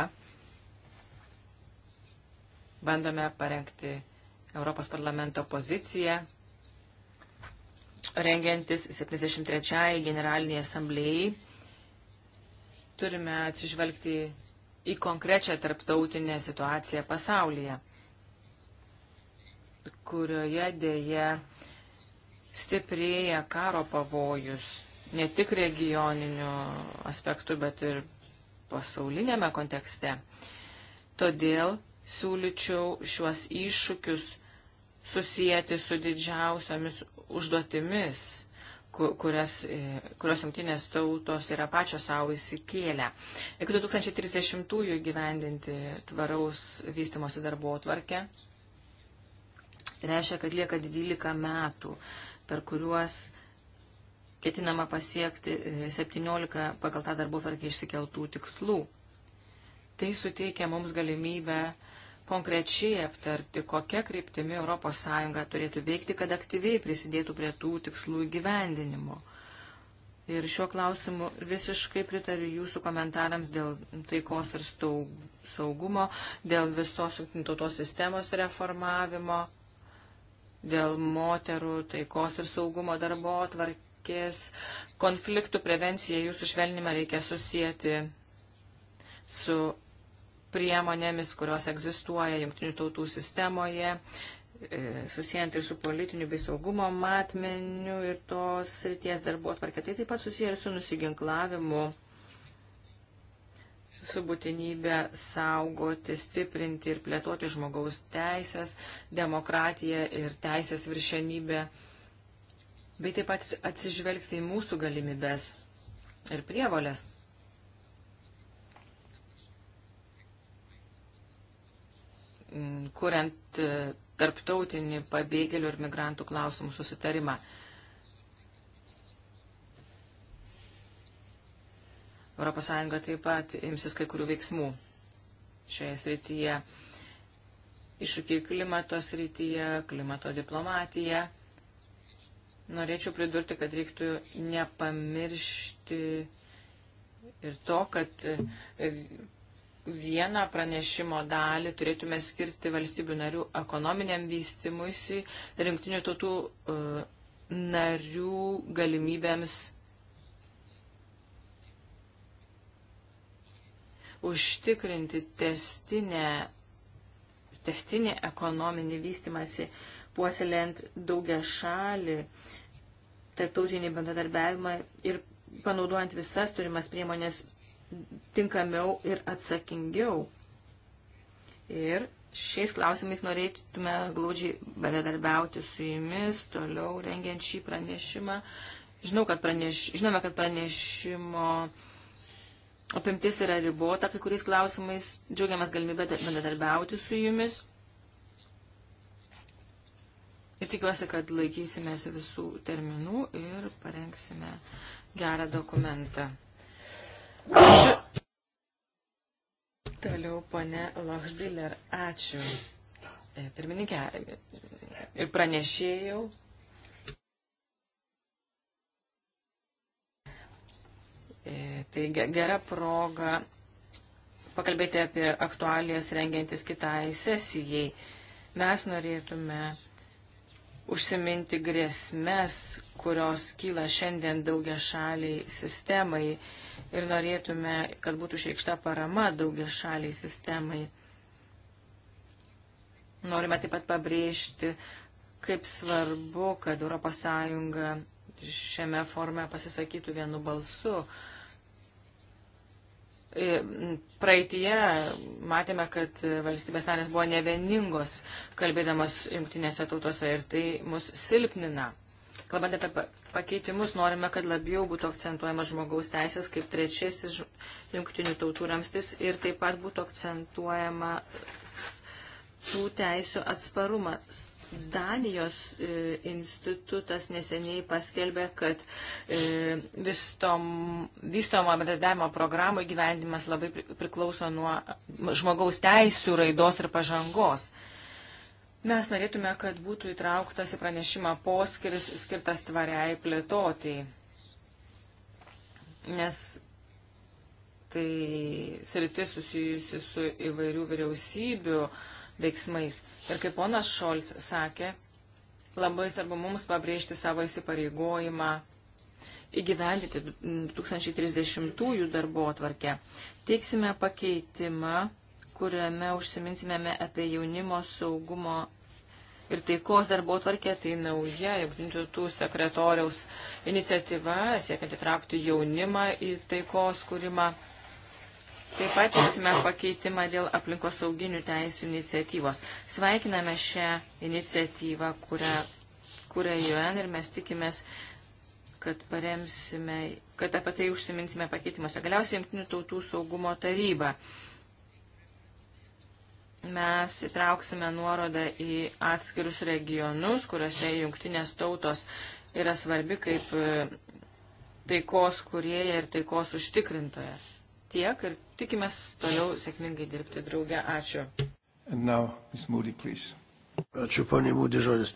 S2: Bandome parengti Europos parlamento poziciją, rengiantis 73-ąjį generaliniai asamblėjai Turime atsižvelgti į konkrečią tarptautinę situaciją pasaulyje, kurioje dėje stiprėja karo
S1: pavojus
S2: ne tik regioniniu aspektu, bet ir pasaulinėme kontekste. Todėl siūlyčiau šiuos iššūkius susijęti su didžiausiamis užduotimis kurias, e, kurios jungtinės tautos yra pačios savo įsikėlę. Iki 2030-ųjų gyvendinti tvaraus vystimosi darbo tvarkę reiškia, kad lieka 12 metų, per kuriuos ketinama pasiekti 17 e, pagal tą darbo tvarkę išsikeltų tikslų. Tai suteikia mums galimybę konkrečiai aptarti, kokia kryptimi ES turėtų veikti, kad aktyviai prisidėtų prie tų tikslų įgyvendinimo. Ir šiuo klausimu visiškai pritariu jūsų komentarams dėl taikos ir saugumo, dėl visos tautos sistemos reformavimo, dėl moterų taikos ir saugumo darbo atvarkės. Konfliktų prevenciją jūsų švelnimą reikia susijęti su priemonėmis, kurios egzistuoja jungtinių tautų sistemoje, e, susijęs ir su politiniu bei saugumo matmeniu ir tos srities darbo atvarkė. Tai taip pat susiję ir su nusiginklavimu, su būtinybė saugoti, stiprinti ir plėtoti žmogaus teisės, demokratiją ir teisės viršenybę, bei taip pat atsižvelgti į mūsų galimybės ir prievolės. kuriant e, tarptautinį pabėgėlių ir migrantų klausimų susitarimą. ES taip pat imsis kai kurių veiksmų šioje srityje. Iššūkiai klimato srityje, klimato diplomatija. Norėčiau pridurti, kad reiktų nepamiršti ir to, kad vieną pranešimo dalį turėtume skirti valstybių narių ekonominiam vystimuisi ir jungtinių tautų e, narių galimybėms užtikrinti testinę, testinį ekonominį vystimąsi, puoselėjant daugia šalį, tarptautinį bendradarbiavimą ir panaudojant visas turimas priemonės tinkamiau ir atsakingiau. Ir šiais klausimais norėtume glaudžiai bendradarbiauti su jumis, toliau rengiant šį pranešimą. Žinau, kad praneš, žinome, kad pranešimo apimtis yra ribota, kai kuriais klausimais džiaugiamės galimybę bendradarbiauti su jumis. Ir tikiuosi, kad laikysimės visų terminų ir parengsime gerą dokumentą. Ačiū. Toliau, ponė Lochbiller, ačiū. E, pirmininkė, ir e, pranešėjau. E, tai gera proga pakalbėti apie aktualijas rengiantis kitai sesijai. Mes norėtume užsiminti grėsmės, kurios kyla šiandien daugia šaliai sistemai ir norėtume, kad būtų išreikšta parama daugia šaliai sistemai. Norime taip pat pabrėžti, kaip svarbu, kad ES šiame forme pasisakytų vienu balsu. Uh, E, praeitie matėme, kad valstybės narės buvo nevieningos, kalbėdamos jungtinėse tautose ir tai mus silpnina. Kalbant apie pakeitimus, norime, kad labiau būtų akcentuojama žmogaus teisės kaip trečiasis jungtinių tautų ramstis ir taip pat būtų akcentuojama tų teisų atsparumas Danijos e, institutas neseniai paskelbė, kad e, vystomo bendradarbiavimo programų gyvendimas labai priklauso nuo žmogaus teisų raidos ir pažangos. Mes norėtume, kad būtų įtrauktas į pranešimą poskiris skirtas tvariai plėtotai, nes tai sritis susijusi su įvairių vyriausybių, uh, veiksmais. Ir kaip ponas Šolts sakė, labai svarbu mums pabrėžti savo įsipareigojimą įgyvendyti 2030-ųjų darbo atvarkę. Teiksime pakeitimą, kuriame užsiminsimėme apie jaunimo saugumo ir taikos darbo atvarkė, tai nauja jungtinių tautų sekretoriaus iniciatyva, siekiant įtraukti jaunimą į taikos kūrimą. Taip pat teiksime pakeitimą dėl aplinkosauginių teisų iniciatyvos. Sveikiname šią iniciatyvą, kurią kuria UN ir mes tikimės, kad paremsime, kad apie tai užsiminsime pakeitimuose. Galiausiai Junktinių tautų saugumo taryba. Mes įtrauksime nuorodą į atskirus regionus, kuriuose jungtinės tautos yra svarbi kaip taikos kurieja ir taikos užtikrintoja tiek ir tikimės toliau sėkmingai dirbti draugę. Ačiū.
S3: And now, Ms. Moody, please. Ačiū, ponė Mūdė, žodis.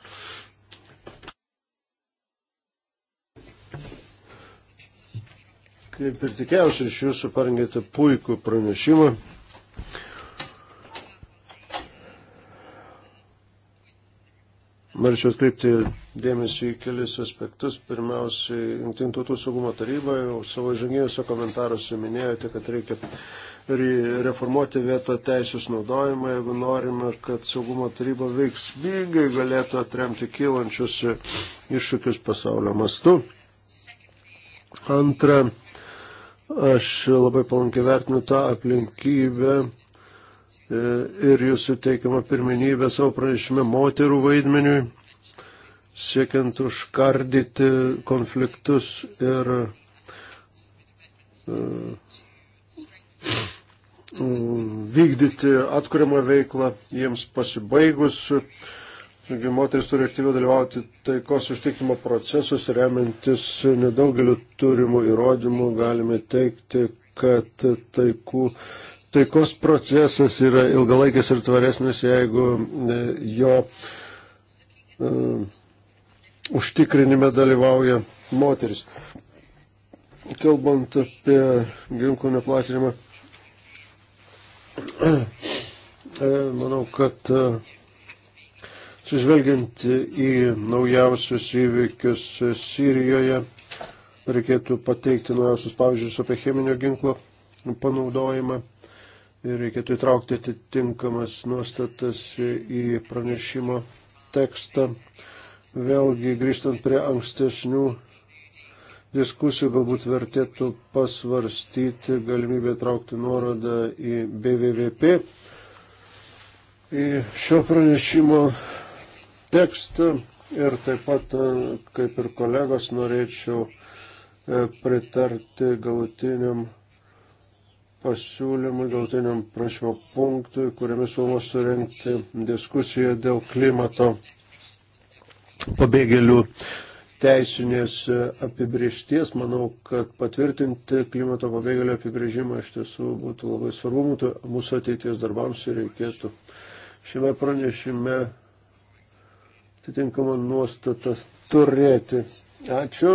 S3: Kaip ir tikėjausi, iš jūsų parengėte puikų pranešimą. Norėčiau atkreipti dėmesį į kelis aspektus. Pirmiausiai, Junktinių tautų saugumo taryba jau savo žanginiuose komentaruose minėjote, kad reikia reformuoti vieto teisės naudojimą, jeigu norime, kad saugumo taryba veiksmingai galėtų atremti kylančius iššūkius pasaulio mastu. Antra, aš labai palankiai vertinu tą aplinkybę E, ir jūs suteikiama pirmenybė savo pranešime moterų vaidmeniui, siekiant užkardyti konfliktus ir e, vykdyti atkuriamą veiklą jiems pasibaigus. Taigi moteris turi aktyviau dalyvauti taikos užtikrimo procesus, remiantis nedaugeliu turimų įrodymų galime teikti, kad taikų taikos procesas yra ilgalaikis ir tvaresnis, jeigu e, jo uh, užtikrinime dalyvauja moteris. Kalbant apie ginklų neplatinimą, e, manau, kad Atsižvelgiant į naujausius įvykius Sirijoje, reikėtų pateikti naujausius pavyzdžius apie cheminio ginklo panaudojimą ir reikėtų įtraukti atitinkamas nuostatas į pranešimo tekstą. Vėlgi, grįžtant prie ankstesnių diskusijų, galbūt vertėtų pasvarstyti galimybę traukti nuorodą į BVVP, į šio pranešimo tekstą ir taip pat, kaip ir kolegos, norėčiau e, pritarti galutiniam pasiūlymui, galtiniam prašymo punktui, kuriame siūlo surenkti diskusiją dėl klimato pabėgėlių teisinės apibriešties. Manau, kad patvirtinti klimato pabėgėlių apibrėžimą iš tiesų būtų labai svarbu būtų mūsų ateities darbams ir reikėtų šiame pranešime atitinkamą nuostatą turėti. Ačiū.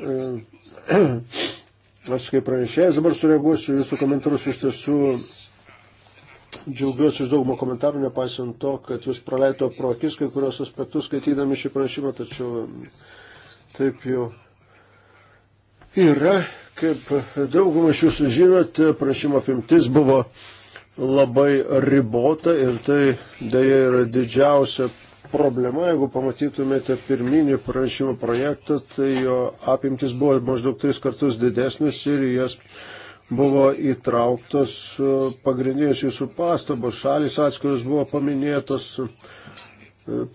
S3: Ehm, aš kaip pranešėjas dabar sureaguosiu jūsų komentarus iš tiesų. Džiaugiuosi iš daugumo komentarų, nepaisant to, kad jūs praleido pro akis kai kurios aspektus skaitydami šį pranešimą, tačiau taip jau yra, kaip daugumą iš jūsų žinote, pranešimo apimtis buvo labai ribota ir tai dėja yra didžiausia problema, jeigu pamatytumėte pirminį pranešimo projektą, tai jo apimtis buvo maždaug tris kartus didesnis ir jas buvo įtrauktos e, pagrindinės jūsų pastabos, šalis atskiros buvo paminėtos. E,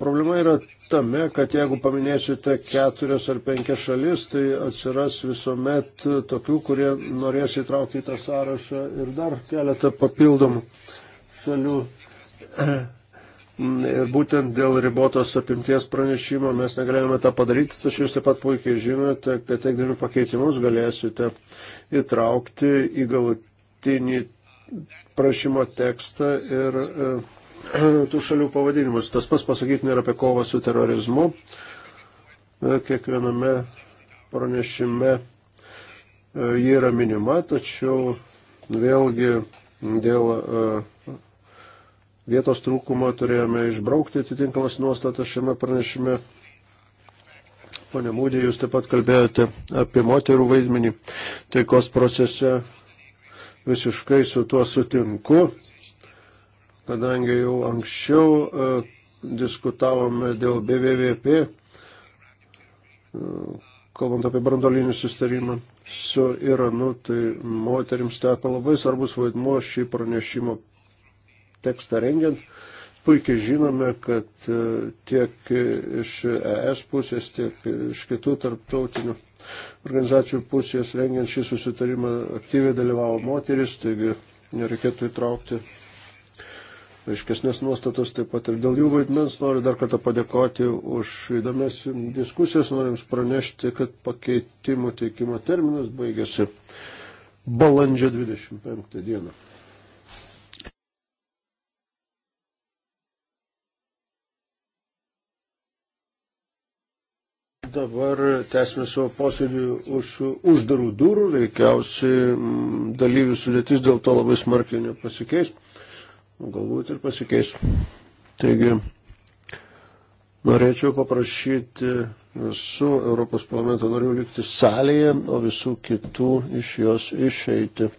S3: problema yra tame, kad jeigu paminėsite keturias ar penkias šalis, tai atsiras visuomet tokių, kurie norės įtraukti į tą sąrašą ir dar keletą papildomų šalių. Ir mm, būtent dėl ribotos apimties pranešimo mes negalėjome tą padaryti, tačiau jūs taip pat puikiai žinote, kad teikdami pakeitimus galėsite įtraukti į galutinį prašymo tekstą ir e, tų šalių pavadinimus. Tas pas pasakyti nėra apie kovą su terorizmu. E, kiekviename pranešime e, ji yra minima, tačiau vėlgi dėl e, vietos trūkumo turėjome išbraukti atitinkamas nuostatas šiame pranešime. Pone Mūdė, jūs taip pat kalbėjote apie moterų vaidmenį taikos procese. Visiškai su tuo sutinku, kadangi jau anksčiau uh, diskutavome dėl BVVP, uh, e, kalbant apie brandolinį sustarimą su Iranu, tai moterims teko labai svarbus vaidmuo šį pranešimo tekstą rengiant. Puikiai žinome, kad e, tiek iš ES pusės, tiek iš kitų tarptautinių organizacijų pusės rengiant šį susitarimą aktyviai dalyvavo moteris, taigi nereikėtų įtraukti aiškesnės nuostatos taip pat ir dėl jų vaidmens. Noriu dar kartą padėkoti už įdomias diskusijas, noriu Jums pranešti, kad pakeitimų teikimo terminas baigėsi balandžio 25 dieną. Dabar tęsime savo posėdį už uždarų durų. Veikiausiai mm, dalyvių sudėtis dėl to labai smarkiai nepasikeis. Galbūt ir pasikeis. Taigi, norėčiau paprašyti visų Europos parlamento narių likti salėje, o visų kitų iš jos išeiti.